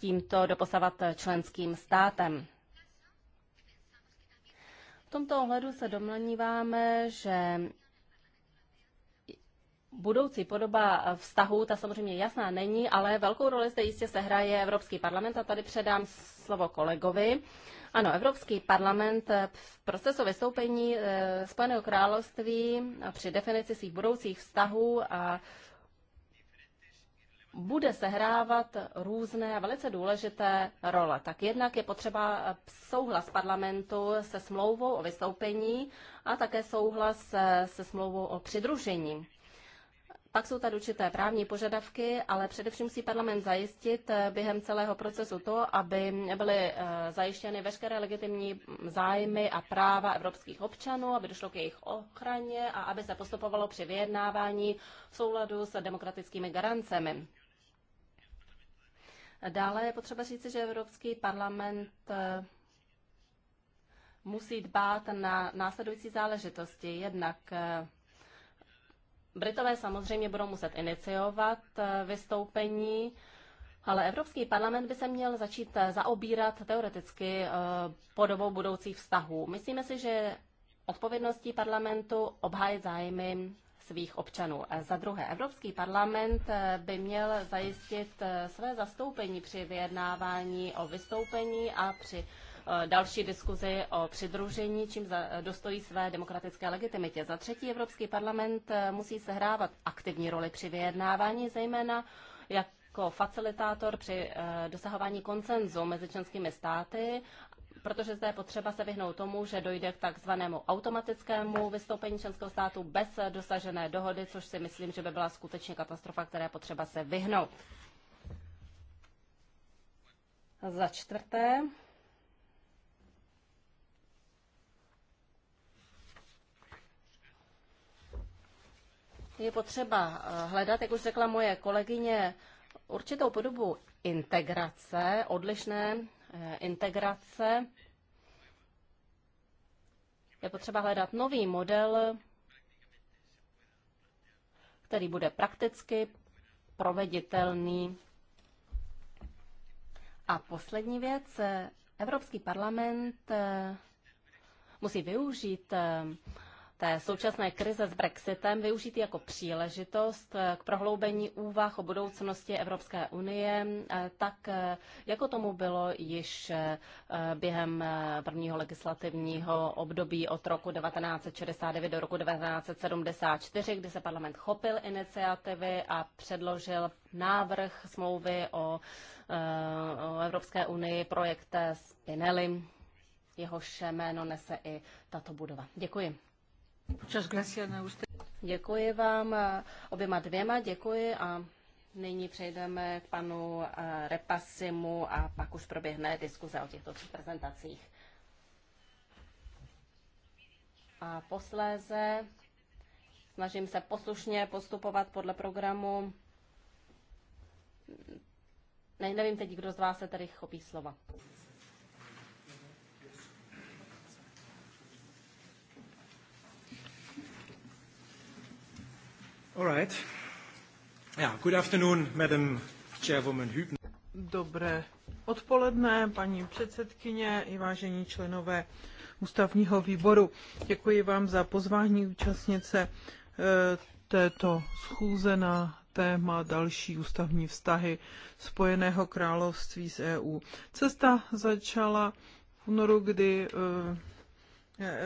S4: tímto doposavat členským státem. V tomto ohledu se domníváme, že budoucí podoba vztahu, ta samozřejmě jasná není, ale velkou roli zde jistě se hraje Evropský parlament a tady předám slovo kolegovi. Ano, Evropský parlament v procesu vystoupení eh, Spojeného království při definici svých budoucích vztahů a bude sehrávat různé a velice důležité role. Tak jednak je potřeba souhlas parlamentu se smlouvou o vystoupení a také souhlas se, se smlouvou o přidružení. Pak jsou tady určité právní požadavky, ale především musí parlament zajistit eh, během celého procesu to, aby byly eh, zajištěny veškeré legitimní zájmy a práva evropských občanů, aby došlo k jejich ochraně a aby se postupovalo při vyjednávání v souladu s demokratickými garancemi. Dále je potřeba říci, že Evropský parlament eh, musí dbát na následující záležitosti. Jednak eh, Britové samozřejmě budou muset iniciovat eh, vystoupení, ale Evropský parlament by se měl začít zaobírat teoreticky podobou budoucích vztahů. Myslíme si, že odpovědností parlamentu obhájit zájmy svých občanů. Za druhé, Evropský parlament eh, by měl zajistit eh, své zastoupení při vyjednávání o vystoupení a při eh, další diskuzi o přidružení, čím dostojí své demokratické legitimitě. Za třetí, Evropský parlament musí sehrávat aktivní roli při vyjednávání, zejména jak jako facilitátor při dosahování koncenzu mezi členskými státy protože zde je potřeba se vyhnout tomu, že dojde k takzvanému automatickému vystoupení členského státu bez dosažené dohody, což si myslím, že by byla skutečně katastrofa, které je potřeba se vyhnout. Za čtvrté, je potřeba eh, hledat, jak už řekla moje kolegyně, určitou podobu integrace odlišné Eh, integrace. Je potřeba hledat nový model, který bude prakticky proveditelný. A poslední věc. Eh, Evropský parlament eh, musí využít té současné krize s Brexitem využít jako příležitost eh, k prohloubení úvah o budoucnosti Evropské unie, eh, tak eh, jako tomu bylo již během prvního legislativního období od roku 1969 do roku 1974, kdy se parlament chopil iniciativy a předložil návrh smlouvy o, o Evropské unii projekt Spinelli jehož jméno nese i tato budova. Děkuji. Děkuji vám eh, oběma dvěma, děkuji a nyní přejdeme k panu eh, Repasimu a pak už proběhne diskuze o těchto tři prezentacích. A posléze snažím se poslušně postupovat podle programu. Ne, nevím teď, kdo z vás se tady chopí slova.
S6: All right. Yeah, good afternoon, Madam Chairwoman Hübner.
S1: Dobré odpoledne, paní předsedkyně i vážení členové ústavního výboru. Děkuji vám za pozvání účastnit se eh, této schůze na téma další ústavní vztahy Spojeného království s EU. Cesta začala v únoru, kdy eh, Eh,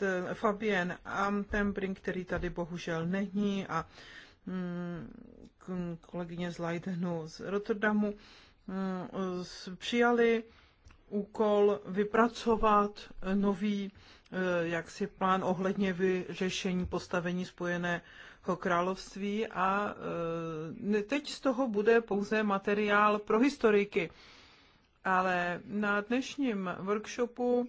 S1: eh, Fabien Amtembring, který tady bohužel není, a mm, kolegyně z Leidenu z Rotterdamu eh, přijali úkol vypracovat nový jaksi plán ohledně vyřešení postavení spojené království a teď z toho bude pouze materiál pro historiky. Ale na dnešním workshopu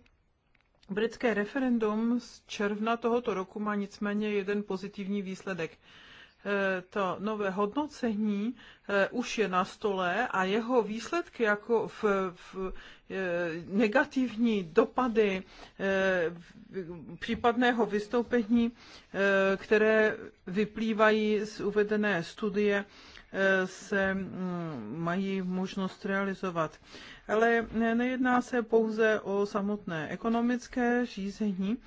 S1: Britské referendum z června tohoto roku má nicméně jeden pozitivní výsledek. Eh, to nové hodnocení eh, už je na stole a jeho výsledky jako v, v eh, negativní dopady případného vystoupení, které vyplývají z uvedené studie, se mm, mají možnost realizovat. Ale nejedná se pouze o samotné ekonomické řízení.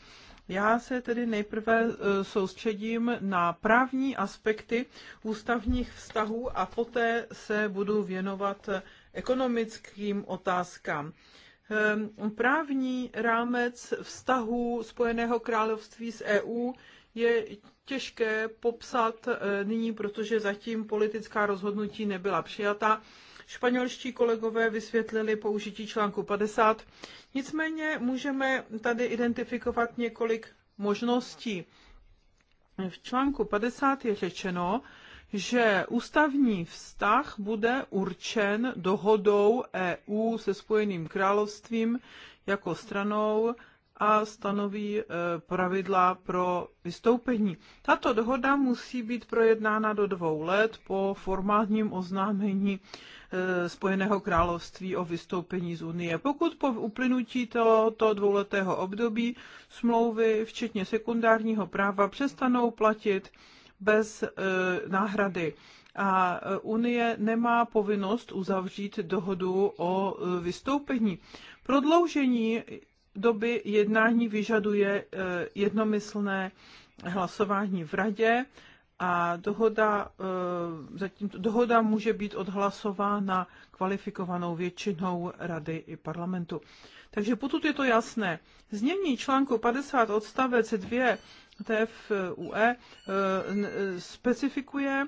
S1: Já se tedy nejprve e, soustředím na právní aspekty ústavních vztahů a poté se budu věnovat ekonomickým otázkám ehm, právní rámec vztahu Spojeného království s EU je těžké popsat eh, nyní, protože zatím politická rozhodnutí nebyla přijata. Španělští kolegové vysvětlili použití článku 50. Nicméně můžeme tady identifikovat několik možností. V článku 50 je řečeno, že ústavní vztah bude určen dohodou EU se Spojeným královstvím jako stranou a stanoví e, pravidla pro vystoupení. Tato dohoda musí být projednána do dvou let po formálním oznámení e, Spojeného království o vystoupení z Unie. Pokud po uplynutí tohoto dvouletého období smlouvy, včetně sekundárního práva, přestanou platit bez e, náhrady a Unie nemá povinnost uzavřít dohodu o vystoupení. Prodloužení doby jednání vyžaduje eh, jednomyslné hlasování v radě a dohoda, eh, zatím, dohoda může být odhlasována kvalifikovanou většinou rady i parlamentu. Takže potud je to jasné. Změní článku 50 odstavec 2 TFUE eh, specifikuje,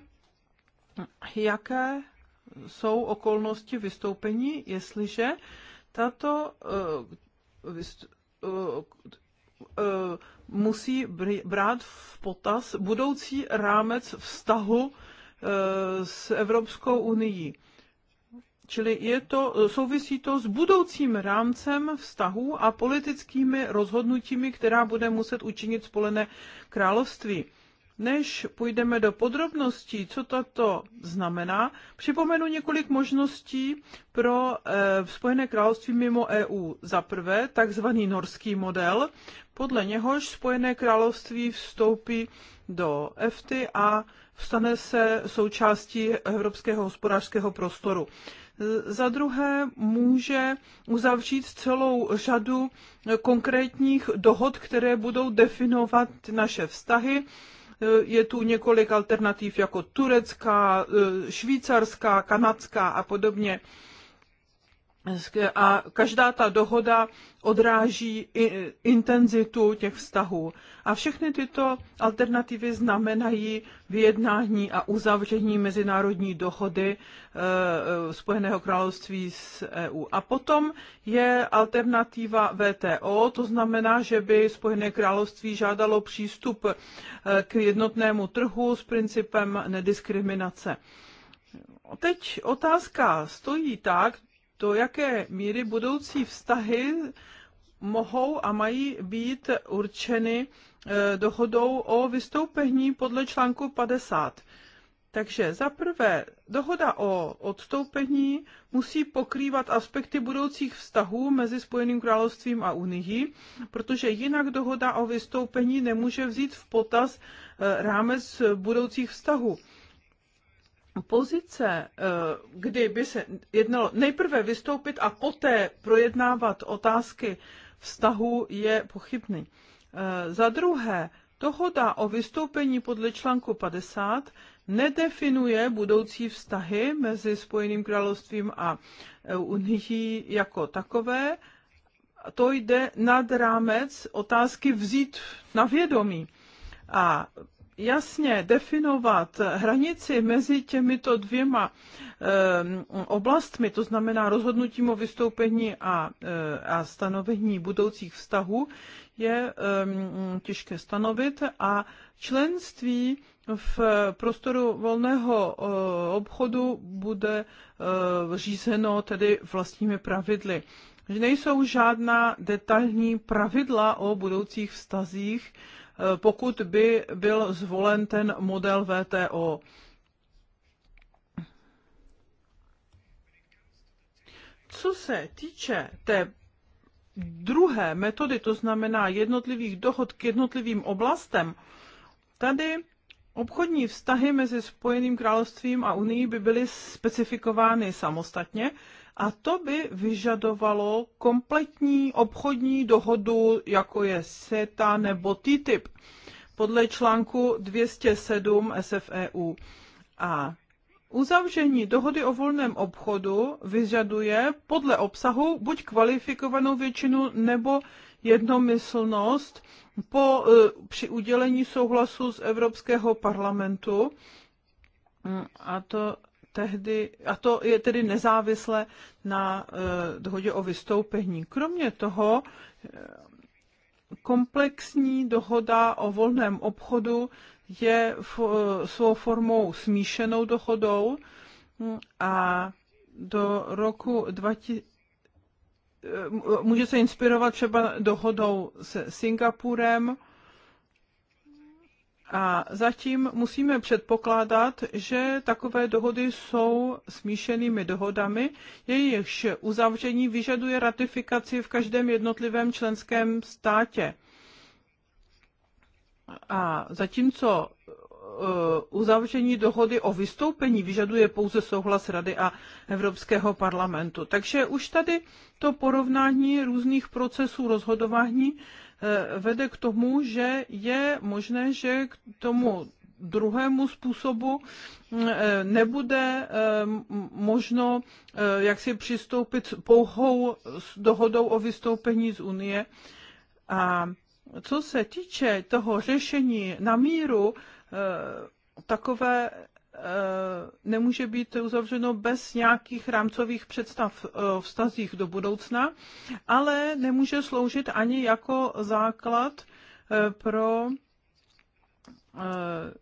S1: jaké jsou okolnosti vystoupení, jestliže tato Eh, eh, musí brát v potaz budoucí rámec vztahu eh, s Evropskou unii. Čili je to, souvisí to s budoucím rámcem vztahů a politickými rozhodnutími, která bude muset učinit Spolené království. Než půjdeme do podrobností, co toto znamená, připomenu několik možností pro eh, Spojené království mimo EU. Za prvé, takzvaný norský model, podle něhož Spojené království vstoupí do EFTY a stane se součástí Evropského hospodářského prostoru. Za druhé může uzavřít celou řadu konkrétních dohod, které budou definovat naše vztahy Eh, je tu několik alternativ jako turecká, eh, švýcarská, kanadská a podobně a každá ta dohoda odráží intenzitu těch vztahů. A všechny tyto alternativy znamenají vyjednání a uzavření mezinárodní dohody eh, Spojeného království s EU. A potom je alternativa VTO, to znamená, že by Spojené království žádalo přístup eh, k jednotnému trhu s principem nediskriminace. Teď otázka stojí tak, do jaké míry budoucí vztahy mohou a mají být určeny eh, dohodou o vystoupení podle článku 50. Takže za prvé, dohoda o odstoupení musí pokrývat aspekty budoucích vztahů mezi Spojeným královstvím a Unii, protože jinak dohoda o vystoupení nemůže vzít v potaz eh, rámec budoucích vztahů pozice, eh, kdy by se jednalo nejprve vystoupit a poté projednávat otázky vztahu, je pochybný. Eh, za druhé, dohoda o vystoupení podle článku 50 nedefinuje budoucí vztahy mezi Spojeným královstvím a eh, Unii jako takové. To jde nad rámec otázky vzít na vědomí. A jasně definovat hranici mezi těmito dvěma ehm, oblastmi, to znamená rozhodnutím o vystoupení a, eh, a stanovení budoucích vztahů, je ehm, těžké stanovit a členství v prostoru volného eh, obchodu bude eh, řízeno tedy vlastními pravidly. nejsou žádná detailní pravidla o budoucích vztazích Eh, pokud by byl zvolen ten model VTO. Co se týče té druhé metody, to znamená jednotlivých dohod k jednotlivým oblastem, tady obchodní vztahy mezi Spojeným královstvím a Unii by byly specifikovány samostatně, a to by vyžadovalo kompletní obchodní dohodu, jako je SETA nebo TTIP, podle článku 207 SFEU. A Uzavření dohody o volném obchodu vyžaduje podle obsahu buď kvalifikovanou většinu nebo jednomyslnost po, e, při udělení souhlasu z Evropského parlamentu. A to tehdy, a to je tedy nezávisle na uh, dohodě o vystoupení. Kromě toho, uh, komplexní dohoda o volném obchodu je uh, svou formou smíšenou dohodou hm, a do roku 2000 může se inspirovat třeba dohodou se Singapurem, a zatím musíme předpokládat, že takové dohody jsou smíšenými dohodami, jejichž uzavření vyžaduje ratifikaci v každém jednotlivém členském státě. A zatímco uh, uzavření dohody o vystoupení vyžaduje pouze souhlas Rady a Evropského parlamentu. Takže už tady to porovnání různých procesů rozhodování Eh, vede k tomu, že je možné, že k tomu druhému způsobu mm, eh, nebude eh, možno jak si přistoupit pouhou s dohodou o vystoupení z Unie. A co se týče toho řešení na míru, takové Eh, nemůže být uzavřeno bez nějakých rámcových představ eh, vztazích do budoucna, ale nemůže sloužit ani jako základ eh, pro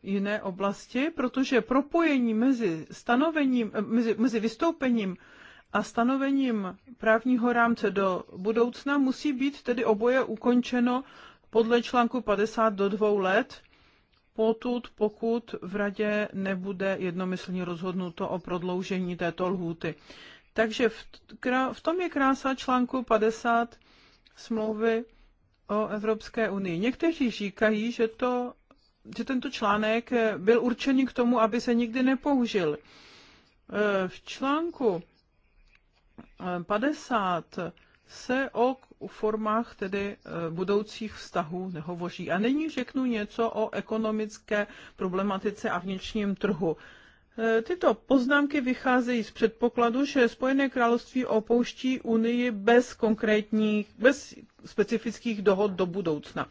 S1: jiné oblasti, protože propojení mezi, stanovením, mezi, mezi vystoupením a stanovením právního rámce do budoucna musí být tedy oboje ukončeno podle článku 50 do dvou let, potud, pokud v radě nebude jednomyslně rozhodnuto o prodloužení této lhůty. Takže v, v tom je krása článku 50 smlouvy o Evropské unii. Někteří říkají, že, to, že tento článek eh, byl určený k tomu, aby se nikdy nepoužil. Eh, v článku 50 eh, se o formách tedy eh, budoucích vztahů nehovoří. A nyní řeknu něco o ekonomické problematice a vnitřním trhu. Eh, tyto poznámky vycházejí z předpokladu, že Spojené království opouští Unii bez konkrétních, bez specifických dohod do budoucna.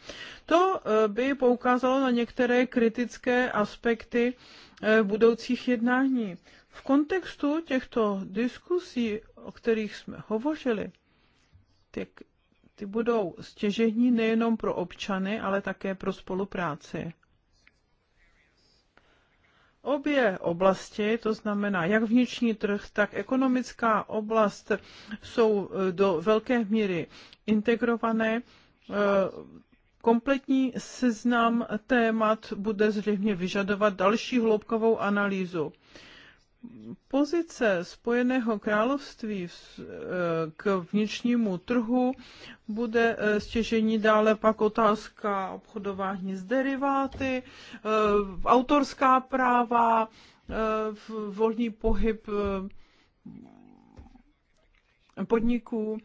S1: To eh, by poukázalo na některé kritické aspekty budoucích jednání. V kontextu těchto diskusí, o kterých jsme hovořili, ty, ty budou stěžení nejenom pro občany, ale také pro spolupráci. Obě oblasti, to znamená jak vnitřní trh, tak ekonomická oblast, jsou eh, do velké míry integrované. Eh, kompletní seznam témat bude zřejmě vyžadovat další hloubkovou analýzu pozice Spojeného království eh, k vnitřnímu trhu bude eh, stěžení dále pak otázka obchodování s deriváty, eh, autorská práva, volný pohyb podniků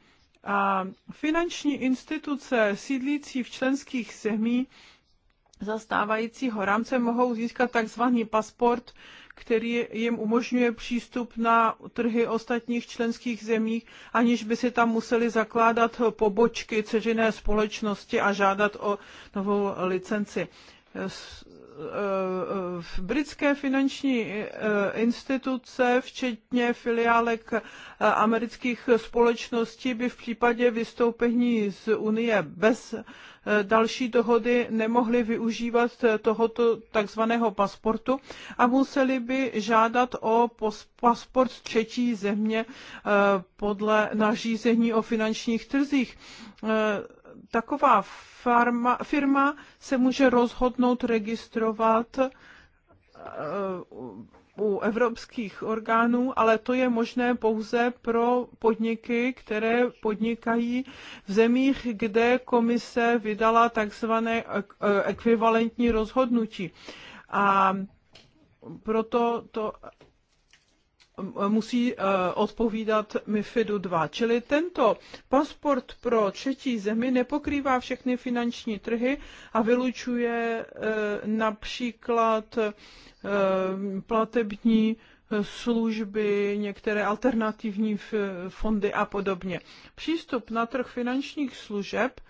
S1: a finanční instituce sídlící v členských zemích zastávajícího rámce mohou získat takzvaný pasport který jim umožňuje přístup na trhy ostatních členských zemí, aniž by si tam museli zakládat pobočky ceřiné společnosti a žádat o novou licenci v eh, eh, britské finanční eh, instituce, včetně filiálek amerických společností, by v případě vystoupení z Unie bez další dohody nemohly využívat tohoto takzvaného pasportu a museli by žádat o pasport třetí země podle nařízení o finančních trzích taková farma, firma se může rozhodnout registrovat eh, u evropských orgánů, ale to je možné pouze pro podniky, které podnikají v zemích, kde komise vydala takzvané eh, ekvivalentní rozhodnutí. A proto to musí eh, odpovídat MIFIDu 2. Čili tento pasport pro třetí zemi nepokrývá všechny finanční trhy a vylučuje eh, například eh, platební služby, některé alternativní fondy a podobně. Přístup na trh finančních služeb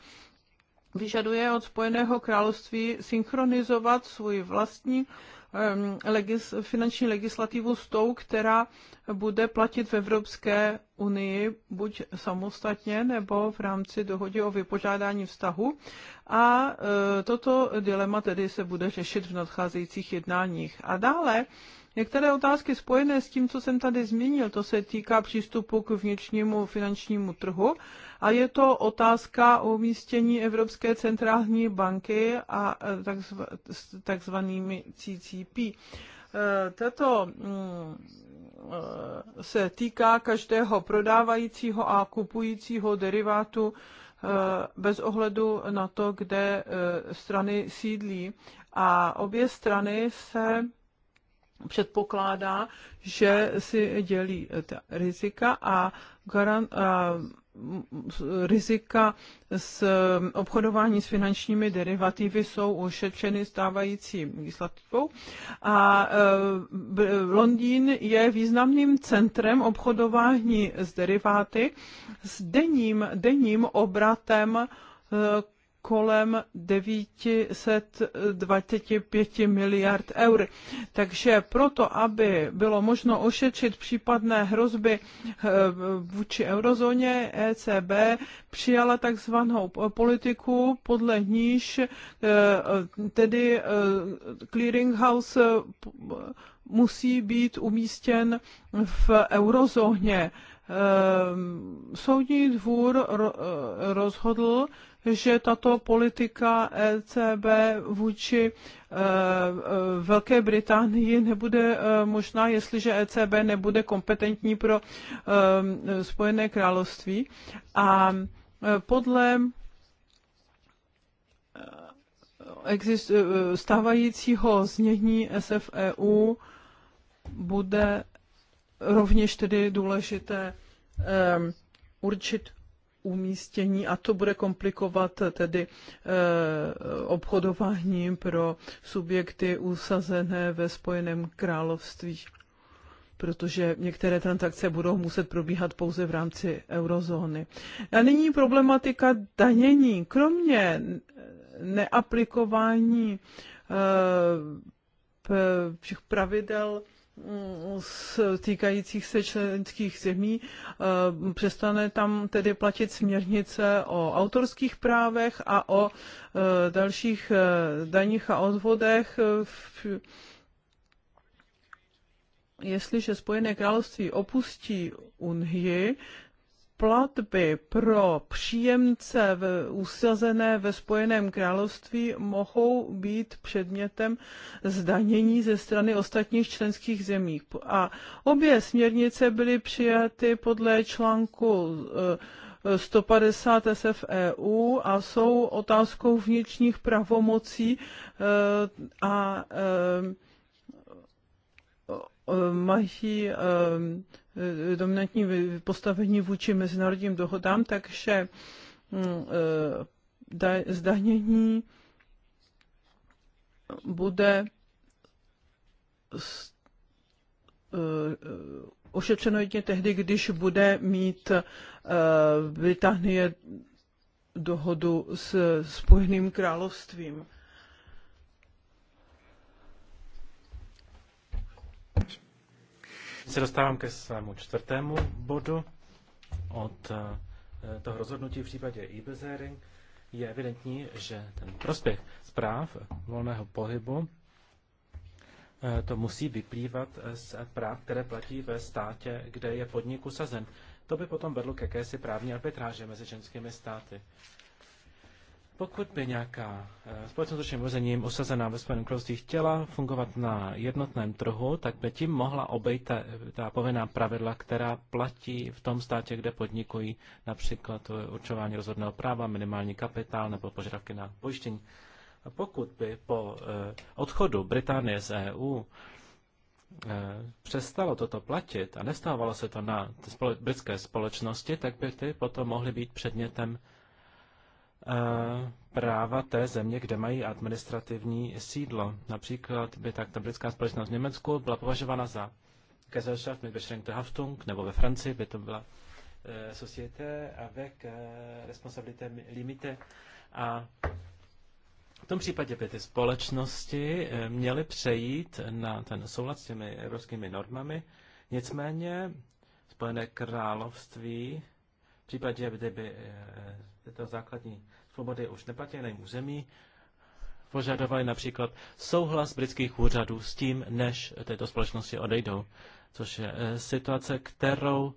S1: vyžaduje od Spojeného království synchronizovat svůj vlastní Ehm, legis, finanční legislativu s tou, která bude platit v Evropské unii buď samostatně nebo v rámci dohody o vypožádání vztahu. A e, toto dilema tedy se bude řešit v nadcházejících jednáních. A dále Některé otázky spojené s tím, co jsem tady zmínil, to se týká přístupu k vnitřnímu finančnímu trhu a je to otázka o umístění Evropské centrální banky a e, takzvanými CCP. E, tato mm, e, se týká každého prodávajícího a kupujícího derivátu bez ohledu na to, kde strany sídlí. A obě strany se předpokládá, že si dělí ta rizika a, garan, a rizika s obchodování s finančními derivativy jsou ošetřeny stávající legislativou. A e, Londýn je významným centrem obchodování s deriváty s denním, denním obratem e, kolem 925 miliard eur. Takže proto, aby bylo možno ošetřit případné hrozby eh, vůči eurozóně, ECB přijala takzvanou politiku, podle níž eh, tedy eh, clearinghouse musí být umístěn v eurozóně Ehm, soudní dvůr eh, rozhodl, že tato politika ECB vůči eh, eh, Velké Británii nebude možná, jestliže ECB nebude kompetentní pro ehm, Spojené království. A podle stávajícího znění SFEU bude rovněž tedy důležité ehm, určit umístění a to bude komplikovat tedy eh, obchodování pro subjekty usazené ve Spojeném království, protože některé transakce budou muset probíhat pouze v rámci eurozóny. A nyní problematika danění. Kromě neaplikování těch eh, pravidel týkajících se členských zemí. Eh, přestane tam tedy platit směrnice o autorských právech a o eh, dalších eh, daních a odvodech. Jestliže Spojené království opustí Unii, platby pro příjemce v, usazené ve Spojeném království mohou být předmětem zdanění ze strany ostatních členských zemí. A obě směrnice byly přijaty podle článku eh, 150 SF EU a jsou otázkou vnitřních pravomocí eh, a eh, mají Eh, dominantní postavení vůči mezinárodním dohodám, takže mm, eh, zdanění bude eh, ošetřeno jedině tehdy, když bude mít Británie dohodu s Spojeným královstvím.
S3: se dostávám ke svému čtvrtému bodu od eh, toho rozhodnutí v případě e-bezering. Je evidentní, že ten prospěch zpráv volného pohybu eh, to musí vyplývat z práv, které platí ve státě, kde je podnik usazen. To by potom vedlo k jakési právní arbitráži mezi ženskými státy. Pokud by nějaká eh, společnost s ručením osazená usazená ve Spojeném království chtěla fungovat na jednotném trhu, tak by tím mohla obejít ta, ta povinná pravidla, která platí v tom státě, kde podnikují například eh, určování rozhodného práva, minimální kapitál nebo požadavky na pojištění. A pokud by po eh, odchodu Británie z EU přestalo toto platit a nestávalo se to na britské společnosti, tak by ty potom mohly být předmětem práva té země, kde mají administrativní sídlo. Například by tak ta britská společnost v Německu byla považována za Gesellschaft mit beschränkter Haftung, nebo ve Francii by to byla eh, Société avec eh, responsabilité limité. A v tom případě by ty společnosti eh, měly přejít na ten soulad s těmi evropskými normami. Nicméně Spojené království v případě, kdyby eh, tyto základní svobody už neplatí na jejím území. Požadovali například souhlas britských úřadů s tím, než této společnosti odejdou, což je eh, situace, kterou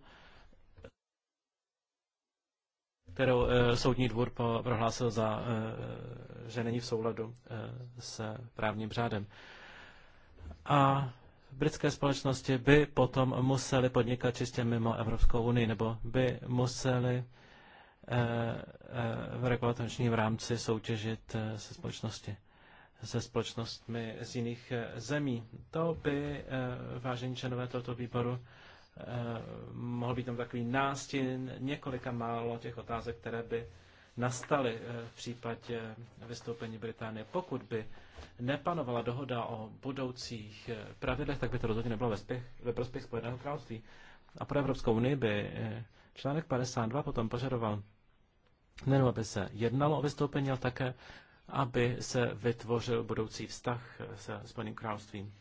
S3: kterou e, soudní dvůr po, prohlásil za, e, že není v souladu e, s právním řádem. A britské společnosti by potom musely podnikat čistě mimo Evropskou unii, nebo by musely Eh, eh, v regulatorním rámci soutěžit eh, se společnosti se společnostmi z jiných zemí. To by, vážení členové tohoto výboru, mohl být tam takový nástin několika málo těch otázek, které by nastaly v případě vystoupení Británie. Pokud by nepanovala dohoda o budoucích pravidlech, tak by to rozhodně nebylo ve, spěch, ve prospěch Spojeného království. A pro Evropskou unii by Článek 52 potom požadoval nejenom, aby se jednalo o vystoupení, ale také, aby se vytvořil budoucí vztah se Spojeným královstvím.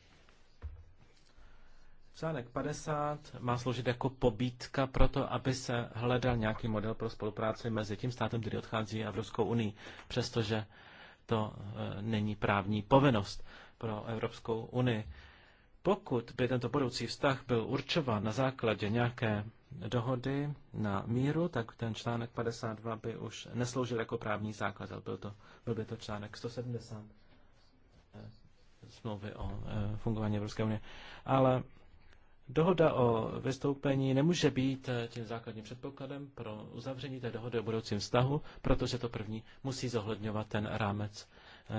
S3: Článek 50 má sloužit jako pobítka pro to, aby se hledal nějaký model pro spolupráci mezi tím státem, který odchází a Evropskou unii, přestože to e, není právní povinnost pro Evropskou unii. Pokud by tento budoucí vztah byl určován na základě nějaké dohody na míru, tak ten článek 52 by už nesloužil jako právní základ, ale byl, to, byl by to článek 170 eh, smlouvy o eh, fungování Evropské unie. Ale dohoda o vystoupení nemůže být eh, tím základním předpokladem pro uzavření té dohody o budoucím vztahu, protože to první musí zohledňovat ten rámec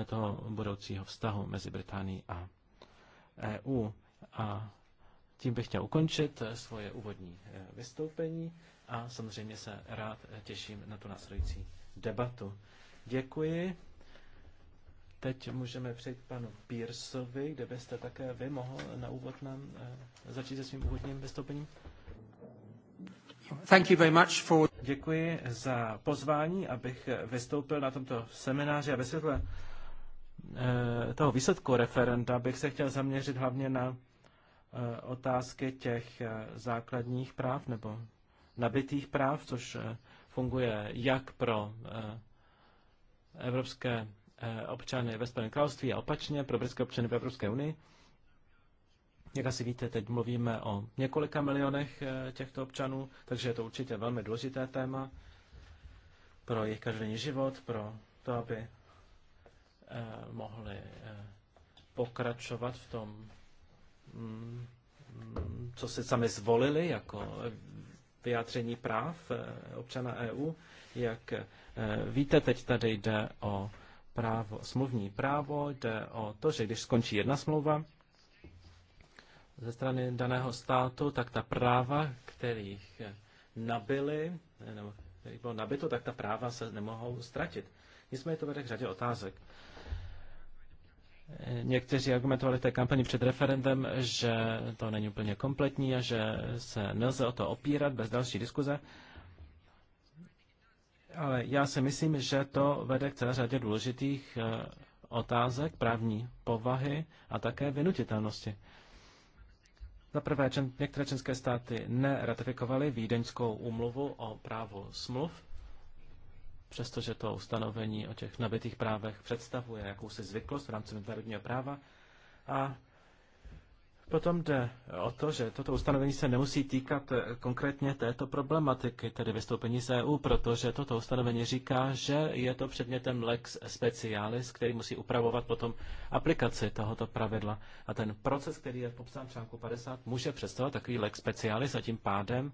S3: toho budoucího vztahu mezi Británií a EU. A tím bych chtěl ukončit eh, svoje úvodní eh, vystoupení a samozřejmě se rád eh, těším na tu následující debatu. Děkuji. Teď můžeme přejít panu Pírsovi, kde byste také vy mohl na úvod nám začít se svým úvodním vystoupením.
S6: Thank you very much for...
S3: Děkuji za pozvání, abych vystoupil na tomto semináři a vysvětlil toho výsledku referenda bych se chtěl zaměřit hlavně na Eh, otázky těch eh, základních práv nebo nabitých práv, což eh, funguje jak pro evropské občany ve Spojeném království a opačně pro britské občany v Evropské unii. Jak asi víte, teď mluvíme o několika milionech těchto občanů, takže je to určitě velmi důležité téma pro jejich každodenní život, pro to, aby mohli pokračovat v tom co si sami zvolili jako vyjádření práv eh, občana EU. Jak eh, víte, teď tady jde o právo, smluvní právo, jde o to, že když skončí jedna smlouva ze strany daného státu, tak ta práva, kterých nabili, eh, nebo kterých bylo nabito, tak ta práva se nemohou ztratit. Nicméně to vede k řadě otázek. Někteří argumentovali v té kampani před referendem, že to není úplně kompletní a že se nelze o to opírat bez další diskuze. Ale já si myslím, že to vede k celé řadě důležitých eh, otázek právní povahy a také vynutitelnosti. Za prvé, některé české státy neratifikovaly Vídeňskou úmluvu o právu smluv, přestože to ustanovení o těch nabitých právech představuje jakousi zvyklost v rámci mezinárodního práva. A potom jde o to, že toto ustanovení se nemusí týkat eh, konkrétně této problematiky, tedy vystoupení z EU, protože toto ustanovení říká, že je to předmětem lex specialis, který musí upravovat potom aplikaci tohoto pravidla. A ten proces, který je popsán v článku 50, může představovat takový lex specialis a tím pádem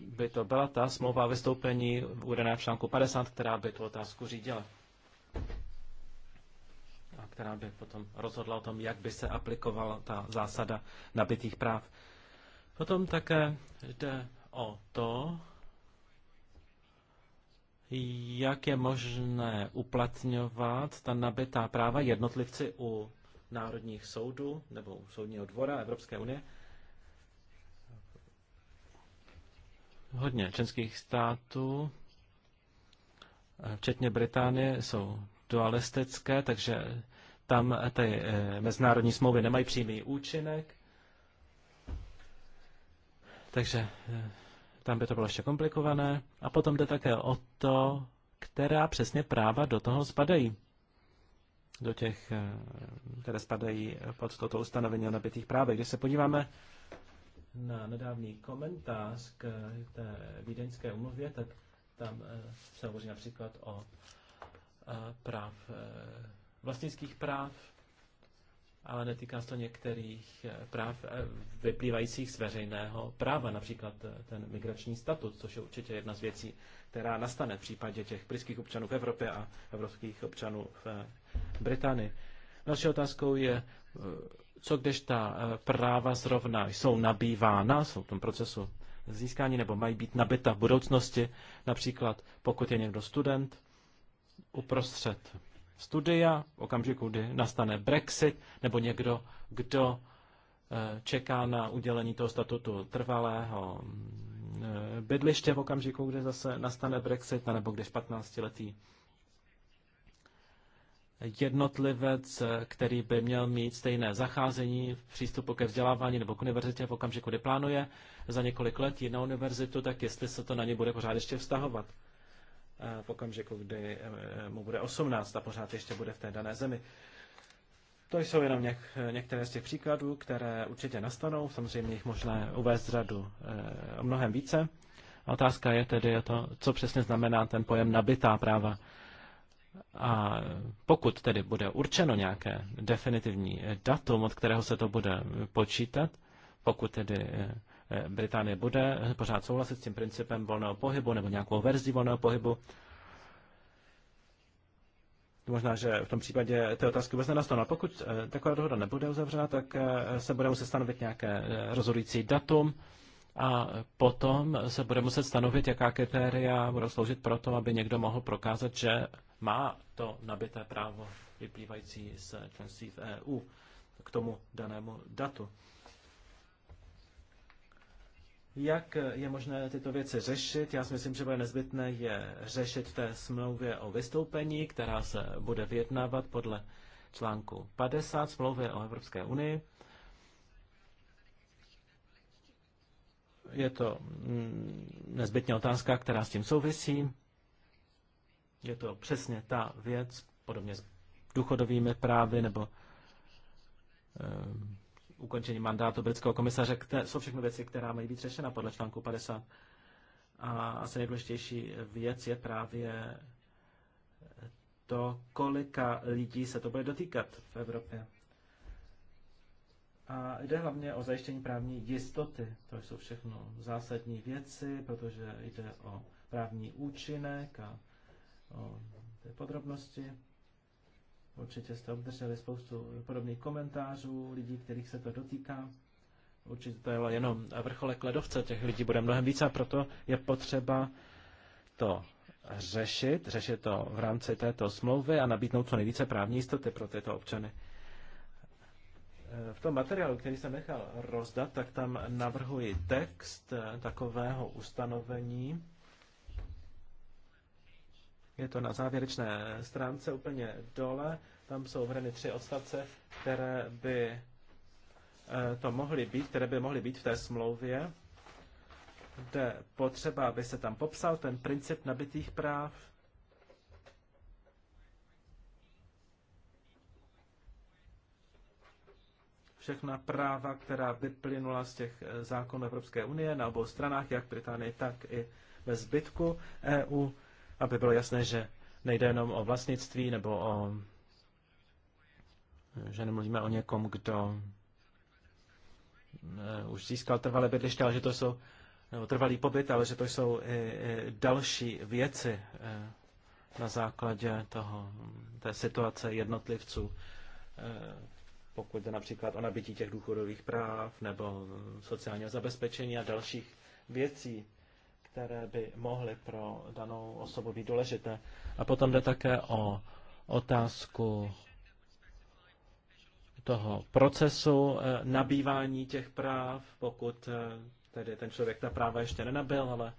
S3: by to byla ta smlouva vystoupení uvedená v článku 50, která by tu otázku řídila a která by potom rozhodla o tom, jak by se aplikovala ta zásada nabitých práv. Potom také jde o to, jak je možné uplatňovat ta nabitá práva jednotlivci u národních soudů nebo u soudního dvora Evropské unie. Hodně členských států, eh, včetně Británie, jsou dualistické, takže tam ty eh, mezinárodní smlouvy nemají přímý účinek. Takže eh, tam by to bylo ještě komplikované. A potom jde také o to, která přesně práva do toho spadají. Do těch, které spadají pod toto ustanovení o nabitých právech. Když se podíváme na nedávný komentář k té vídeňské umluvě, tak tam eh, se hovoří například o eh, práv, eh, vlastnických práv, ale netýká se to některých práv vyplývajících z veřejného práva, například ten migrační statut, což je určitě jedna z věcí, která nastane v případě těch britských občanů v Evropě a evropských občanů v Británii. Další otázkou je co když ta eh, práva zrovna jsou nabývána, jsou v tom procesu získání nebo mají být nabita v budoucnosti, například pokud je někdo student uprostřed studia, v okamžiku, kdy nastane Brexit, nebo někdo, kdo eh, čeká na udělení toho statutu trvalého mm, eh, bydliště v okamžiku, kdy zase nastane Brexit, nebo když 15-letý jednotlivec, který by měl mít stejné zacházení v přístupu ke vzdělávání nebo k univerzitě v okamžiku, kdy plánuje za několik let jít na univerzitu, tak jestli se to na ně bude pořád ještě vztahovat eh, v okamžiku, kdy eh, mu bude 18 a pořád ještě bude v té dané zemi. To jsou jenom něk, některé z těch příkladů, které určitě nastanou. Samozřejmě jich možná uvést řadu eh, mnohem více. otázka je tedy to, co přesně znamená ten pojem nabitá práva. A pokud tedy bude určeno nějaké definitivní datum, od kterého se to bude počítat, pokud tedy eh, eh, Británie bude pořád souhlasit s tím principem volného pohybu nebo nějakou verzi volného pohybu, Možná, že v tom případě ty otázky vůbec nenastanou. No pokud eh, taková dohoda nebude uzavřena, tak se bude muset stanovit nějaké rozhodující datum a potom se bude muset stanovit, jaká kritéria budou sloužit pro to, aby někdo mohl prokázat, že má to nabité právo vyplývající z členství v EU k tomu danému datu. Jak je možné tyto věci řešit? Já si myslím, že bude nezbytné je řešit v té smlouvě o vystoupení, která se bude vyjednávat podle článku 50 smlouvy o Evropské unii. Je to mm, nezbytně otázka, která s tím souvisí. Je to přesně ta věc, podobně s důchodovými právy nebo um, ukončení mandátu britského komisaře, které jsou všechno věci, která mají být řešena podle článku 50. A asi nejdůležitější věc je právě to, kolika lidí se to bude dotýkat v Evropě. A jde hlavně o zajištění právní jistoty. To jsou všechno zásadní věci, protože jde o právní účinek a o ty podrobnosti. Určitě jste obdrželi spoustu podobných komentářů, lidí, kterých se to dotýká. Určitě to je jenom vrcholek ledovce, těch lidí bude mnohem více a proto je potřeba to řešit, řešit to v rámci této smlouvy a nabídnout co nejvíce právní jistoty pro tyto občany. V tom materiálu, který jsem nechal rozdat, tak tam navrhuji text takového ustanovení, je to na závěrečné stránce úplně dole. Tam jsou uvedeny tři odstavce, které by eh, to mohly být, které by mohly být v té smlouvě, kde potřeba, aby se tam popsal ten princip nabitých práv, všechna práva, která vyplynula z těch eh, zákonů Evropské unie na obou stranách, jak Británii, tak i ve zbytku EU aby bylo jasné, že nejde jenom o vlastnictví nebo o že nemluvíme o někom, kdo eh, už získal trvalé bydliště, ale že to jsou, nebo trvalý pobyt, ale že to jsou i, i další věci eh, na základě toho, té situace jednotlivců, eh, pokud jde například o nabití těch důchodových práv nebo sociálního zabezpečení a dalších věcí které by mohly pro danou osobu být důležité. A potom jde také o otázku toho procesu eh, nabývání těch práv, pokud eh, tedy ten člověk ta práva ještě nenabil, ale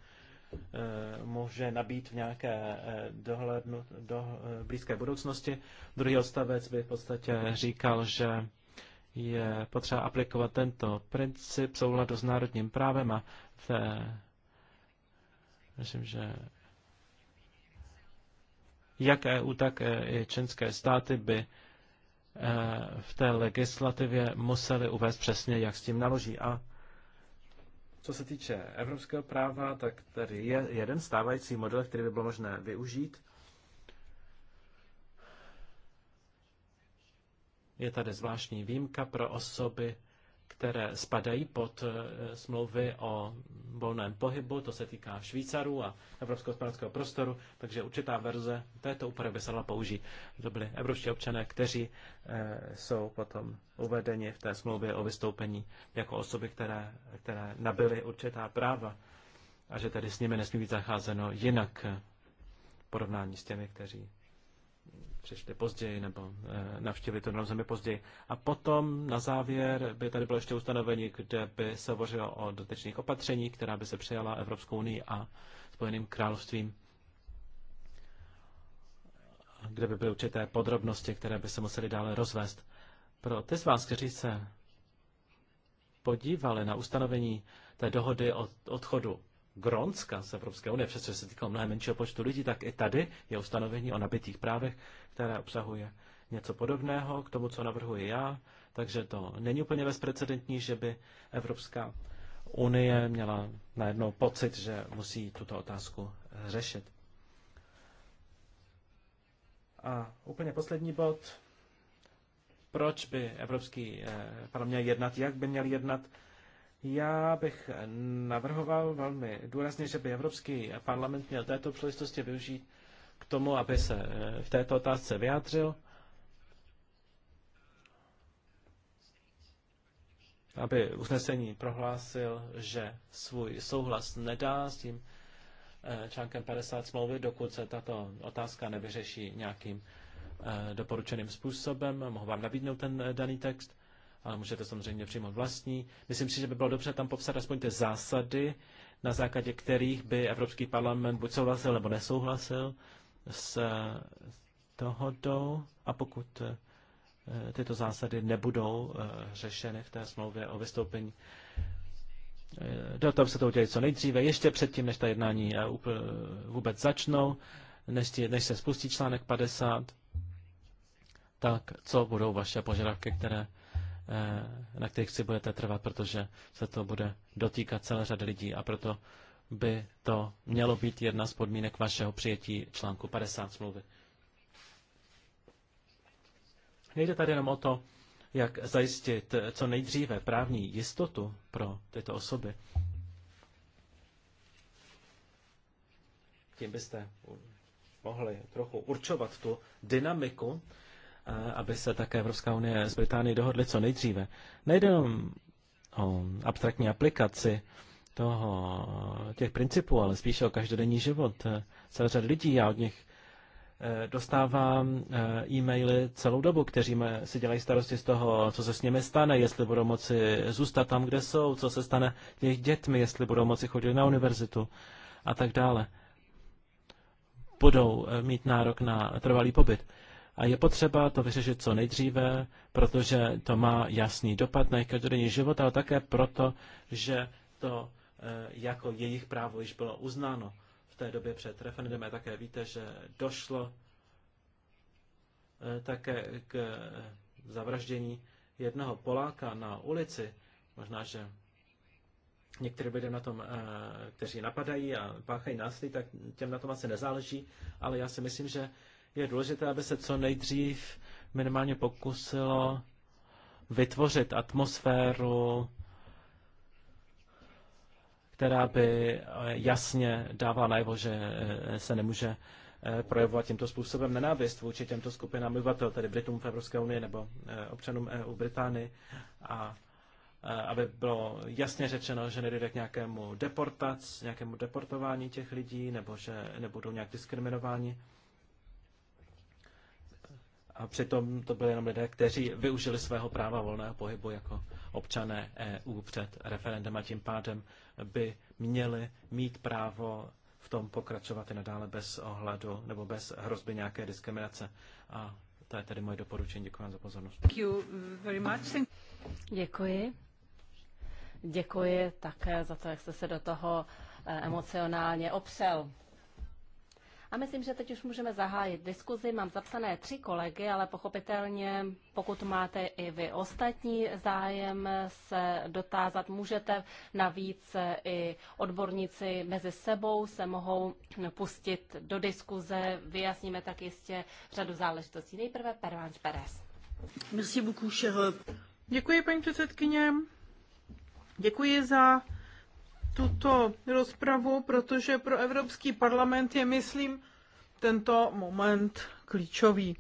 S3: eh, může nabít v nějaké dohlednu, do, blízké budoucnosti. Druhý odstavec by v podstatě říkal, že je potřeba aplikovat tento princip souhladu s národním právem a v té Myslím, že jak EU, tak e i členské státy by eh, v té legislativě museli uvést přesně, jak s tím naloží. A co se týče evropského práva, tak tady je jeden stávající model, který by bylo možné využít. Je tady zvláštní výjimka pro osoby, které spadají pod eh, smlouvy o volném pohybu, to se týká Švýcarů a Evropského hospodářského prostoru, takže určitá verze této úpravy by se dala použít. To byli evropští občané, kteří eh, jsou potom uvedeni v té smlouvě o vystoupení jako osoby, které, které nabyly určitá práva a že tedy s nimi nesmí být zacházeno jinak v porovnání s těmi, kteří přišli později nebo e, navštívili to na zemi později. A potom na závěr by tady bylo ještě ustanovení, kde by se hovořilo o dotečných opatření, která by se přijala Evropskou unii a Spojeným královstvím, kde by byly určité podrobnosti, které by se musely dále rozvést. Pro ty z vás, kteří se podívali na ustanovení té dohody o odchodu Gronska z Evropské unie, přestože se týkalo mnohem menšího počtu lidí, tak i tady je ustanovení o nabitých právech, které obsahuje něco podobného k tomu, co navrhuji já. Takže to není úplně bezprecedentní, že by Evropská unie měla najednou pocit, že musí tuto otázku řešit. A úplně poslední bod. Proč by Evropský eh, parlament měl jednat? Jak by měl jednat? Já bych navrhoval velmi důrazně, že by Evropský parlament měl této příležitosti využít k tomu, aby se eh, v této otázce vyjádřil, aby usnesení prohlásil, že svůj souhlas nedá s tím eh, článkem 50 smlouvy, dokud se tato otázka nevyřeší nějakým eh, doporučeným způsobem. Mohu vám nabídnout ten daný text ale můžete samozřejmě přijmout vlastní. Myslím si, že by bylo dobře tam popsat aspoň ty zásady, na základě kterých by Evropský parlament buď souhlasil nebo nesouhlasil s eh, dohodou a pokud eh, tyto zásady nebudou eh, řešeny v té smlouvě o vystoupení. Do toho se to udělat co nejdříve, ještě předtím, než ta jednání vůbec začnou, než, než se spustí článek 50, tak co budou vaše požadavky, které Eh, na kterých si budete trvat, protože se to bude dotýkat celé řady lidí a proto by to mělo být jedna z podmínek vašeho přijetí článku 50 smlouvy. Nejde tady jenom o to, jak zajistit co nejdříve právní jistotu pro tyto osoby. Tím byste mohli trochu určovat tu dynamiku Eh, aby se také Evropská unie s Británií dohodly co nejdříve. Nejde jenom o abstraktní aplikaci toho, těch principů, ale spíše o každodenní život eh, celé řady lidí. Já od nich eh, dostávám e-maily celou dobu, kteří si dělají starosti z toho, co se s nimi stane, jestli budou moci zůstat tam, kde jsou, co se stane jejich dětmi, jestli budou moci chodit na univerzitu a tak dále. Budou mít nárok na trvalý pobyt a je potřeba to vyřešit co nejdříve, protože to má jasný dopad na jejich každodenní život, ale také proto, že to e, jako jejich právo již bylo uznáno v té době před referendem. A také víte, že došlo e, také k zavraždění jednoho Poláka na ulici. Možná, že někteří lidé na tom, e, kteří napadají a páchají násilí, tak těm na tom asi nezáleží, ale já si myslím, že je důležité, aby se co nejdřív minimálně pokusilo vytvořit atmosféru, která by eh, jasně dávala najevo, že eh, se nemůže eh, projevovat tímto způsobem nenávist vůči těmto skupinám obyvatel, tedy Britům v Evropské unii nebo občanům EU Británii, a aby bylo jasně řečeno, že nedojde k nějakému deportac, nějakému deportování těch lidí, nebo že nebudou nějak diskriminováni. A přitom to byly jenom lidé, kteří využili svého práva volného pohybu jako občané EU před referendem a tím pádem by měli mít právo v tom pokračovat i nadále bez ohledu nebo bez hrozby nějaké diskriminace. A to je tedy moje doporučení. Děkuji vám za pozornost.
S4: Děkuji. Děkuji také za to, jak jste se do toho eh, emocionálně opřel. A myslím, že teď už můžeme zahájit diskuzi. Mám zapsané tři kolegy, ale pochopitelně, pokud máte i vy ostatní zájem se dotázat, můžete. Navíc i odborníci mezi sebou se mohou pustit do diskuze. Vyjasníme tak jistě řadu záležitostí. Nejprve Pervanč Perez.
S1: Merci beaucoup, cher. Děkuji, paní předsedkyně. Děkuji za tuto rozpravu, protože pro Evropský parlament je, myslím, tento moment klíčový.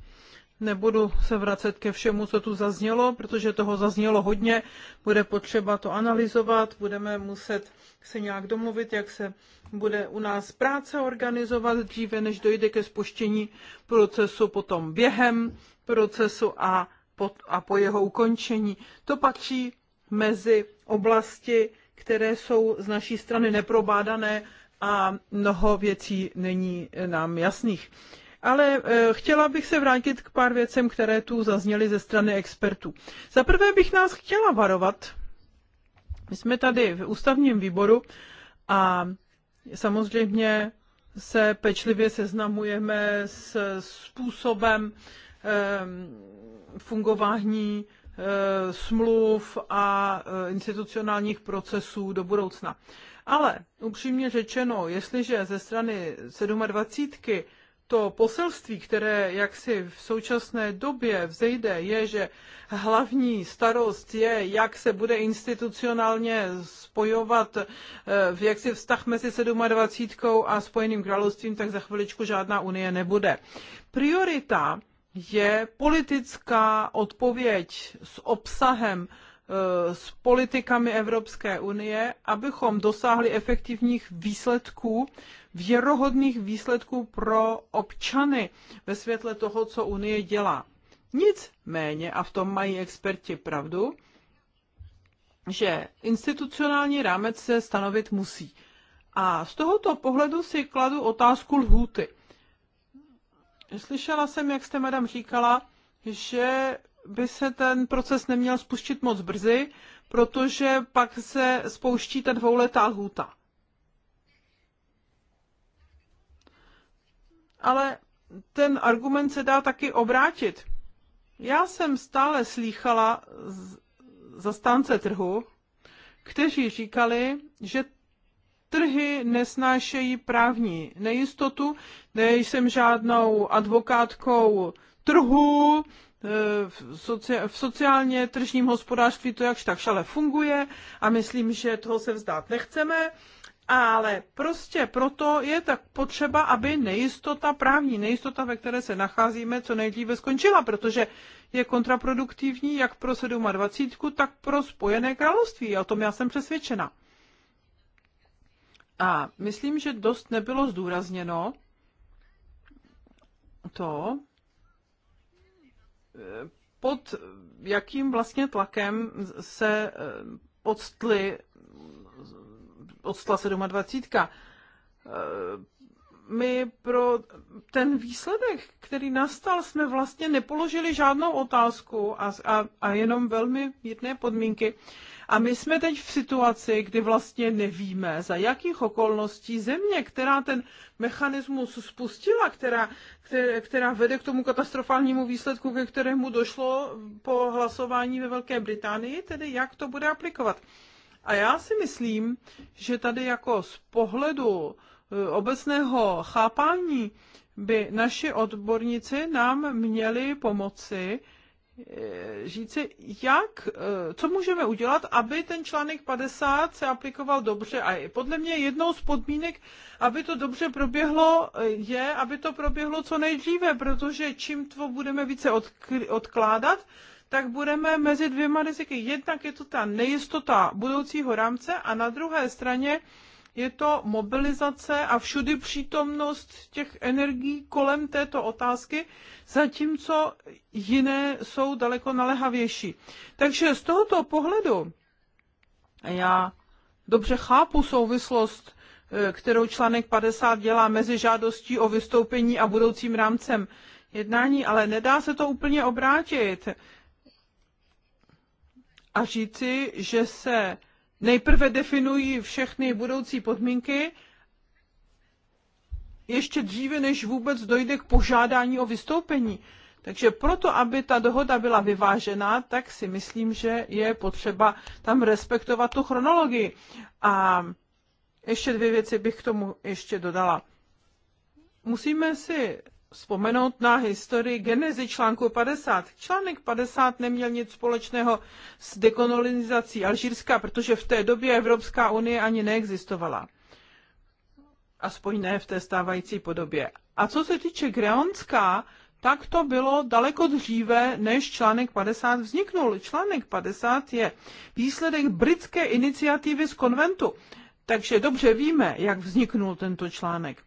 S1: Nebudu se vracet ke všemu, co tu zaznělo, protože toho zaznělo hodně. Bude potřeba to analyzovat, budeme muset se nějak domluvit, jak se bude u nás práce organizovat dříve, než dojde ke spuštění procesu, potom během procesu a po, a po jeho ukončení. To patří mezi oblasti, které jsou z naší strany neprobádané a mnoho věcí není nám jasných. Ale eh, chtěla bych se vrátit k pár věcem, které tu zazněly ze strany expertů. Za prvé bych nás chtěla varovat. My jsme tady v ústavním výboru a samozřejmě se pečlivě seznamujeme s způsobem eh, fungování Eh, smluv a eh, institucionálních procesů do budoucna. Ale upřímně řečeno, jestliže ze strany 27 to poselství, které jaksi v současné době vzejde, je, že hlavní starost je, jak se bude institucionálně spojovat eh, v jaksi vztah mezi 27 a Spojeným královstvím, tak za chviličku žádná unie nebude. Priorita je politická odpověď s obsahem, e, s politikami Evropské unie, abychom dosáhli efektivních výsledků, věrohodných výsledků pro občany ve světle toho, co Unie dělá. Nicméně, a v tom mají experti pravdu, že institucionální rámec se stanovit musí. A z tohoto pohledu si kladu otázku lhůty. Slyšela jsem, jak jste, madam, říkala, že by se ten proces neměl spustit moc brzy, protože pak se spouští ta dvouletá lhůta. Ale ten argument se dá taky obrátit. Já jsem stále slýchala zastánce trhu, kteří říkali, že trhy nesnášejí právní nejistotu, nejsem žádnou advokátkou trhu, eh, v sociálně tržním hospodářství to jakž tak šale funguje a myslím, že toho se vzdát nechceme, ale prostě proto je tak potřeba, aby nejistota, právní nejistota, ve které se nacházíme, co nejdříve skončila, protože je kontraproduktivní jak pro 27, tak pro Spojené království. O tom já jsem přesvědčena. A myslím, že dost nebylo zdůrazněno to, eh, pod jakým vlastně tlakem se eh, odstly, odstla 27. Eh, my pro ten výsledek, který nastal, jsme vlastně nepoložili žádnou otázku a, a, a jenom velmi mírné podmínky. A my jsme teď v situaci, kdy vlastně nevíme, za jakých okolností země, která ten mechanismus spustila, která, která vede k tomu katastrofálnímu výsledku, ke kterému došlo po hlasování ve Velké Británii, tedy jak to bude aplikovat. A já si myslím, že tady jako z pohledu eh, obecného chápání by naši odborníci nám měli pomoci Eh, říci, jak, eh, co můžeme udělat, aby ten článek 50 se aplikoval dobře a podle mě jednou z podmínek, aby to dobře proběhlo, eh, je, aby to proběhlo co nejdříve, protože čím to budeme více odkládat, tak budeme mezi dvěma riziky. Jednak je to ta nejistota budoucího rámce a na druhé straně je to mobilizace a všudy přítomnost těch energií kolem této otázky, zatímco jiné jsou daleko nalehavější. Takže z tohoto pohledu já dobře chápu souvislost, eh, kterou článek 50 dělá mezi žádostí o vystoupení a budoucím rámcem jednání, ale nedá se to úplně obrátit a říci, že se nejprve definují všechny budoucí podmínky, ještě dříve, než vůbec dojde k požádání o vystoupení. Takže proto, aby ta dohoda byla vyvážená, tak si myslím, že je potřeba tam respektovat tu chronologii. A ještě dvě věci bych k tomu ještě dodala. Musíme si vzpomenout na historii genezi článku 50. Článek 50 neměl nic společného s dekolonizací Alžírska, protože v té době Evropská unie ani neexistovala. Aspoň ne v té stávající podobě. A co se týče Greonska, tak to bylo daleko dříve, než článek 50 vzniknul. Článek 50 je výsledek britské iniciativy z konventu. Takže dobře víme, jak vzniknul tento článek.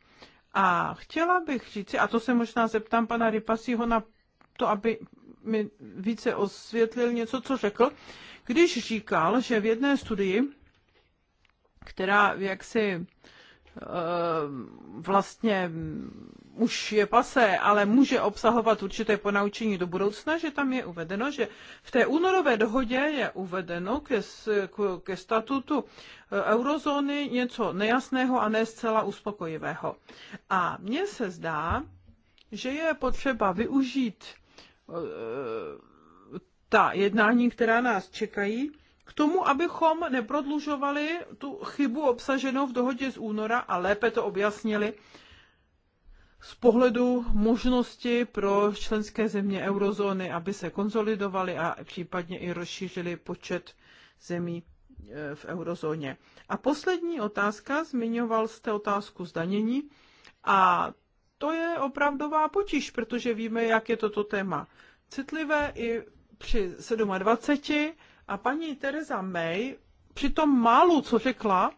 S1: A chtěla bych říci, a to se možná zeptám pana Rypasího na to, aby mi více osvětlil něco, co řekl, když říkal, že v jedné studii, která jaksi Eh, vlastně už je pase, ale může obsahovat určité ponaučení do budoucna, že tam je uvedeno, že v té únorové dohodě je uvedeno ke, ke statutu eh, eurozóny něco nejasného a ne zcela uspokojivého. A mně se zdá, že je potřeba využít eh, ta jednání, která nás čekají, k tomu, abychom neprodlužovali tu chybu obsaženou v dohodě z února a lépe to objasnili z pohledu možnosti pro členské země eurozóny, aby se konzolidovaly a případně i rozšířili počet zemí e, v eurozóně. A poslední otázka, zmiňoval jste otázku zdanění a to je opravdová potíž, protože víme, jak je toto téma citlivé i při 27 a paní Teresa May při tom málu, co řekla,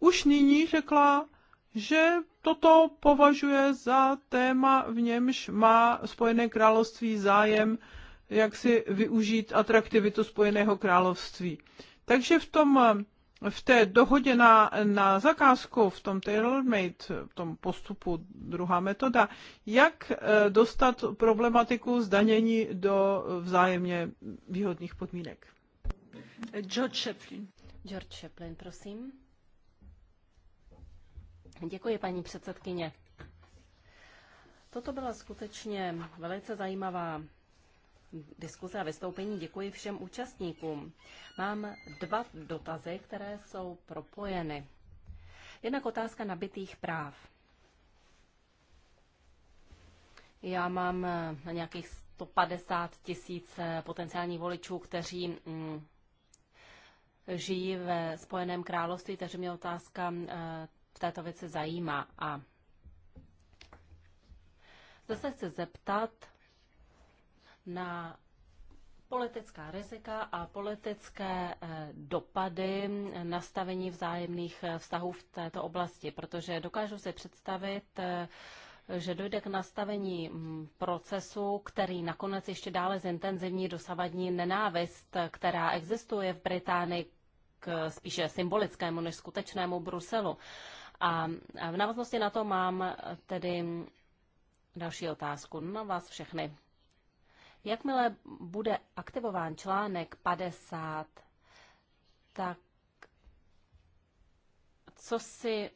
S1: už nyní řekla, že toto považuje za téma, v němž má Spojené království zájem, jak si využít atraktivitu Spojeného království. Takže v tom v té dohodě na, na zakázku, v tom tailor-made, v tom postupu druhá metoda, jak eh, dostat problematiku zdanění do vzájemně výhodných podmínek.
S4: Eh, paní předsedkyně. Toto byla skutečně velice zajímavá diskuse a vystoupení. Děkuji všem účastníkům. Mám dva dotazy, které jsou propojeny. Jednak otázka nabitých práv. Já mám eh, nějakých 150 tisíc eh, potenciálních voličů, kteří mm, žijí ve Spojeném království, takže mě otázka eh, v této věci zajímá. A zase chci zeptat na politická rizika a politické eh, dopady nastavení vzájemných eh, vztahů v této oblasti, protože dokážu si představit že dojde k nastavení mm, procesu, který nakonec ještě dále zintenzivní dosavadní nenávist, která existuje v Británii k spíše symbolickému než skutečnému Bruselu. A v návaznosti na to mám tedy další otázku na vás všechny. Jakmile bude aktivován článek 50, tak co si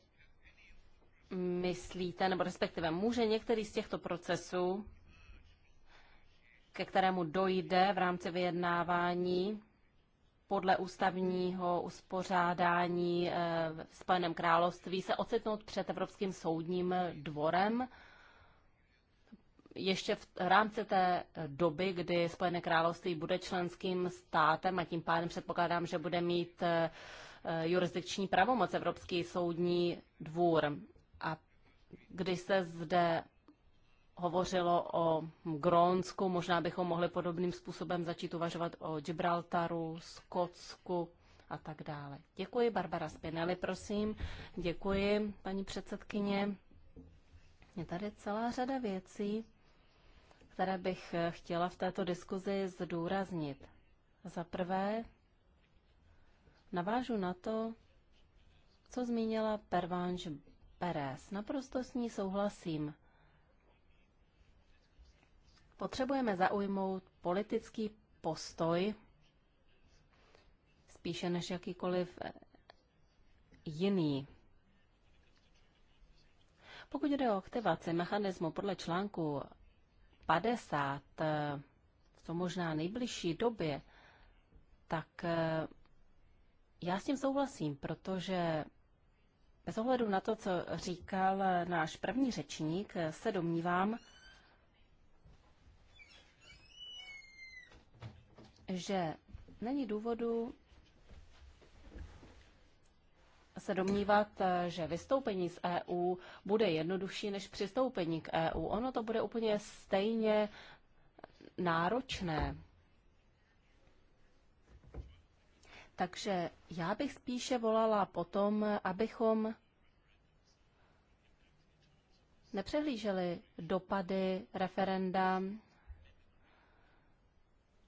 S4: myslíte, nebo respektive může některý z těchto procesů, ke kterému dojde v rámci vyjednávání podle ústavního uspořádání eh, v Spojeném království, se ocitnout před Evropským soudním dvorem ještě v rámci té doby, kdy Spojené království bude členským státem a tím pádem předpokládám, že bude mít eh, eh, jurisdikční pravomoc Evropský soudní dvůr kdy se zde hovořilo o Grónsku, možná bychom mohli podobným způsobem začít uvažovat o Gibraltaru, Skotsku a tak dále. Děkuji, Barbara Spinelli, prosím. Děkuji, paní předsedkyně. Je tady celá řada věcí, které bych chtěla v této diskuzi zdůraznit. Za prvé, navážu na to, co zmínila Pervánž. Pérez, Naprosto s ní souhlasím. Potřebujeme zaujmout politický postoj spíše než jakýkoliv jiný. Pokud jde o aktivaci mechanismu podle článku 50, co možná nejbližší době, tak eh, já s tím souhlasím, protože bez ohledu na to, co říkal náš první řečník, se domnívám, že není důvodu se domnívat, že vystoupení z EU bude jednodušší než přistoupení k EU. Ono to bude úplně stejně náročné. Takže já bych spíše volala potom, abychom nepřehlíželi dopady referenda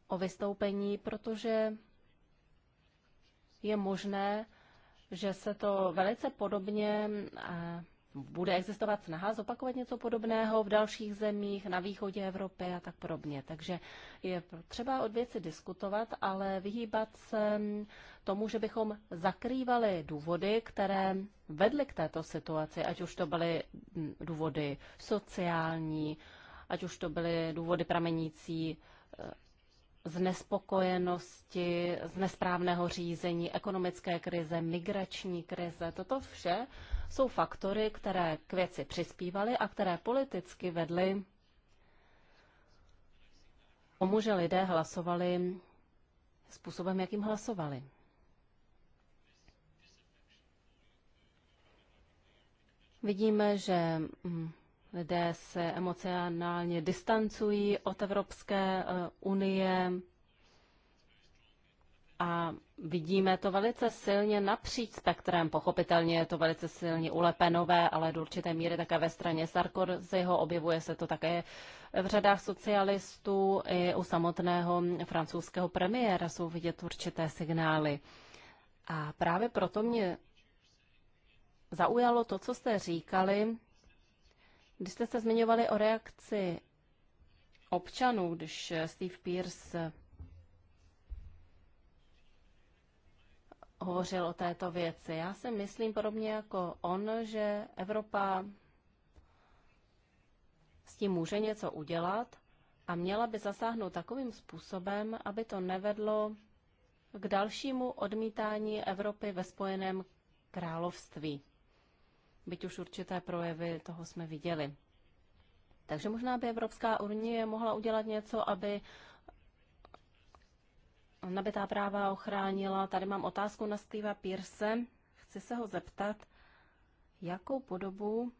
S4: o vystoupení, protože je možné, že se to velice podobně eh, bude existovat snaha zopakovat něco podobného v dalších zemích, na východě Evropy a tak podobně. Takže je třeba od věci diskutovat, ale vyhýbat se tomu, že bychom zakrývali důvody, které vedly k této situaci, ať už to byly důvody sociální, ať už to byly důvody pramenící eh, z nespokojenosti, z nesprávného řízení, ekonomické krize, migrační krize. Toto vše jsou faktory, které k věci přispívaly a které politicky vedly tomu, že lidé hlasovali způsobem, jakým hlasovali. Vidíme, že mm, lidé se emocionálně distancují od Evropské eh, unie a Vidíme to velice silně napříč spektrem. Pochopitelně je to velice silně Lepenové, ale do určité míry také ve straně Sarkozyho. Objevuje se to také v řadách socialistů i u samotného francouzského premiéra. Jsou vidět určité signály. A právě proto mě zaujalo to, co jste říkali, když jste se zmiňovali o reakci občanů, když Steve Pierce hovořil o této věci. Já si myslím podobně jako on, že Evropa s tím může něco udělat a měla by zasáhnout takovým způsobem, aby to nevedlo k dalšímu odmítání Evropy ve Spojeném království. Byť už určité projevy toho jsme viděli. Takže možná by Evropská unie mohla udělat něco, aby nabitá práva ochránila. Tady mám otázku na Steva Pierce. Chci se ho zeptat, jakou podobu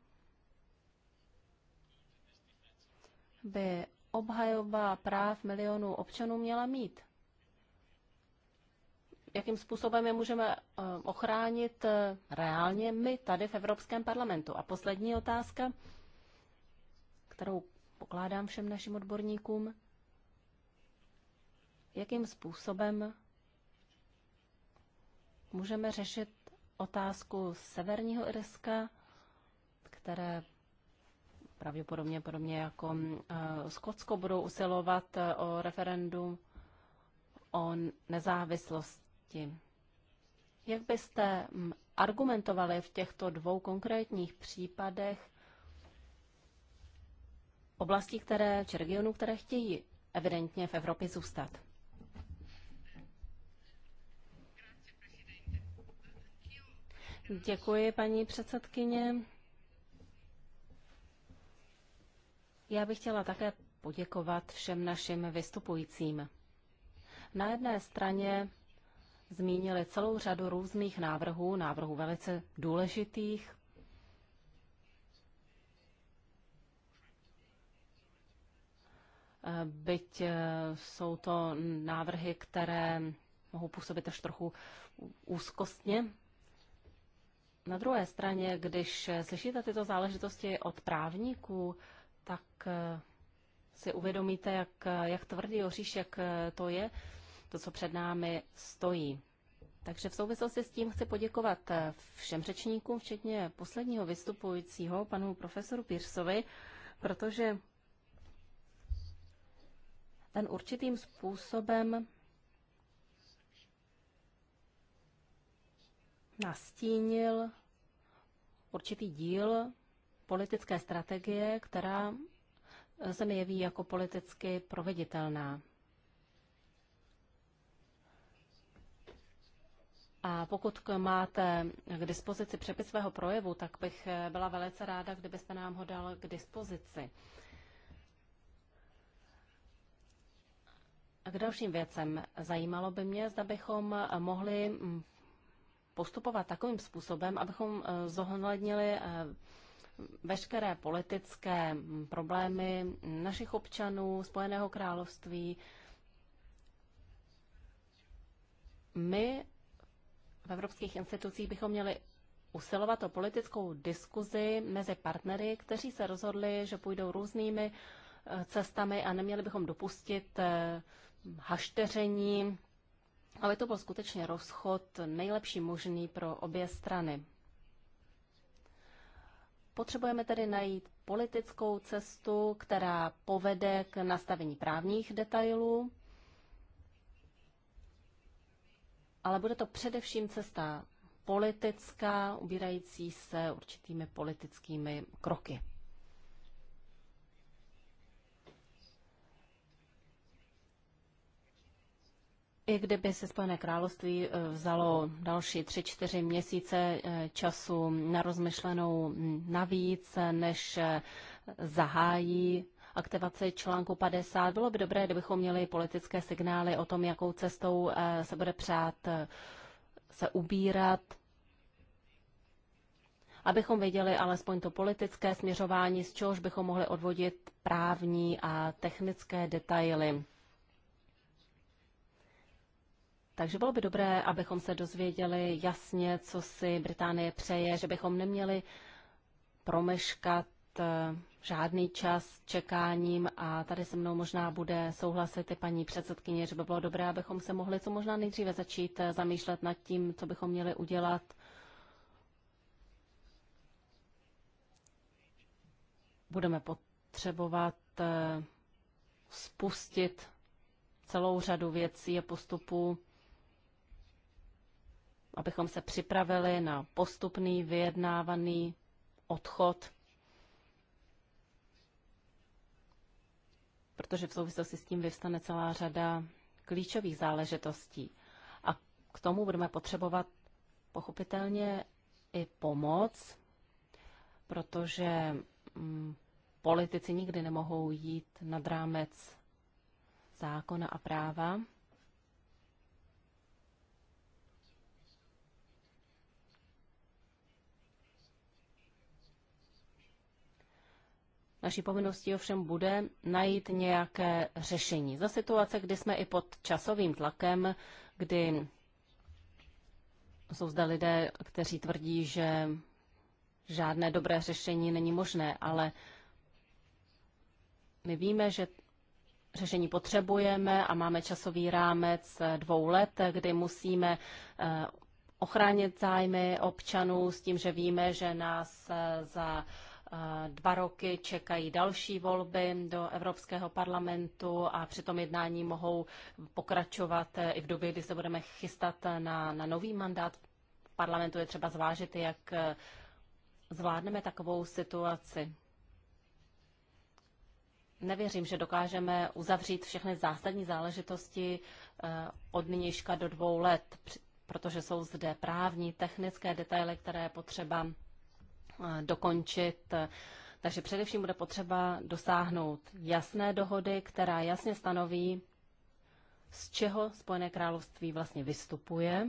S4: by obhajoba práv milionů občanů měla mít? Jakým způsobem je můžeme eh, ochránit eh, reálně my tady v Evropském parlamentu? A poslední otázka, kterou pokládám všem našim odborníkům jakým způsobem můžeme řešit otázku severního Irska, které pravděpodobně podobně jako mm, eh, Skotsko budou usilovat eh, o referendum o nezávislosti. Jak byste mm, argumentovali v těchto dvou konkrétních případech oblastí, které, či regionů, které chtějí evidentně v Evropě zůstat? Děkuji, paní předsedkyně. Já bych chtěla také poděkovat všem našim vystupujícím. Na jedné straně zmínili celou řadu různých návrhů, návrhů velice důležitých. Byť eh, jsou to návrhy, které mohou působit až trochu úzkostně na druhé straně, když slyšíte tyto záležitosti od právníků, tak eh, si uvědomíte, jak, jak tvrdý oříšek eh, to je, to, co před námi stojí. Takže v souvislosti s tím chci poděkovat eh, všem řečníkům, včetně posledního vystupujícího, panu profesoru Pírsovi, protože ten určitým způsobem nastínil určitý díl politické strategie, která se mi jeví jako politicky proveditelná. A pokud máte k dispozici přepis svého projevu, tak bych byla velice ráda, kdybyste nám ho dal k dispozici. A k dalším věcem. Zajímalo by mě, zda bychom mohli postupovat takovým způsobem, abychom eh, zohlednili eh, veškeré politické mm, problémy našich občanů, Spojeného království. My v evropských institucích bychom měli usilovat o politickou diskuzi mezi partnery, kteří se rozhodli, že půjdou různými eh, cestami a neměli bychom dopustit hašteření aby to byl skutečně rozchod nejlepší možný pro obě strany. Potřebujeme tedy najít politickou cestu, která povede k nastavení právních detailů, ale bude to především cesta politická, ubírající se určitými politickými kroky. I kdyby se Spojené království eh, vzalo další tři, čtyři měsíce eh, času na rozmyšlenou navíc, než eh, zahájí aktivaci článku 50, bylo by dobré, kdybychom měli politické signály o tom, jakou cestou se bude přát se ubírat, abychom věděli alespoň to politické směřování, z čehož bychom mohli odvodit právní a technické detaily. Takže bylo by dobré, abychom se dozvěděli jasně, co si Británie přeje, že bychom neměli promeškat eh, žádný čas čekáním a tady se mnou možná bude souhlasit i paní předsedkyně, že by bylo dobré, abychom se mohli co možná nejdříve začít eh, zamýšlet nad tím, co bychom měli udělat. Budeme potřebovat eh, spustit celou řadu věcí a postupů abychom se připravili na postupný vyjednávaný odchod, protože v souvislosti s tím vyvstane celá řada klíčových záležitostí. A k tomu budeme potřebovat pochopitelně i pomoc, protože hm, politici nikdy nemohou jít nad rámec zákona a práva. Naší povinností ovšem bude najít nějaké řešení. Za situace, kdy jsme i pod časovým tlakem, kdy jsou zde lidé, kteří tvrdí, že žádné dobré řešení není možné, ale my víme, že řešení potřebujeme a máme časový rámec dvou let, kdy musíme eh, ochránit zájmy občanů s tím, že víme, že nás eh, za Dva roky čekají další volby do Evropského parlamentu a při tom jednání mohou pokračovat eh, i v době, kdy se budeme chystat na, na nový mandát. V parlamentu je třeba zvážit, jak eh, zvládneme takovou situaci. Nevěřím, že dokážeme uzavřít všechny zásadní záležitosti eh, od nynějška do dvou let, protože jsou zde právní, technické detaily, které je potřeba dokončit. Takže především bude potřeba dosáhnout jasné dohody, která jasně stanoví, z čeho Spojené království vlastně vystupuje.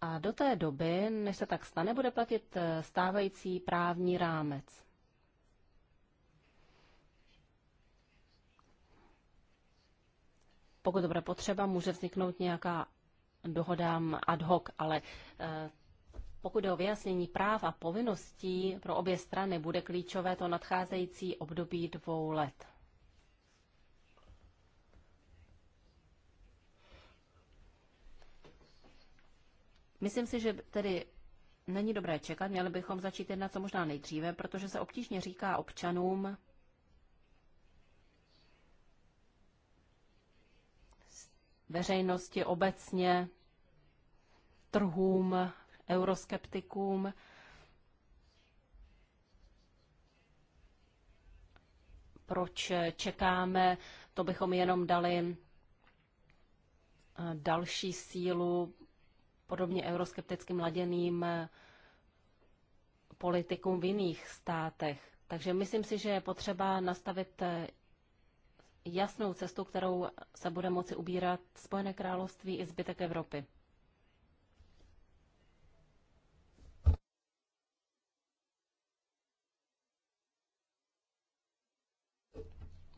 S4: A do té doby, než se tak stane, bude platit e, stávající právní rámec. Pokud to bude potřeba, může vzniknout nějaká dohodám ad hoc, ale e, pokud o vyjasnění práv a povinností pro obě strany, bude klíčové to nadcházející období dvou let. Myslím si, že tedy není dobré čekat, měli bychom začít jednat co možná nejdříve, protože se obtížně říká občanům, veřejnosti obecně, trhům, euroskeptikům. Proč čekáme, to bychom jenom dali eh, další sílu podobně euroskepticky mladěným eh, politikům v jiných státech. Takže myslím si, že je potřeba nastavit eh, jasnou cestu, kterou se bude moci ubírat Spojené království i zbytek Evropy.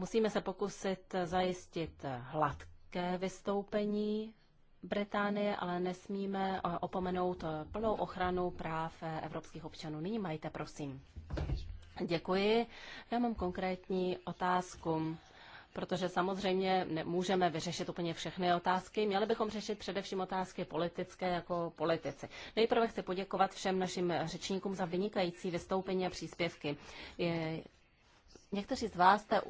S4: Musíme se pokusit zajistit hladké vystoupení Británie, ale nesmíme eh, opomenout eh, plnou ochranu práv eh, evropských občanů. Nyní majte, prosím. Děkuji. Já mám konkrétní otázku protože samozřejmě nemůžeme vyřešit úplně všechny otázky. Měli bychom řešit především otázky politické jako politici. Nejprve chci poděkovat všem našim řečníkům za vynikající vystoupení a příspěvky. Někteří z vás jste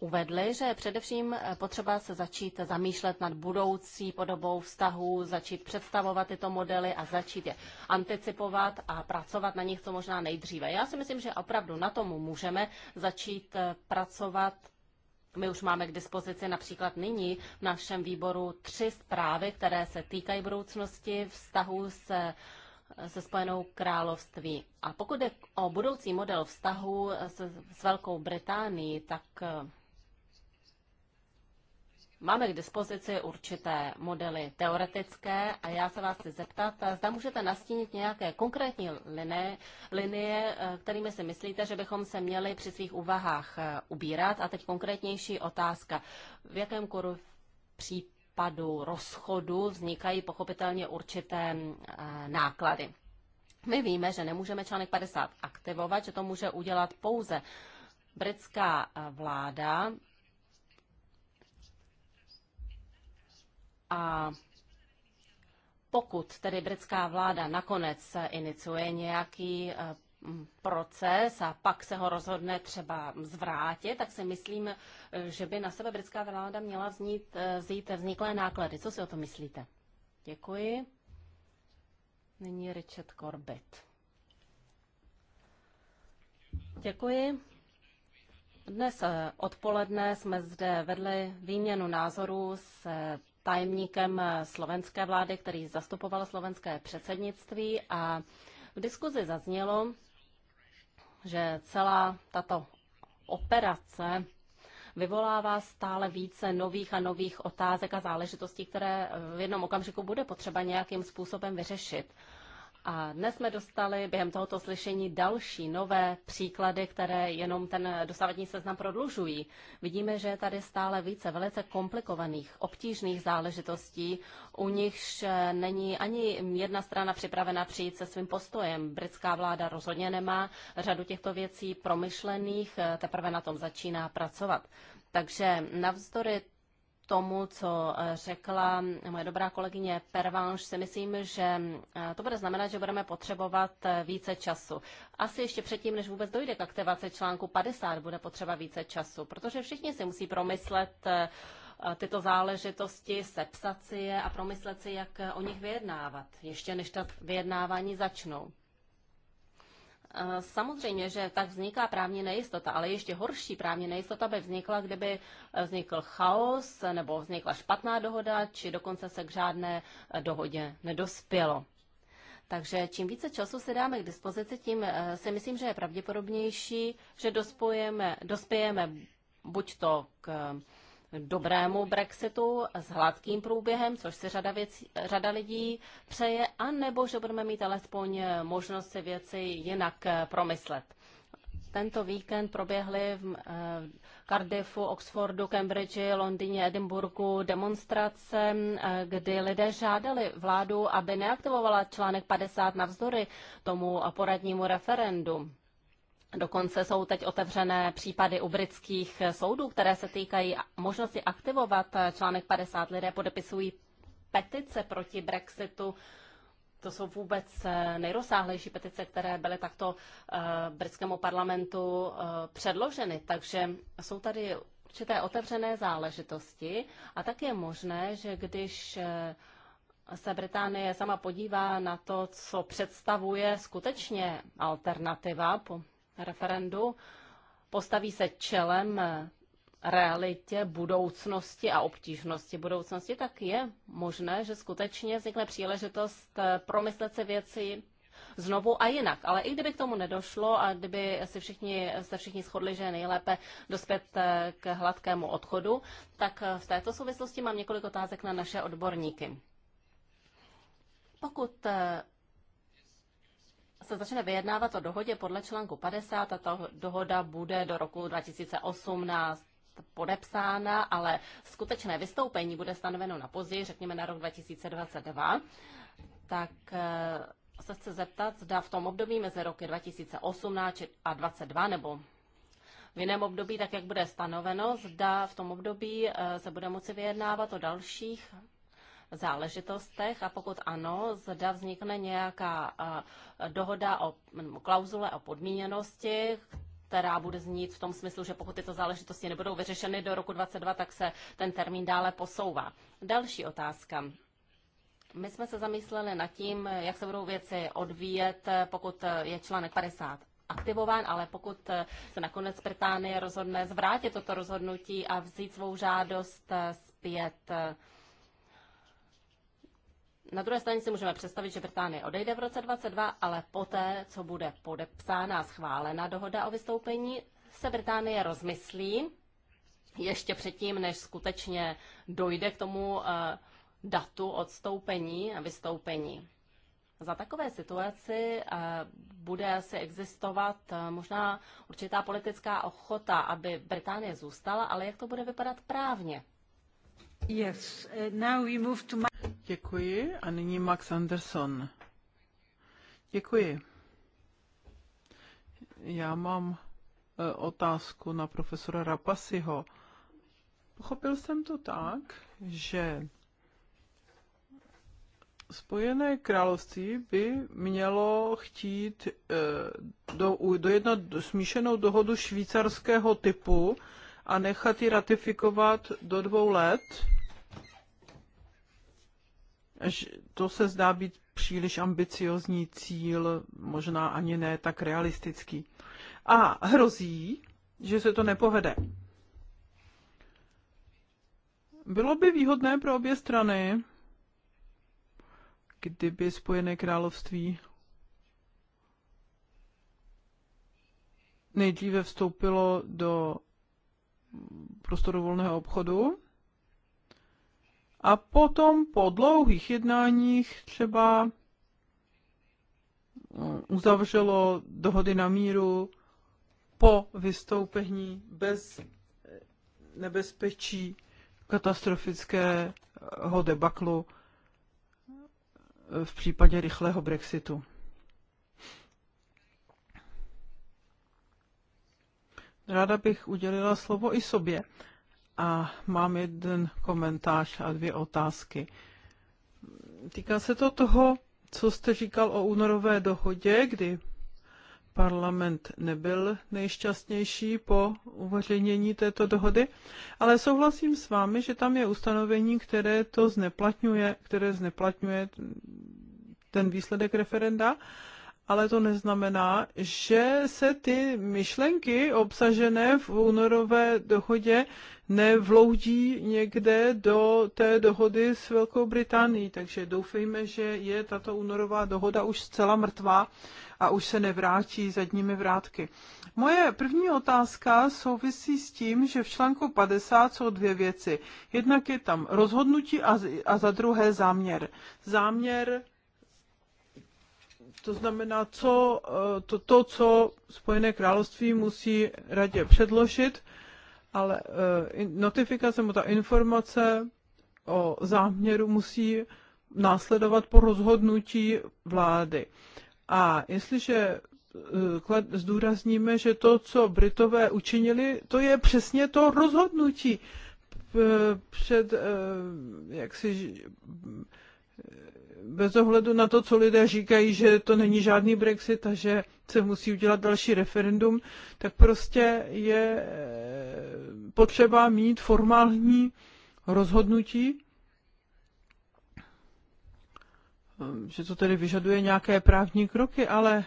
S4: uvedli, že je především eh, potřeba se začít zamýšlet nad budoucí podobou vztahů, začít představovat tyto modely a začít je anticipovat a pracovat na nich co možná nejdříve. Já si myslím, že opravdu na tom můžeme začít eh, pracovat my už máme k dispozici například nyní v našem výboru tři zprávy, které se týkají budoucnosti vztahu se, eh, se Spojenou království. A pokud je o budoucí model vztahu s, s Velkou Británií, tak Máme k dispozici určité modely teoretické a já se vás chci zeptat, zda můžete nastínit nějaké konkrétní linie, linie, kterými si myslíte, že bychom se měli při svých úvahách e, ubírat. A teď konkrétnější otázka. V jakém koru případu rozchodu vznikají pochopitelně určité e, náklady? My víme, že nemůžeme článek 50 aktivovat, že to může udělat pouze britská e, vláda A pokud tedy britská vláda nakonec iniciuje nějaký eh, proces a pak se ho rozhodne třeba zvrátit, tak si myslím, eh, že by na sebe britská vláda měla vznít, eh, vzít vzniklé náklady. Co si o to myslíte? Děkuji. Nyní Richard Corbett. Děkuji. Dnes odpoledne jsme zde vedli výměnu názorů s tajemníkem slovenské vlády, který zastupoval slovenské předsednictví a v diskuzi zaznělo, že celá tato operace vyvolává stále více nových a nových otázek a záležitostí, které v jednom okamžiku bude potřeba nějakým způsobem vyřešit. A dnes jsme dostali během tohoto slyšení další nové příklady, které jenom ten dosavadní seznam prodlužují. Vidíme, že je tady stále více velice komplikovaných, obtížných záležitostí, u nichž eh, není ani jedna strana připravena přijít se svým postojem. Britská vláda rozhodně nemá řadu těchto věcí promyšlených, eh, teprve na tom začíná pracovat. Takže navzdory tomu, co eh, řekla moje dobrá kolegyně Pervanš, si myslím, že eh, to bude znamenat, že budeme potřebovat eh, více času. Asi ještě předtím, než vůbec dojde k aktivaci článku 50, bude potřeba více času, protože všichni si musí promyslet tyto záležitosti, sepsat si je a promyslet si, jak o nich vyjednávat, ještě než ta vyjednávání začnou. Eh, samozřejmě, že tak vzniká právní nejistota, ale ještě horší právní nejistota by vznikla, kdyby eh, vznikl chaos nebo vznikla špatná dohoda, či dokonce se k žádné eh, dohodě nedospělo. Takže čím více času si dáme k dispozici, tím si myslím, že je pravděpodobnější, že dospějeme, dospějeme buď to k dobrému Brexitu s hladkým průběhem, což se řada, věcí, řada lidí přeje, anebo že budeme mít alespoň možnost si věci jinak eh, promyslet. Tento víkend proběhly v eh, Cardiffu, Oxfordu, Cambridge, Londýně, Edinburghu demonstrace, eh, kdy lidé žádali vládu, aby neaktivovala článek 50 navzdory tomu poradnímu referendu. Dokonce jsou teď otevřené případy u britských soudů, které se týkají možnosti aktivovat eh, článek 50. Lidé podepisují petice proti Brexitu. To jsou vůbec eh, nejrozsáhlejší petice, které byly takto eh, britskému parlamentu předloženy. Takže jsou tady určité otevřené záležitosti a tak je možné, že když se Británie sama podívá na to, co představuje skutečně alternativa po referendu, postaví se čelem realitě budoucnosti a obtížnosti budoucnosti, tak je možné, že skutečně vznikne příležitost eh, promyslet si věci znovu a jinak. Ale i kdyby k tomu nedošlo a kdyby se všichni, se všichni shodli, že je nejlépe dospět eh, k hladkému odchodu, tak eh, v této souvislosti mám několik otázek na naše odborníky. Pokud se začne vyjednávat o dohodě podle článku 50. Tato dohoda bude do roku 2018 podepsána, ale skutečné vystoupení bude stanoveno na později, řekněme na rok 2022. Tak eh, se chci zeptat, zda v tom období mezi roky 2018 a 2022 nebo v jiném období, tak jak bude stanoveno, zda v tom období eh, se bude moci vyjednávat o dalších záležitostech a pokud ano, zda vznikne nějaká dohoda o klauzule o podmíněnosti, která bude znít v tom smyslu, že pokud tyto záležitosti nebudou vyřešeny do roku 22, tak se ten termín dále posouvá. Další otázka. My jsme se zamysleli nad tím, jak se budou věci odvíjet, pokud je článek 50 aktivován, ale pokud se nakonec Británie rozhodne zvrátit toto rozhodnutí a vzít svou žádost zpět, na druhé straně si můžeme představit, že Británie odejde v roce 22, ale poté, co bude podepsána a schválena dohoda o vystoupení, se Británie rozmyslí ještě předtím, než skutečně dojde k tomu eh, datu odstoupení a vystoupení. Za takové situaci eh, bude asi existovat eh, možná určitá politická ochota, aby Británie zůstala, ale jak to bude vypadat právně?
S1: Uh, Děkuji a nyní Max Anderson. Děkuji. Já mám eh, otázku na profesora Rapasiho. Pochopil jsem to tak, že Spojené království by mělo chtít eh, do, dojednat smíšenou dohodu švýcarského typu a nechat ji ratifikovat do dvou let to se zdá být příliš ambiciozní cíl, možná ani ne tak realistický. A hrozí, že se to nepovede. Bylo by výhodné pro obě strany, kdyby Spojené království nejdříve vstoupilo do prostoru volného obchodu a potom po dlouhých jednáních třeba eh, uzavřelo dohody na míru po vystoupení bez eh, nebezpečí katastrofického debaklu eh, v případě rychlého Brexitu. Ráda bych udělila slovo i sobě, a mám jeden komentář a dvě otázky. Týká se to toho, co jste říkal o únorové dohodě, kdy parlament nebyl nejšťastnější po uveřejnění této dohody, ale souhlasím s vámi, že tam je ustanovení, které to zneplatňuje, které zneplatňuje ten výsledek referenda ale to neznamená, že se ty myšlenky obsažené v únorové dohodě nevloudí někde do té dohody s Velkou Británií. Takže doufejme, že je tato únorová dohoda už zcela mrtvá a už se nevrátí zadními vrátky. Moje první otázka souvisí s tím, že v článku 50 jsou dvě věci. Jednak je tam rozhodnutí a, za druhé záměr. Záměr to znamená, co, eh, to, to, co Spojené království musí radě předložit, ale eh, notifikace nebo ta informace o záměru musí následovat po rozhodnutí vlády. A jestliže eh, zdůrazníme, že to, co Britové učinili, to je přesně to rozhodnutí před, jak si bez ohledu na to, co lidé říkají, že to není žádný Brexit a že se musí udělat další referendum, tak prostě je eh, potřeba mít formální rozhodnutí, ehm, že to tedy vyžaduje nějaké právní kroky, ale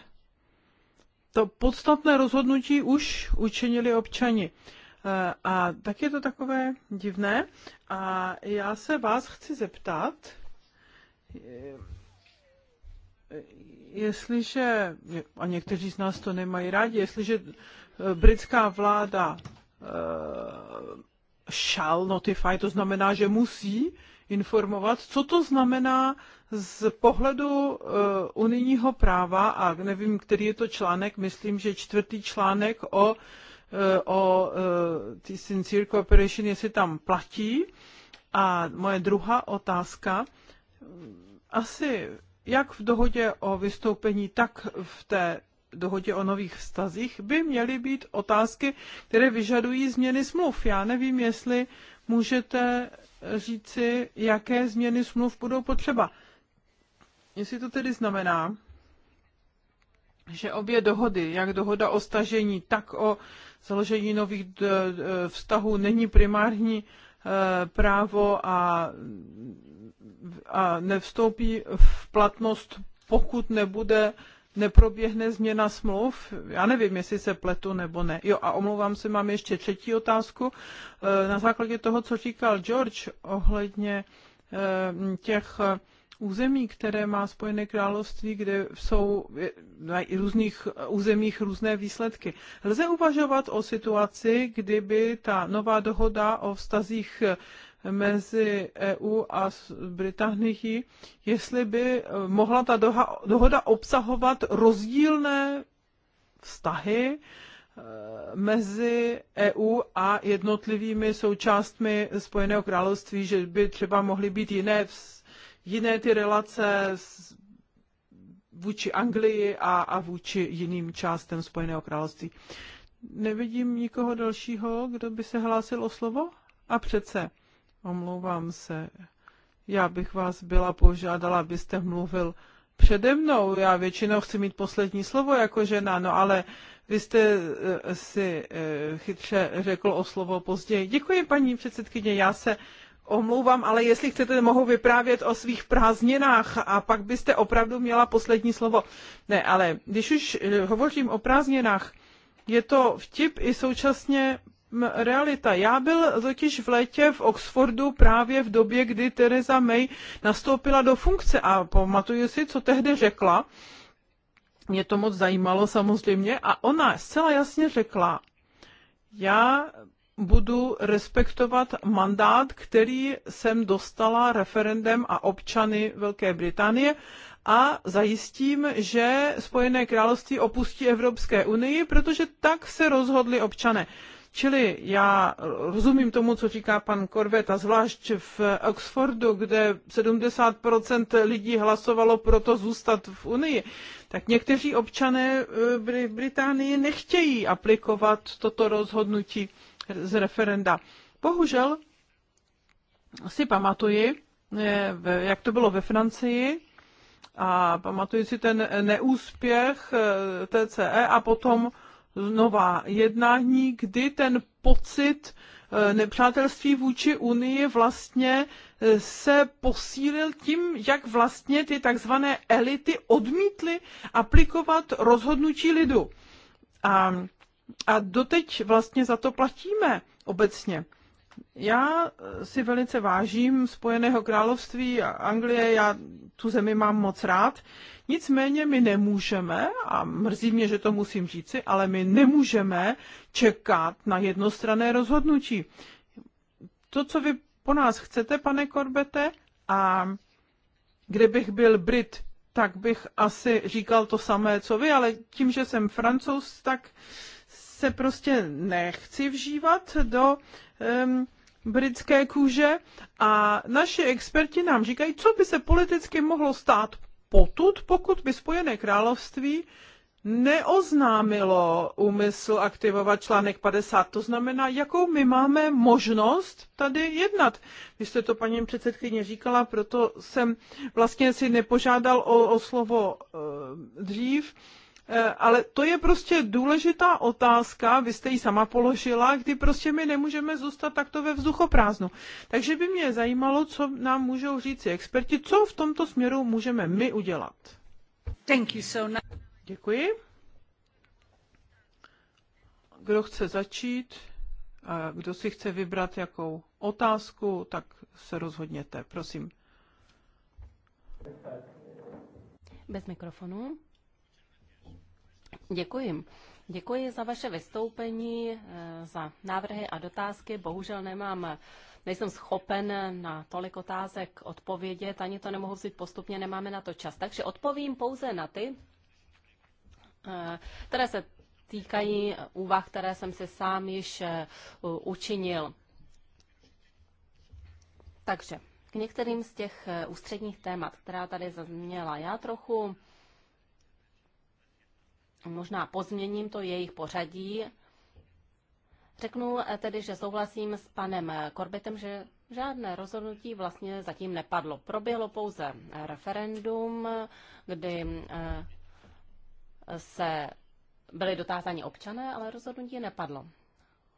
S1: to podstatné rozhodnutí už učinili občani. Eh, a tak je to takové divné. A já se vás chci zeptat, jestliže, a někteří z nás to nemají rádi, jestliže eh, britská vláda eh, shall notify, to znamená, že musí informovat, co to znamená z pohledu eh, unijního práva, a nevím, který je to článek, myslím, že čtvrtý článek o, o ty sincere cooperation, jestli tam platí. A moje druhá otázka, asi jak v dohodě o vystoupení, tak v té dohodě o nových vztazích by měly být otázky, které vyžadují změny smluv. Já nevím, jestli můžete říci, jaké změny smluv budou potřeba. Jestli to tedy znamená, že obě dohody, jak dohoda o stažení, tak o založení nových vztahů není primární Eh, právo a, a nevstoupí v platnost, pokud nebude neproběhne změna smluv. Já nevím, jestli se pletu nebo ne. Jo, a omlouvám se, mám ještě třetí otázku. Eh, na základě toho, co říkal George ohledně eh, těch území, které má Spojené království, kde jsou na různých územích různé výsledky. Lze uvažovat o situaci, kdyby ta nová dohoda o vztazích mezi EU a Británií, jestli by eh, mohla ta dohoda obsahovat rozdílné vztahy eh, mezi EU a jednotlivými součástmi Spojeného království, že by třeba mohly být jiné vztahy jiné ty relace s, vůči Anglii a, a vůči jiným částem Spojeného království. Nevidím nikoho dalšího, kdo by se hlásil o slovo? A přece, omlouvám se, já bych vás byla požádala, abyste mluvil přede mnou. Já většinou chci mít poslední slovo jako žena, no ale vy jste eh, si eh, chytře řekl o slovo později. Děkuji, paní předsedkyně, já se omlouvám, ale jestli chcete, mohu vyprávět o svých prázdninách a pak byste opravdu měla poslední slovo. Ne, ale když už eh, hovořím o prázdninách, je to vtip i současně mm, realita. Já byl totiž v létě v Oxfordu právě v době, kdy Theresa May nastoupila do funkce a pamatuju si, co tehdy řekla. Mě to moc zajímalo samozřejmě a ona zcela jasně řekla, já budu respektovat mandát, který jsem dostala referendem a občany Velké Británie a zajistím, že Spojené království opustí Evropské unii, protože tak se rozhodli občané. Čili já rozumím tomu, co říká pan Korvet, a zvlášť v Oxfordu, kde 70% lidí hlasovalo pro to zůstat v Unii, tak někteří občané eh, v Británii nechtějí aplikovat toto rozhodnutí z referenda. Bohužel si pamatuji, eh, jak to bylo ve Francii, a pamatuji si ten neúspěch eh, TCE a potom nová jednání, kdy ten pocit eh, nepřátelství vůči Unii vlastně se posílil tím, jak vlastně ty takzvané elity odmítly aplikovat rozhodnutí lidu. A a doteď vlastně za to platíme obecně. Já eh, si velice vážím Spojeného království a Anglie, já tu zemi mám moc rád. Nicméně my nemůžeme, a mrzí mě, že to musím říci, ale my nemůžeme čekat na jednostrané rozhodnutí. To, co vy po nás chcete, pane Korbete, a kdybych byl Brit, tak bych asi říkal to samé, co vy, ale tím, že jsem francouz, tak uh, se prostě nechci vžívat do um, britské kůže a naši experti nám říkají, co by se politicky mohlo stát potud, pokud by Spojené království neoznámilo úmysl aktivovat článek 50. To znamená, jakou my máme možnost tady jednat. Vy jste to paní předsedkyně říkala, proto jsem vlastně si nepožádal o, o slovo e, dřív. E, Eh, ale to je prostě důležitá otázka, vy jste ji sama položila, kdy prostě my nemůžeme zůstat takto ve vzduchoprázdnu. Takže by mě zajímalo, co nám můžou říct experti, co v tomto směru můžeme my udělat. Thank you so much. Děkuji. Kdo chce začít a kdo si chce vybrat jakou otázku, tak se rozhodněte, prosím. Bez mikrofonu.
S4: Děkuji. Děkuji za vaše vystoupení, eh, za návrhy a dotázky. Bohužel nemám, nejsem schopen na tolik otázek odpovědět, ani to nemohu vzít postupně, nemáme na to čas. Takže odpovím pouze na ty, eh, které se týkají úvah, které jsem si sám již eh, učinil. Takže k některým z těch ústředních témat, která tady zazněla, já trochu možná pozměním to jejich pořadí. Řeknu eh, tedy, že souhlasím s panem Korbitem, že žádné rozhodnutí vlastně zatím nepadlo. Proběhlo pouze referendum, kdy eh, se byli dotázáni občané, ale rozhodnutí nepadlo.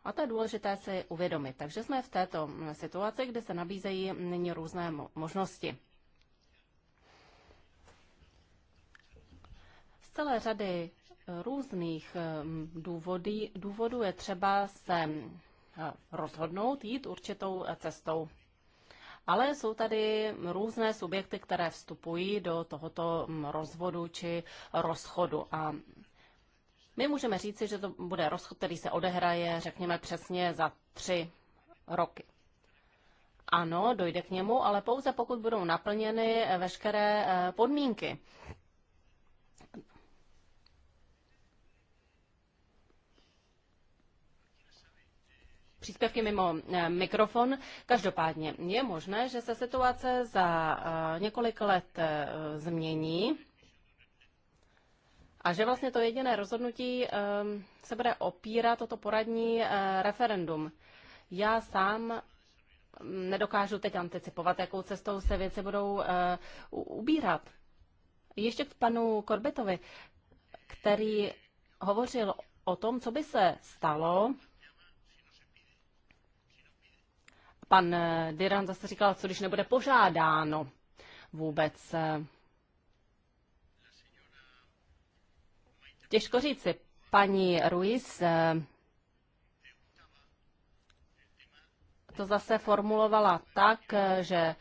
S4: A to je důležité si uvědomit. Takže jsme v této situaci, kde se nabízejí nyní různé možnosti. Z celé řady různých důvody, důvodů je třeba se rozhodnout jít určitou cestou. Ale jsou tady různé subjekty, které vstupují do tohoto rozvodu či rozchodu. A my můžeme říci, že to bude rozchod, který se odehraje, řekněme přesně za tři roky. Ano, dojde k němu, ale pouze pokud budou naplněny veškeré eh, podmínky. příspěvky mimo eh, mikrofon. Každopádně je možné, že se situace za eh, několik let eh, změní a že vlastně to jediné rozhodnutí se bude opírat toto poradní referendum. Já sám mm, nedokážu teď anticipovat, jakou cestou se věci budou ubírat. Ještě k panu Korbetovi, který hovořil o tom, co by se stalo, Pan eh, Diran zase říkal, co když nebude požádáno vůbec. Těžko říci. Paní Ruiz eh, to zase formulovala tak, eh, že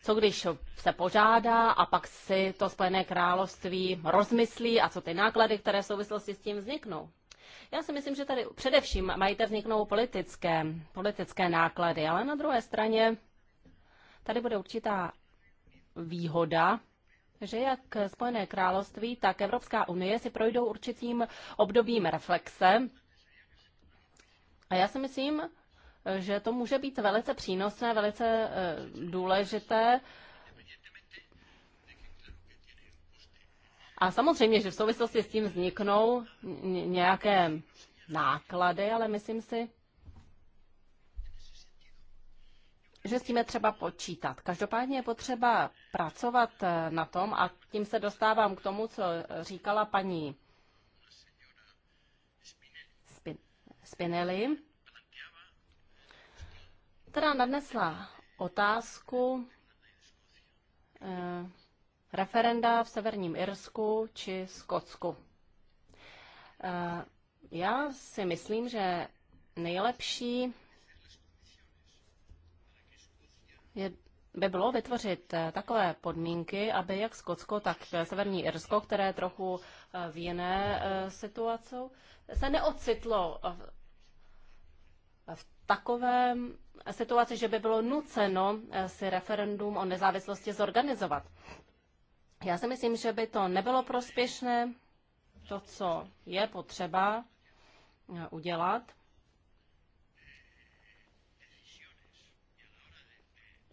S4: co když se požádá a pak si to Spojené království rozmyslí a co ty náklady, které v souvislosti s tím vzniknou. Já si myslím, že tady především mají vzniknout politické, politické náklady, ale na druhé straně tady bude určitá výhoda, že jak Spojené království, tak Evropská unie si projdou určitým obdobím reflexe. A já si myslím, že to může být velice přínosné, velice eh, důležité A samozřejmě, že v souvislosti s tím vzniknou nějaké náklady, ale myslím si, že s tím je třeba počítat. Každopádně je potřeba pracovat eh, na tom a tím se dostávám k tomu, co eh, říkala paní Spinelli, která nadnesla otázku, eh, referenda v Severním Irsku či Skotsku. Eh, já si myslím, že nejlepší je, by bylo vytvořit eh, takové podmínky, aby jak Skotsko, tak eh, Severní Irsko, které trochu v jiné situaci, se neocitlo v takové situaci, že by bylo nuceno si referendum o nezávislosti zorganizovat. Já si myslím, že by to nebylo prospěšné. To, co je potřeba eh, udělat,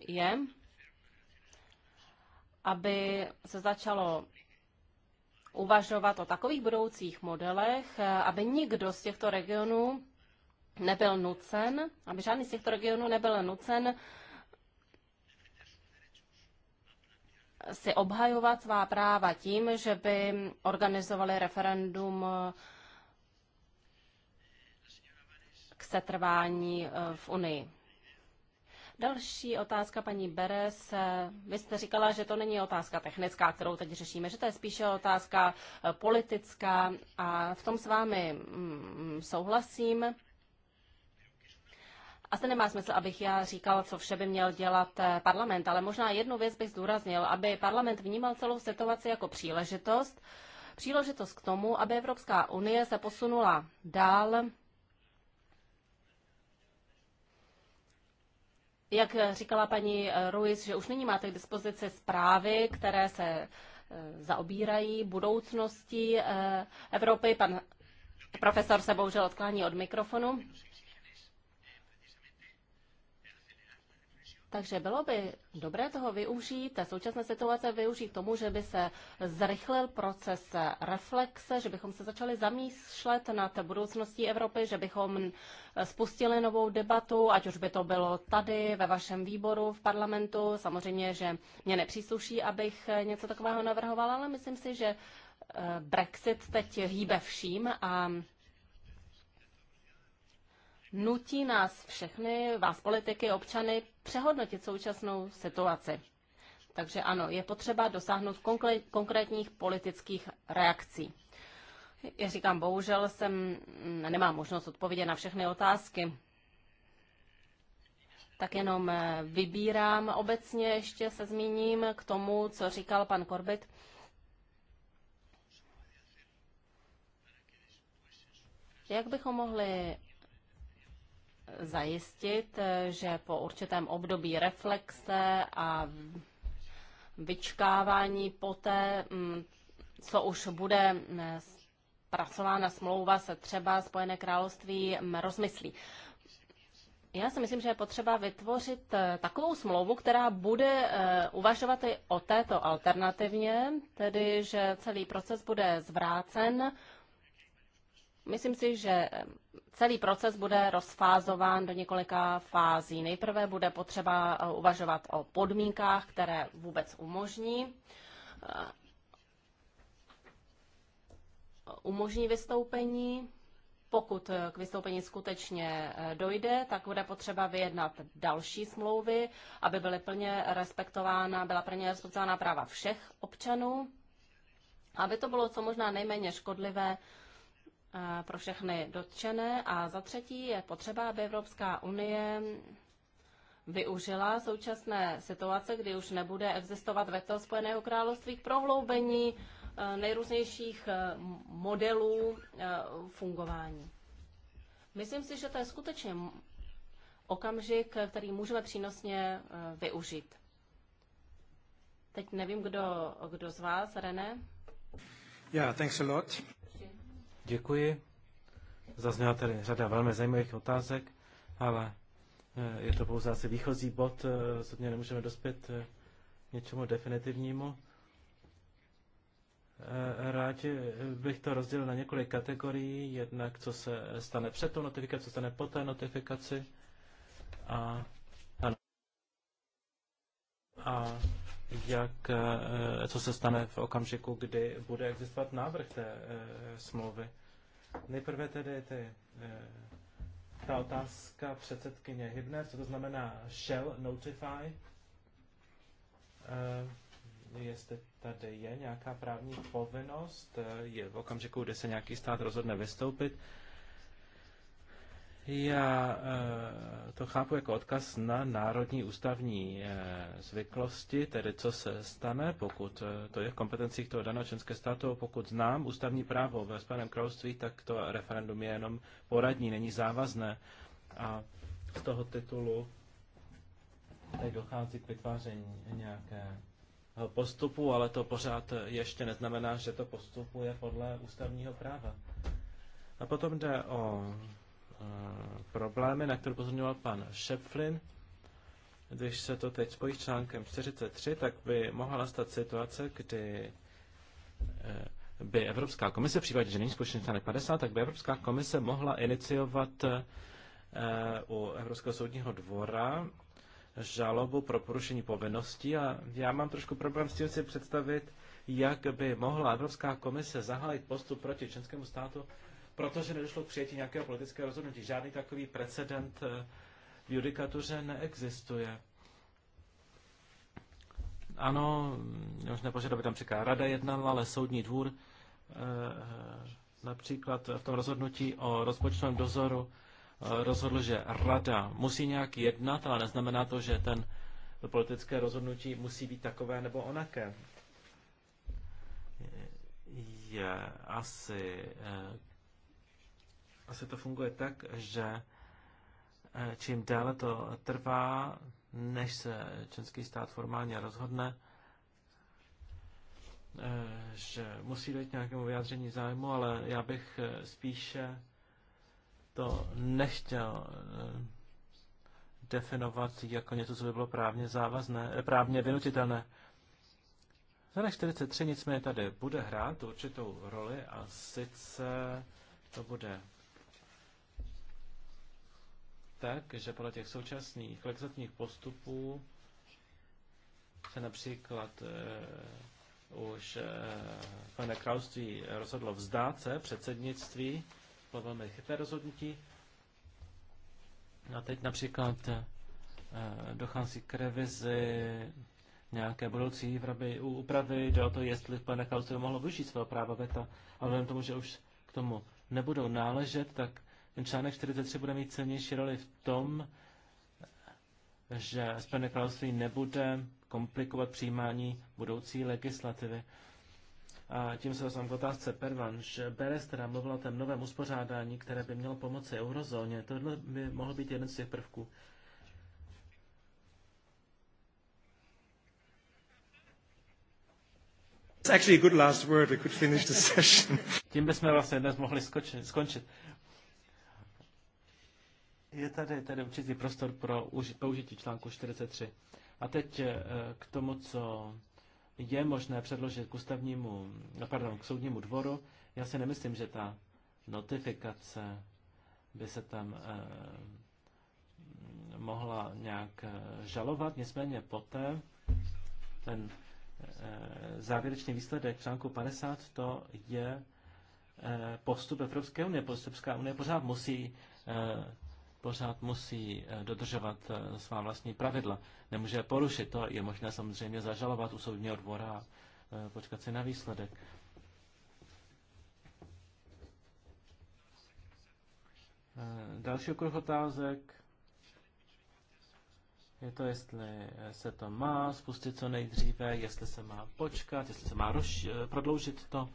S4: je, aby se začalo uvažovat o takových budoucích modelech, eh, aby nikdo z těchto regionů nebyl nucen, aby žádný z těchto regionů nebyl nucen si obhajovat svá práva tím, že by organizovali referendum eh, k setrvání eh, v Unii. Další otázka paní Beres. Vy jste říkala, že to není otázka technická, kterou teď řešíme, že to je spíše otázka eh, politická a v tom s vámi mm, souhlasím. Asi nemá smysl, abych já říkal, co vše by měl dělat eh, parlament, ale možná jednu věc bych zdůraznil, aby parlament vnímal celou situaci jako příležitost, příležitost k tomu, aby Evropská unie se posunula dál Jak eh, říkala paní eh, Ruiz, že už nyní máte k dispozici zprávy, které se zaobírají budoucností Evropy. Pan profesor se bohužel odklání od mikrofonu. Takže bylo by dobré toho využít, té současné situace využít tomu, že by se zrychlil proces reflexe, že bychom se začali zamýšlet nad budoucností Evropy, že bychom spustili novou debatu, ať už by to bylo tady, ve vašem výboru, v parlamentu. Samozřejmě, že mě nepřísluší, abych něco takového navrhovala, ale myslím si, že eh, Brexit teď hýbe vším a nutí nás všechny, vás politiky, občany, přehodnotit současnou situaci. Takže ano, je potřeba dosáhnout konkrétních politických reakcí. Já říkám, bohužel jsem nemám možnost odpovědět na všechny otázky. Tak jenom eh, vybírám. Obecně ještě se zmíním k tomu, co říkal pan Korbit. Jak bychom mohli zajistit, že po určitém období reflexe a vyčkávání poté, mm, co už bude mm, pracována smlouva, se třeba Spojené království mm, rozmyslí. Já si myslím, že je potřeba vytvořit eh, takovou smlouvu, která bude eh, uvažovat i o této alternativně, tedy že celý proces bude zvrácen. Myslím si, že eh, celý proces bude rozfázován do několika fází. Nejprve bude potřeba eh, uvažovat o podmínkách, které vůbec umožní eh, umožní vystoupení. Pokud k vystoupení skutečně eh, dojde, tak bude potřeba vyjednat další smlouvy, aby byly plně respektována, byla plně respektována práva všech občanů, aby to bylo co možná nejméně škodlivé pro všechny dotčené. A za třetí je potřeba, aby Evropská unie využila současné situace, kdy už nebude existovat veto Spojeného království k prohloubení e, nejrůznějších e, modelů e, fungování. Myslím si, že to je skutečně okamžik, který můžeme přínosně využít. Teď nevím, kdo, kdo z vás, René.
S6: Yeah, thanks a lot.
S3: Děkuji. Zazněla tady řada velmi zajímavých otázek, ale e, je to pouze asi výchozí bod, rozhodně e, nemůžeme dospět e, něčemu definitivnímu. Rád bych to rozdělil na několik kategorií, jednak co se stane před tou notifikací, co se stane po té notifikaci a, a, a jak, eh, co se stane v okamžiku, kdy bude existovat návrh té eh, smlouvy. Nejprve tedy ty, eh, ta otázka předsedkyně Hybne, co to znamená shell notify. jestli tady je nějaká právní povinnost, je v okamžiku, kdy se nějaký stát rozhodne vystoupit, já eh, to chápu jako odkaz na národní ústavní eh, zvyklosti, tedy co se stane, pokud eh, to je v kompetencích toho daného členského státu, pokud znám ústavní právo ve Spojeném království, tak to referendum je jenom poradní, není závazné. A z toho titulu tady dochází k vytváření nějaké postupu, ale to pořád ještě neznamená, že to postupuje podle ústavního práva. A potom jde o Eh, problémy, na které pozorňoval pan Šepflin. Když se to teď spojí s článkem 43, tak by mohla nastat situace, kdy eh, by Evropská komise, v případě, že není společný článek 50, tak by Evropská komise mohla iniciovat eh, u Evropského soudního dvora žalobu pro porušení povinností a já mám trošku problém s tím si představit, jak by mohla Evropská komise zahájit postup proti členskému státu, protože nedošlo k přijetí nějakého politického rozhodnutí. Žádný takový precedent eh, v judikatuře neexistuje. Ano, možná požadu, aby tam říká rada jednala, ale soudní dvůr eh, eh, například v tom rozhodnutí o rozpočtovém dozoru rozhodl, že rada musí nějak jednat, ale neznamená to, že ten to politické rozhodnutí musí být takové nebo onaké. Je asi asi to funguje tak, že eh, čím déle to trvá, než se český stát formálně rozhodne, eh, že musí dojít nějakému vyjádření zájmu, ale já bych eh, spíše to nechtěl definovat jako něco, co by bylo právně závazné, právně vynutitelné. Zelené 43 nicméně tady bude hrát určitou roli a sice to bude tak, že podle těch současných legislativních postupů se například uh, už eh, Spojené uh, království rozhodlo vzdát se předsednictví, bylo velmi chytré rozhodnutí. A teď například uh, dochází k revizi nějaké budoucí vraby, úpravy, jde o to, jestli Spojené království mohlo využít svého práva veta, ale vzhledem tomu, že už k tomu nebudou náležet, tak ten článek 43 bude mít silnější roli v tom, že Spojené království nebude komplikovat přijímání budoucí legislativy. A tím se dostávám k otázce že Beres, která mluvila o tom novém uspořádání, které by mělo pomoci eurozóně, tohle by mohl být jeden z těch prvků. It's actually a good last word. We could finish the [LAUGHS] session. Tím bychom vlastně dnes mohli skočit, skončit. Je tady tady určitý prostor pro použití článku 43. A teď eh, k tomu, co je možné předložit k ústavnímu, no, pardon, k soudnímu dvoru. Já si nemyslím, že ta notifikace by se tam eh, mohla nějak eh, žalovat, nicméně poté ten eh, závěrečný výsledek článku 50 to je eh, postup Evropské unie. Evropská unie pořád musí eh, pořád musí eh, dodržovat eh, svá vlastní pravidla. Nemůže porušit, to je možné samozřejmě zažalovat u soudního dvora a eh, počkat si na výsledek. Další okruh otázek je to, jestli se to má spustit co nejdříve, jestli se má počkat, jestli se má roz, prodloužit to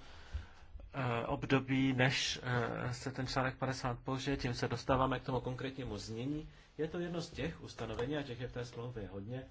S3: Eh, období, než eh, se ten článek 50 použije, tím se dostáváme k tomu konkrétnímu znění. Je to jedno z těch ustanovení, a těch je v té smlouvě hodně,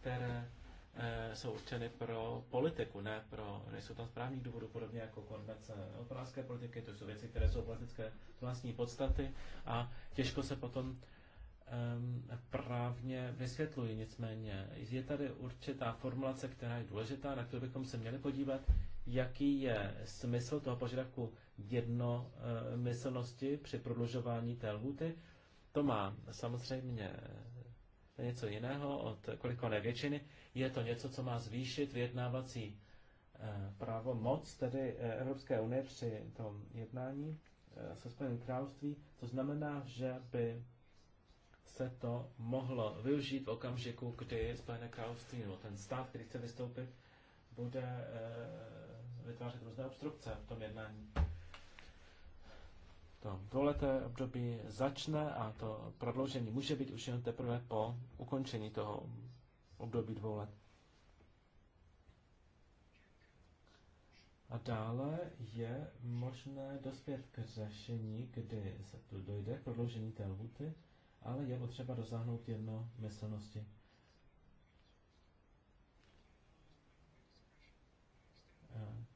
S3: které eh, jsou určeny pro politiku, ne pro, nejsou tam správní důvodů, podobně jako konvence hospodářské politiky, to jsou věci, které jsou politické vlastní podstaty a těžko se potom um, právně vysvětlují. Nicméně je tady určitá formulace, která je důležitá, na kterou bychom se měli podívat jaký je smysl toho požadavku jednomyslnosti při prodlužování té lhuty. To má samozřejmě něco jiného od kolikone většiny. Je to něco, co má zvýšit vyjednávací eh, právo moc, tedy eh, Evropské unie při tom jednání eh, se Spojeným království. To znamená, že by se to mohlo využít v okamžiku, kdy Spojené království nebo ten stát, který chce vystoupit, bude vytvářet různé obstrukce v tom jednání. To dvouleté období začne a to prodloužení může být už jen teprve po ukončení toho období dvou let. A dále je možné dospět k řešení, kdy se tu dojde k prodloužení té lhuty, ale je potřeba dosáhnout myslnosti.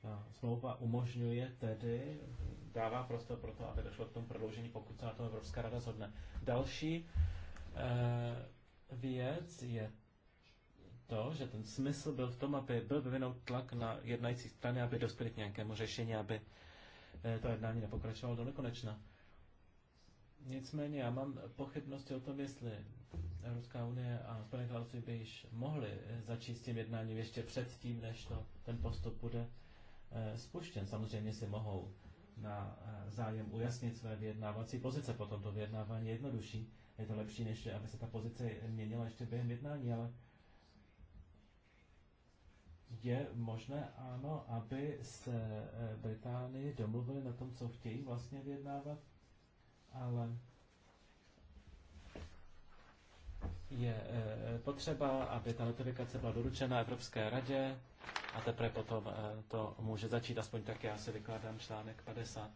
S3: Ta smlouva umožňuje tedy, dává prostor pro to, aby došlo k tomu prodloužení, pokud se na to Evropská rada zhodne. Další eh, věc je to, že ten smysl byl v tom, aby byl vyvinut tlak na jednající strany, aby dospěli k nějakému řešení, aby eh, to jednání nepokračovalo do nekonečna. Nicméně já mám pochybnosti o tom, jestli Evropská unie a Spojené království by již mohly eh, začít s tím jednáním ještě předtím, než to, ten postup bude Eh, spuštěn. Samozřejmě si mohou na eh, zájem ujasnit své vyjednávací pozice. Potom to vyjednávání je jednodušší. Je to lepší, než aby se ta pozice měnila ještě během jednání, ale je možné, ano, aby se eh, Británii domluvili na tom, co chtějí vlastně vyjednávat, ale je eh, potřeba, aby ta notifikace byla doručena Evropské radě a teprve potom eh, to může začít, aspoň tak já si vykládám článek 50.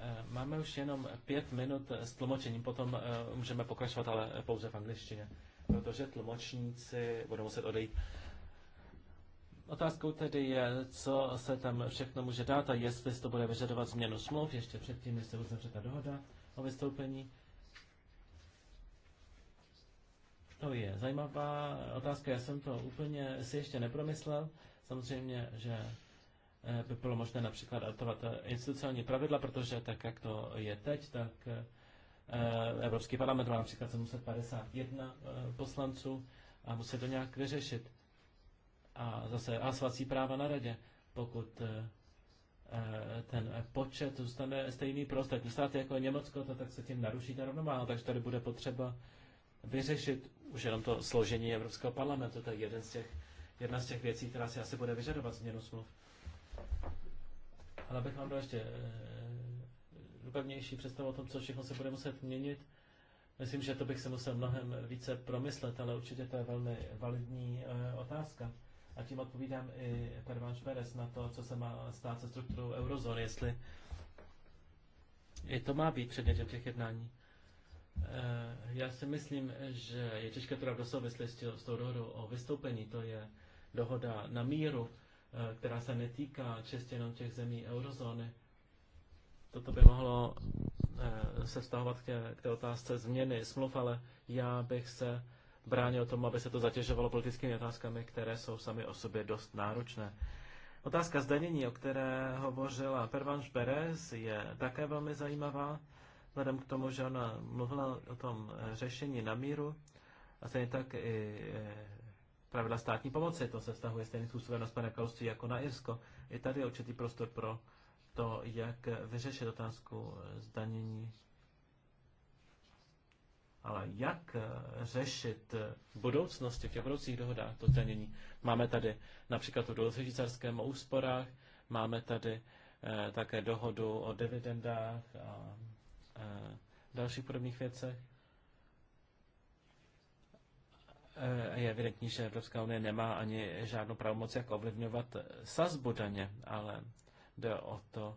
S3: Eh, máme už jenom pět minut s tlumočením, potom můžeme pokračovat, ale pouze v angličtině, protože tlumočníci budou muset odejít. Otázkou tedy je, co se tam všechno může dát a jestli to bude vyžadovat změnu smluv ještě předtím, než se uzavře ta dohoda o vystoupení. To je zajímavá otázka, já jsem to úplně si ještě nepromyslel. Samozřejmě, že eh, by bylo možné například adaptovat eh, institucionální pravidla, protože tak, jak to je teď, tak eh, Evropský parlament má například 751 poslanců a musí to nějak vyřešit a zase hlasovací práva na radě, pokud eh, eh, ten počet zůstane stejný pro ostatní státy jako Německo, to tak se tím naruší ta rovnováha, takže tady bude potřeba vyřešit už jenom to složení Evropského parlamentu, to je jeden z těch, jedna z těch věcí, která si asi bude vyžadovat změnu smluv. Ale abych vám dal ještě eh, pevnější představu o tom, co všechno se bude muset měnit, myslím, že to bych se musel mnohem více promyslet, ale určitě to je velmi validní otázka. A tím odpovídám i Pervanš Šperes na to, co se má stát se strukturou eurozóny, jestli i to má být předmětem těch jednání. Eh, já si myslím, že je těžké teda v do souvislosti s tou dohodou o vystoupení. To je dohoda na míru, eh, která se netýká čistě jenom těch zemí eurozóny. Toto by mohlo eh, se vztahovat k té, k té otázce změny smluv, ale já bych se bránil tomu, aby se to zatěžovalo politickými otázkami, které jsou sami o sobě dost náročné. Otázka zdanění, o které hovořila Pervanš Perez, je také velmi zajímavá, vzhledem k tomu, že ona mluvila o tom řešení na míru a stejně tak i e, pravidla státní pomoci, to se vztahuje stejným způsobem na Spojené království jako na Irsko. je tady určitý prostor pro to, jak vyřešit otázku zdanění ale jak eh, řešit eh, v budoucnosti, v těch budoucích dohodách to zdanění? Máme tady například tu dohodu se o úsporách, máme tady eh, také dohodu o dividendách a eh, dalších podobných věcech. Eh, je evidentní, že Evropská unie nemá ani žádnou pravomoc, jak ovlivňovat eh, sazbu daně, ale jde o to,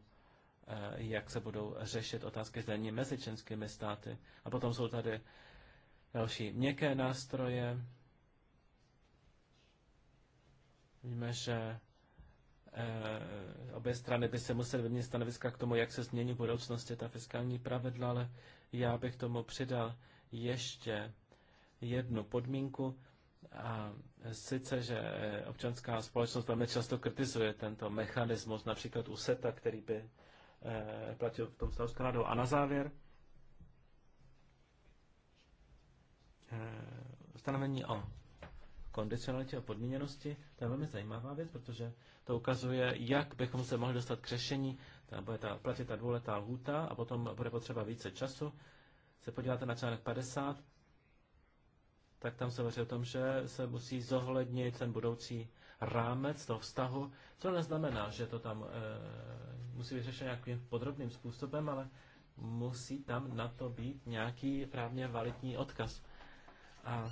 S3: Eh, jak se budou řešit otázky zdaní mezi členskými státy. A potom jsou tady další měkké nástroje. Víme, že eh, obě strany by se musely vyměnit stanoviska k tomu, jak se změní v budoucnosti ta fiskální pravidla, ale já bych tomu přidal ještě jednu podmínku. A sice, že eh, občanská společnost velmi často kritizuje tento mechanismus, například u SETA, který by Eh, platil v tom stavu s Kanadou. A na závěr eh, stanovení o kondicionalitě a podmíněnosti, to je velmi zajímavá věc, protože to ukazuje, jak bychom se mohli dostat k řešení, tam bude ta, platit ta dvouletá lhůta a potom bude potřeba více času. Se podíváte na článek 50, tak tam se hovoří o tom, že se musí zohlednit ten budoucí rámec toho vztahu, co neznamená, že to tam e, musí být řešeno nějakým podrobným způsobem, ale musí tam na to být nějaký právně validní odkaz. A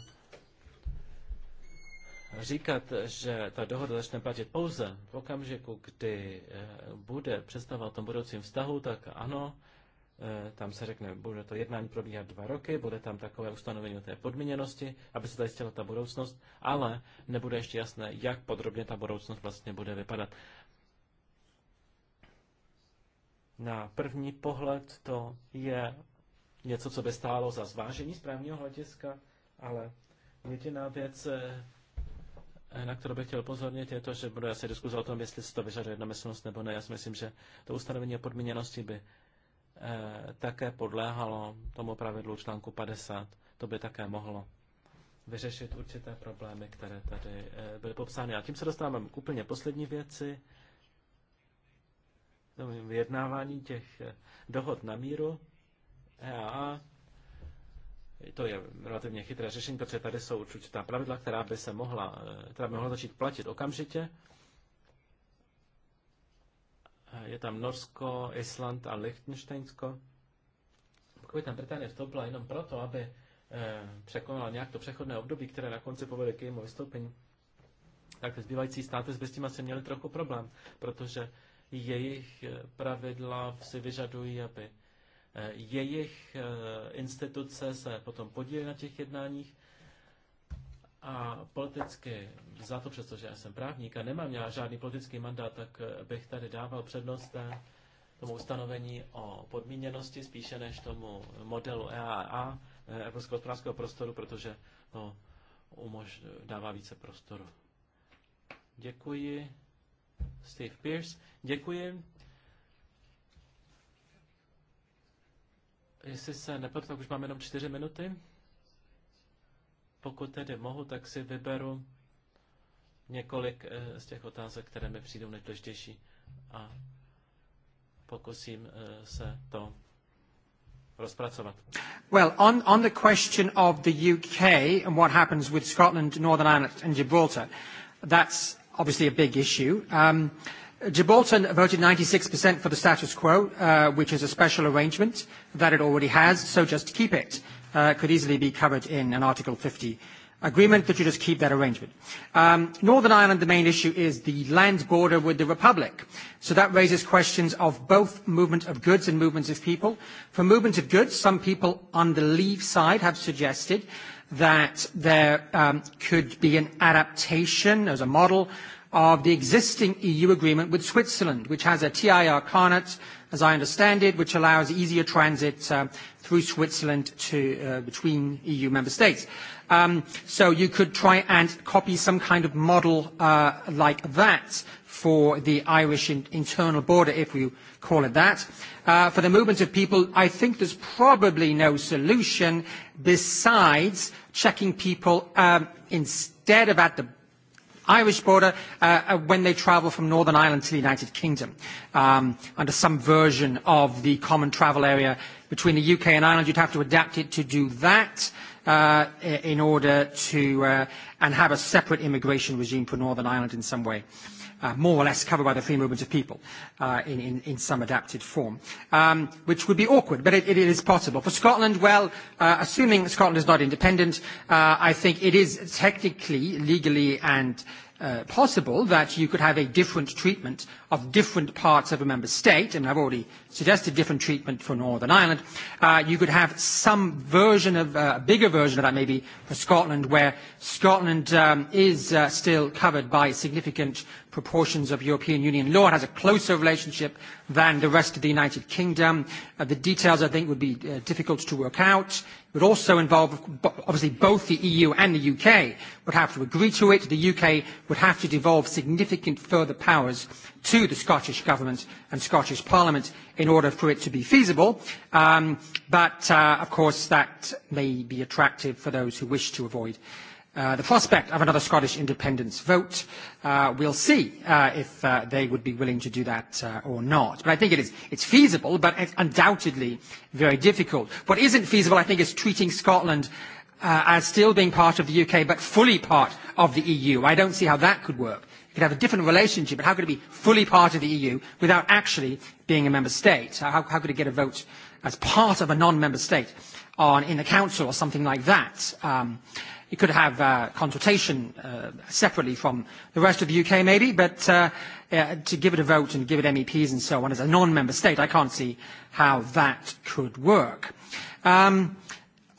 S3: říkat, že ta dohoda začne platit pouze v okamžiku, kdy eh, bude představovat o tom budoucím vztahu, tak ano, Eh, tam se řekne, bude to jednání probíhat dva roky, bude tam takové ustanovení o té podmíněnosti, aby se zajistila ta budoucnost, ale nebude ještě jasné, jak podrobně ta budoucnost vlastně bude vypadat. Na první pohled to je něco, co by stálo za zvážení správního hlediska, ale jediná věc, eh, na kterou bych chtěl pozornit, je to, že bude asi diskuze o tom, jestli se to vyžaduje jednomyslnost nebo ne. Já si myslím, že to ustanovení o podmíněnosti by Eh, také podléhalo tomu pravidlu článku 50. To by také mohlo vyřešit určité problémy, které tady eh, byly popsány. A tím se dostáváme k úplně poslední věci, vyjednávání těch eh, dohod na míru EAA. To je relativně chytré řešení, protože tady jsou určitá pravidla, která by se mohla, která by mohla začít platit okamžitě je tam Norsko, Island a Liechtensteinsko. Pokud by tam Británie vstoupila jenom proto, aby eh, překonala nějak to přechodné období, které na konci povede k jejímu vystoupení, tak ty zbývající státy by s tím asi měly trochu problém, protože jejich eh, pravidla si vyžadují, aby eh, jejich instituce se potom podílely na těch jednáních a politicky za to, přestože já jsem právník a nemám já žádný politický mandát, tak eh, bych tady dával přednost eh, tomu ustanovení o podmíněnosti spíše než tomu modelu EAA, eh, Evropského hospodářského prostoru, protože to umož, dává více prostoru. Děkuji. Steve Pierce. Děkuji. Jestli se nepletu, tak už máme jenom čtyři minuty. Pokud tedy mohu, tak si vyberu několik eh, z těch otázek, které mi přijdou nejdůležitější a pokusím eh, se to rozpracovat.
S6: Well, on, on the question of the UK and what happens with Scotland, Northern Ireland and Gibraltar, that's obviously a big issue. Um, Gibraltar voted 96% for the status quo, uh, which is a special arrangement that it already has, so just keep it uh, could easily be covered in an Article 50 agreement that you just keep that arrangement. Um, Northern Ireland, the main issue is the land border with the Republic. So that raises questions of both movement of goods and movements of people. For movement of goods, some people on the Leave side have suggested that there um, could be an adaptation as a model of the existing EU agreement with Switzerland, which has a TIR Carnot as I understand it, which allows easier transit uh, through Switzerland to uh, between EU member states. Um, so you could try and copy some kind of model uh, like that for the Irish in internal border, if you call it that. Uh, for the movement of people, I think there's probably no solution besides checking people um, instead of at the Irish border uh, uh, when they travel from Northern Ireland to the United Kingdom um, under some version of the common travel area between the UK and Ireland. You'd have to adapt it to do that uh, in order to uh, and have a separate immigration regime for Northern Ireland in some way. Uh, Uh, more or less covered by the free movement of people uh, in, in, in some adapted form, um, which would be awkward, but it, it is possible. For Scotland, well, uh, assuming Scotland is not independent, uh, I think it is technically, legally, and Uh, possible that you could have a different treatment of different parts of a member state, and I've already suggested different treatment for Northern Ireland. Uh, you could have some version of, uh, a bigger version of that maybe for Scotland, where Scotland um, is uh, still covered by significant proportions of European Union law. It has a closer relationship than the rest of the United Kingdom. Uh, the details, I think, would be uh, difficult to work out. It would also involve, obviously, both the EU and the UK would have to agree to it. The UK would have to devolve significant further powers to the Scottish Government and Scottish Parliament in order for it to be feasible. Um, but, uh, of course, that may be attractive for those who wish to avoid Uh, the prospect of another Scottish independence vote. Uh, we'll see uh, if uh, they would be willing to do that uh, or not. But I think it is, it's feasible, but it's undoubtedly very difficult. What isn't feasible, I think, is treating Scotland uh, as still being part of the UK, but fully part of the EU. I don't see how that could work. You could have a different relationship, but how could it be fully part of the EU without actually being a member state? How, how could it get a vote as part of a non-member state on, in the council or something like that? Um, it could have uh, consultation uh, separately from the rest of the UK, maybe, but uh, uh, to give it a vote and give it MEPs and so on as a non-member state, I can't see how that could work. Um,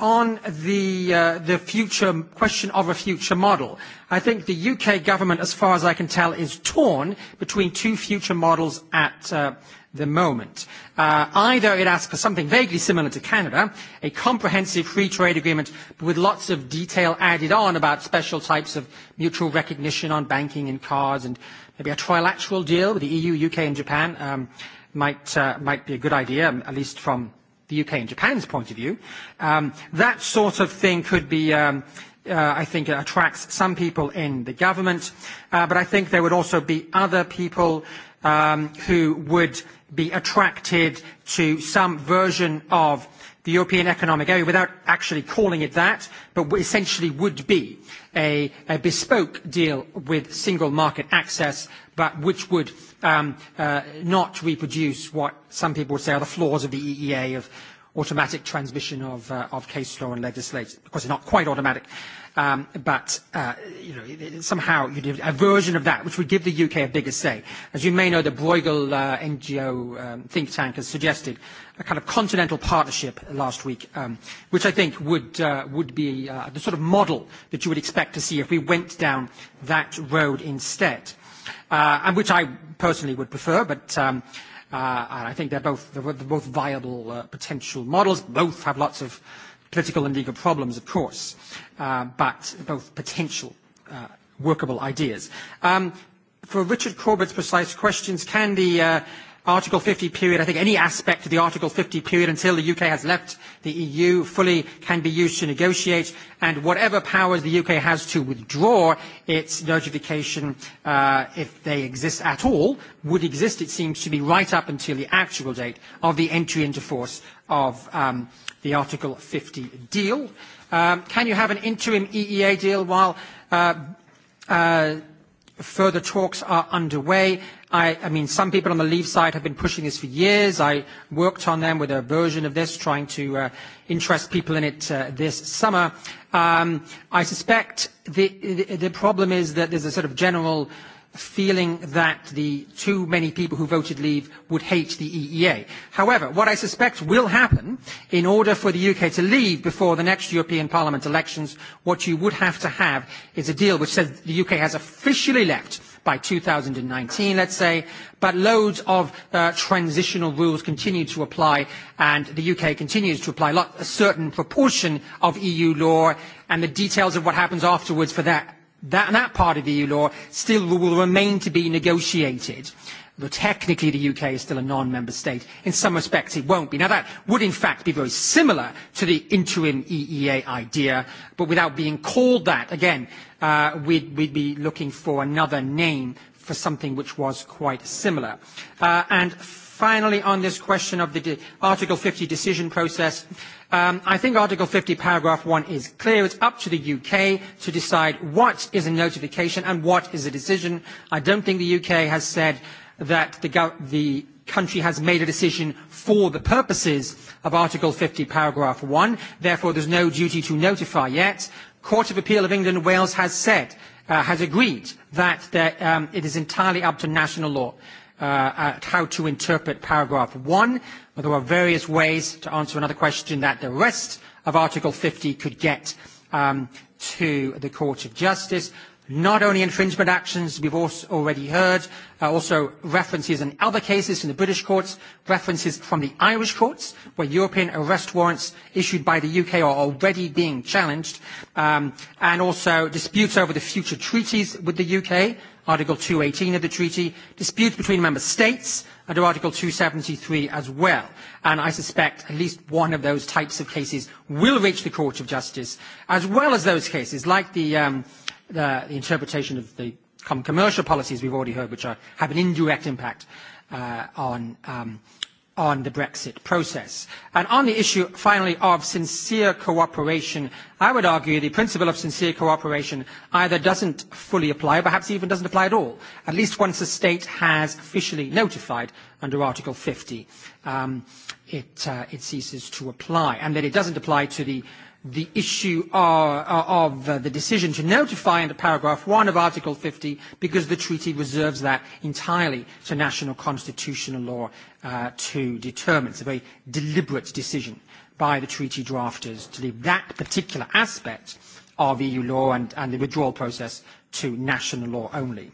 S6: on the, uh, the future question of a future model, I think the UK government, as far as I can tell, is torn between two future models at uh, the moment. Uh, either it asks for something vaguely similar to Canada, a comprehensive free trade agreement but with lots of detail added on about special types of mutual recognition on banking and cards and maybe a trilateral deal with the EU, UK and Japan um, might, uh, might be a good idea, um, at least from the UK and Japan's point of view. Um, that sort of thing could be um, Uh, I think it attracts some people in the government, uh, but I think there would also be other people um, who would be attracted to some version of the European Economic Area without actually calling it that, but essentially would be a, a bespoke deal with single market access, but which would um, uh, not reproduce what some people would say are the flaws of the EEA of automatic transmission of, uh, of case law and legislation, because it's not quite automatic. Uh, Um, but uh, you know, somehow you did a version of that, which would give the UK a bigger say. As you may know, the Bruegel uh, NGO um, think tank has suggested a kind of continental partnership last week, um, which I think would uh, would be uh, the sort of model that you would expect to see if we went down that road instead, uh, and which I personally would prefer, but. Um, uh, and I think they're both, they're both viable uh, potential models. Both have lots of Political and legal problems, of course, uh, but both potential uh, workable ideas. Um, for Richard Corbett's precise questions, can the uh, Article 50 period, I think any aspect of the Article 50 period until the UK has left the EU fully can be used to negotiate and whatever powers the UK has to withdraw its notification, uh, if they exist at all, would exist, it seems to be, right up until the actual date of the entry into force of um, the Article 50 deal? Um, can you have an interim EEA deal while uh, uh, further talks are underway? I, I mean, some people on the Leave side have been pushing this for years. I worked on them with a version of this, trying to uh, interest people in it uh, this summer. Um, I suspect the, the, the problem is that there's a sort of general uh, feeling that the too many people who voted leave would hate the EEA. However, what I suspect will happen in order for the UK to leave before the next European Parliament elections, what you would have to have is a deal which says the UK has officially left by 2019, let's say, but loads of uh, transitional rules continue to apply, and the UK continues to apply a certain proportion of EU law, and the details of what happens afterwards for that that, that part of EU law still will remain to be negotiated. But technically, the UK is still a non-member state. In some respects, it won't be. Now, that would, in fact, be very similar to the interim EEA idea, but without being called that, again, uh, we'd, we'd be looking for another name for something which was quite similar. Uh, and Finally, on this question of the Article 50 decision process, um, I think Article 50, paragraph 1 is clear. It's up to the UK to decide what is a notification and what is a decision. I don't think the UK has said that the, the country has made a decision for the purposes of Article 50, paragraph 1. Therefore, there's no duty to notify yet. Court of Appeal of England and Wales has said, uh, has agreed that there, um, it is entirely up to national law. Uh, at how to interpret paragraph 1. But there are various ways to answer another question that the rest of Article 50 could get um, to the Court of Justice. Not only infringement actions, we've also already heard, uh, also references in other cases in the British courts, references from the Irish courts, where European arrest warrants issued by the UK are already being challenged, um, and also disputes over the future treaties with the UK, Article 218 of the treaty, disputes between member states under Article 273 as well. And I suspect at least one of those types of cases will reach the Court of Justice, as well as those cases like the, um, the, the interpretation of the common commercial policies we've already heard, which are, have an indirect impact uh, on um, uh, on the Brexit process. And on the issue, finally, of sincere cooperation, I would argue the principle of sincere cooperation either doesn't fully apply, or perhaps even doesn't apply at all, at least once a state has officially notified under Article 50, um, it, uh, it ceases to apply, and that it doesn't apply to the the issue of, uh, the decision to notify under paragraph 1 of Article 50 because the treaty reserves that entirely to national constitutional law uh, to determine. It's a very deliberate decision by the treaty drafters to leave that particular aspect of EU law and, and the withdrawal process to national law only.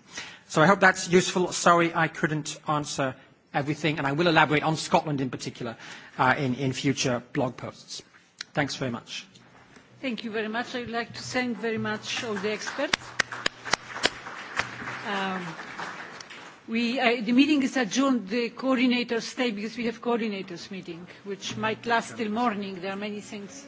S6: So I hope that's useful. Sorry I couldn't answer everything, and I will elaborate on Scotland in particular uh, in, in future blog posts. Thanks very much.
S4: Thank you very much. I would like to thank very much all the experts. Um, we, uh, the meeting is adjourned. The coordinators stay because we have coordinators meeting,
S6: which might last till
S5: morning. There are many things.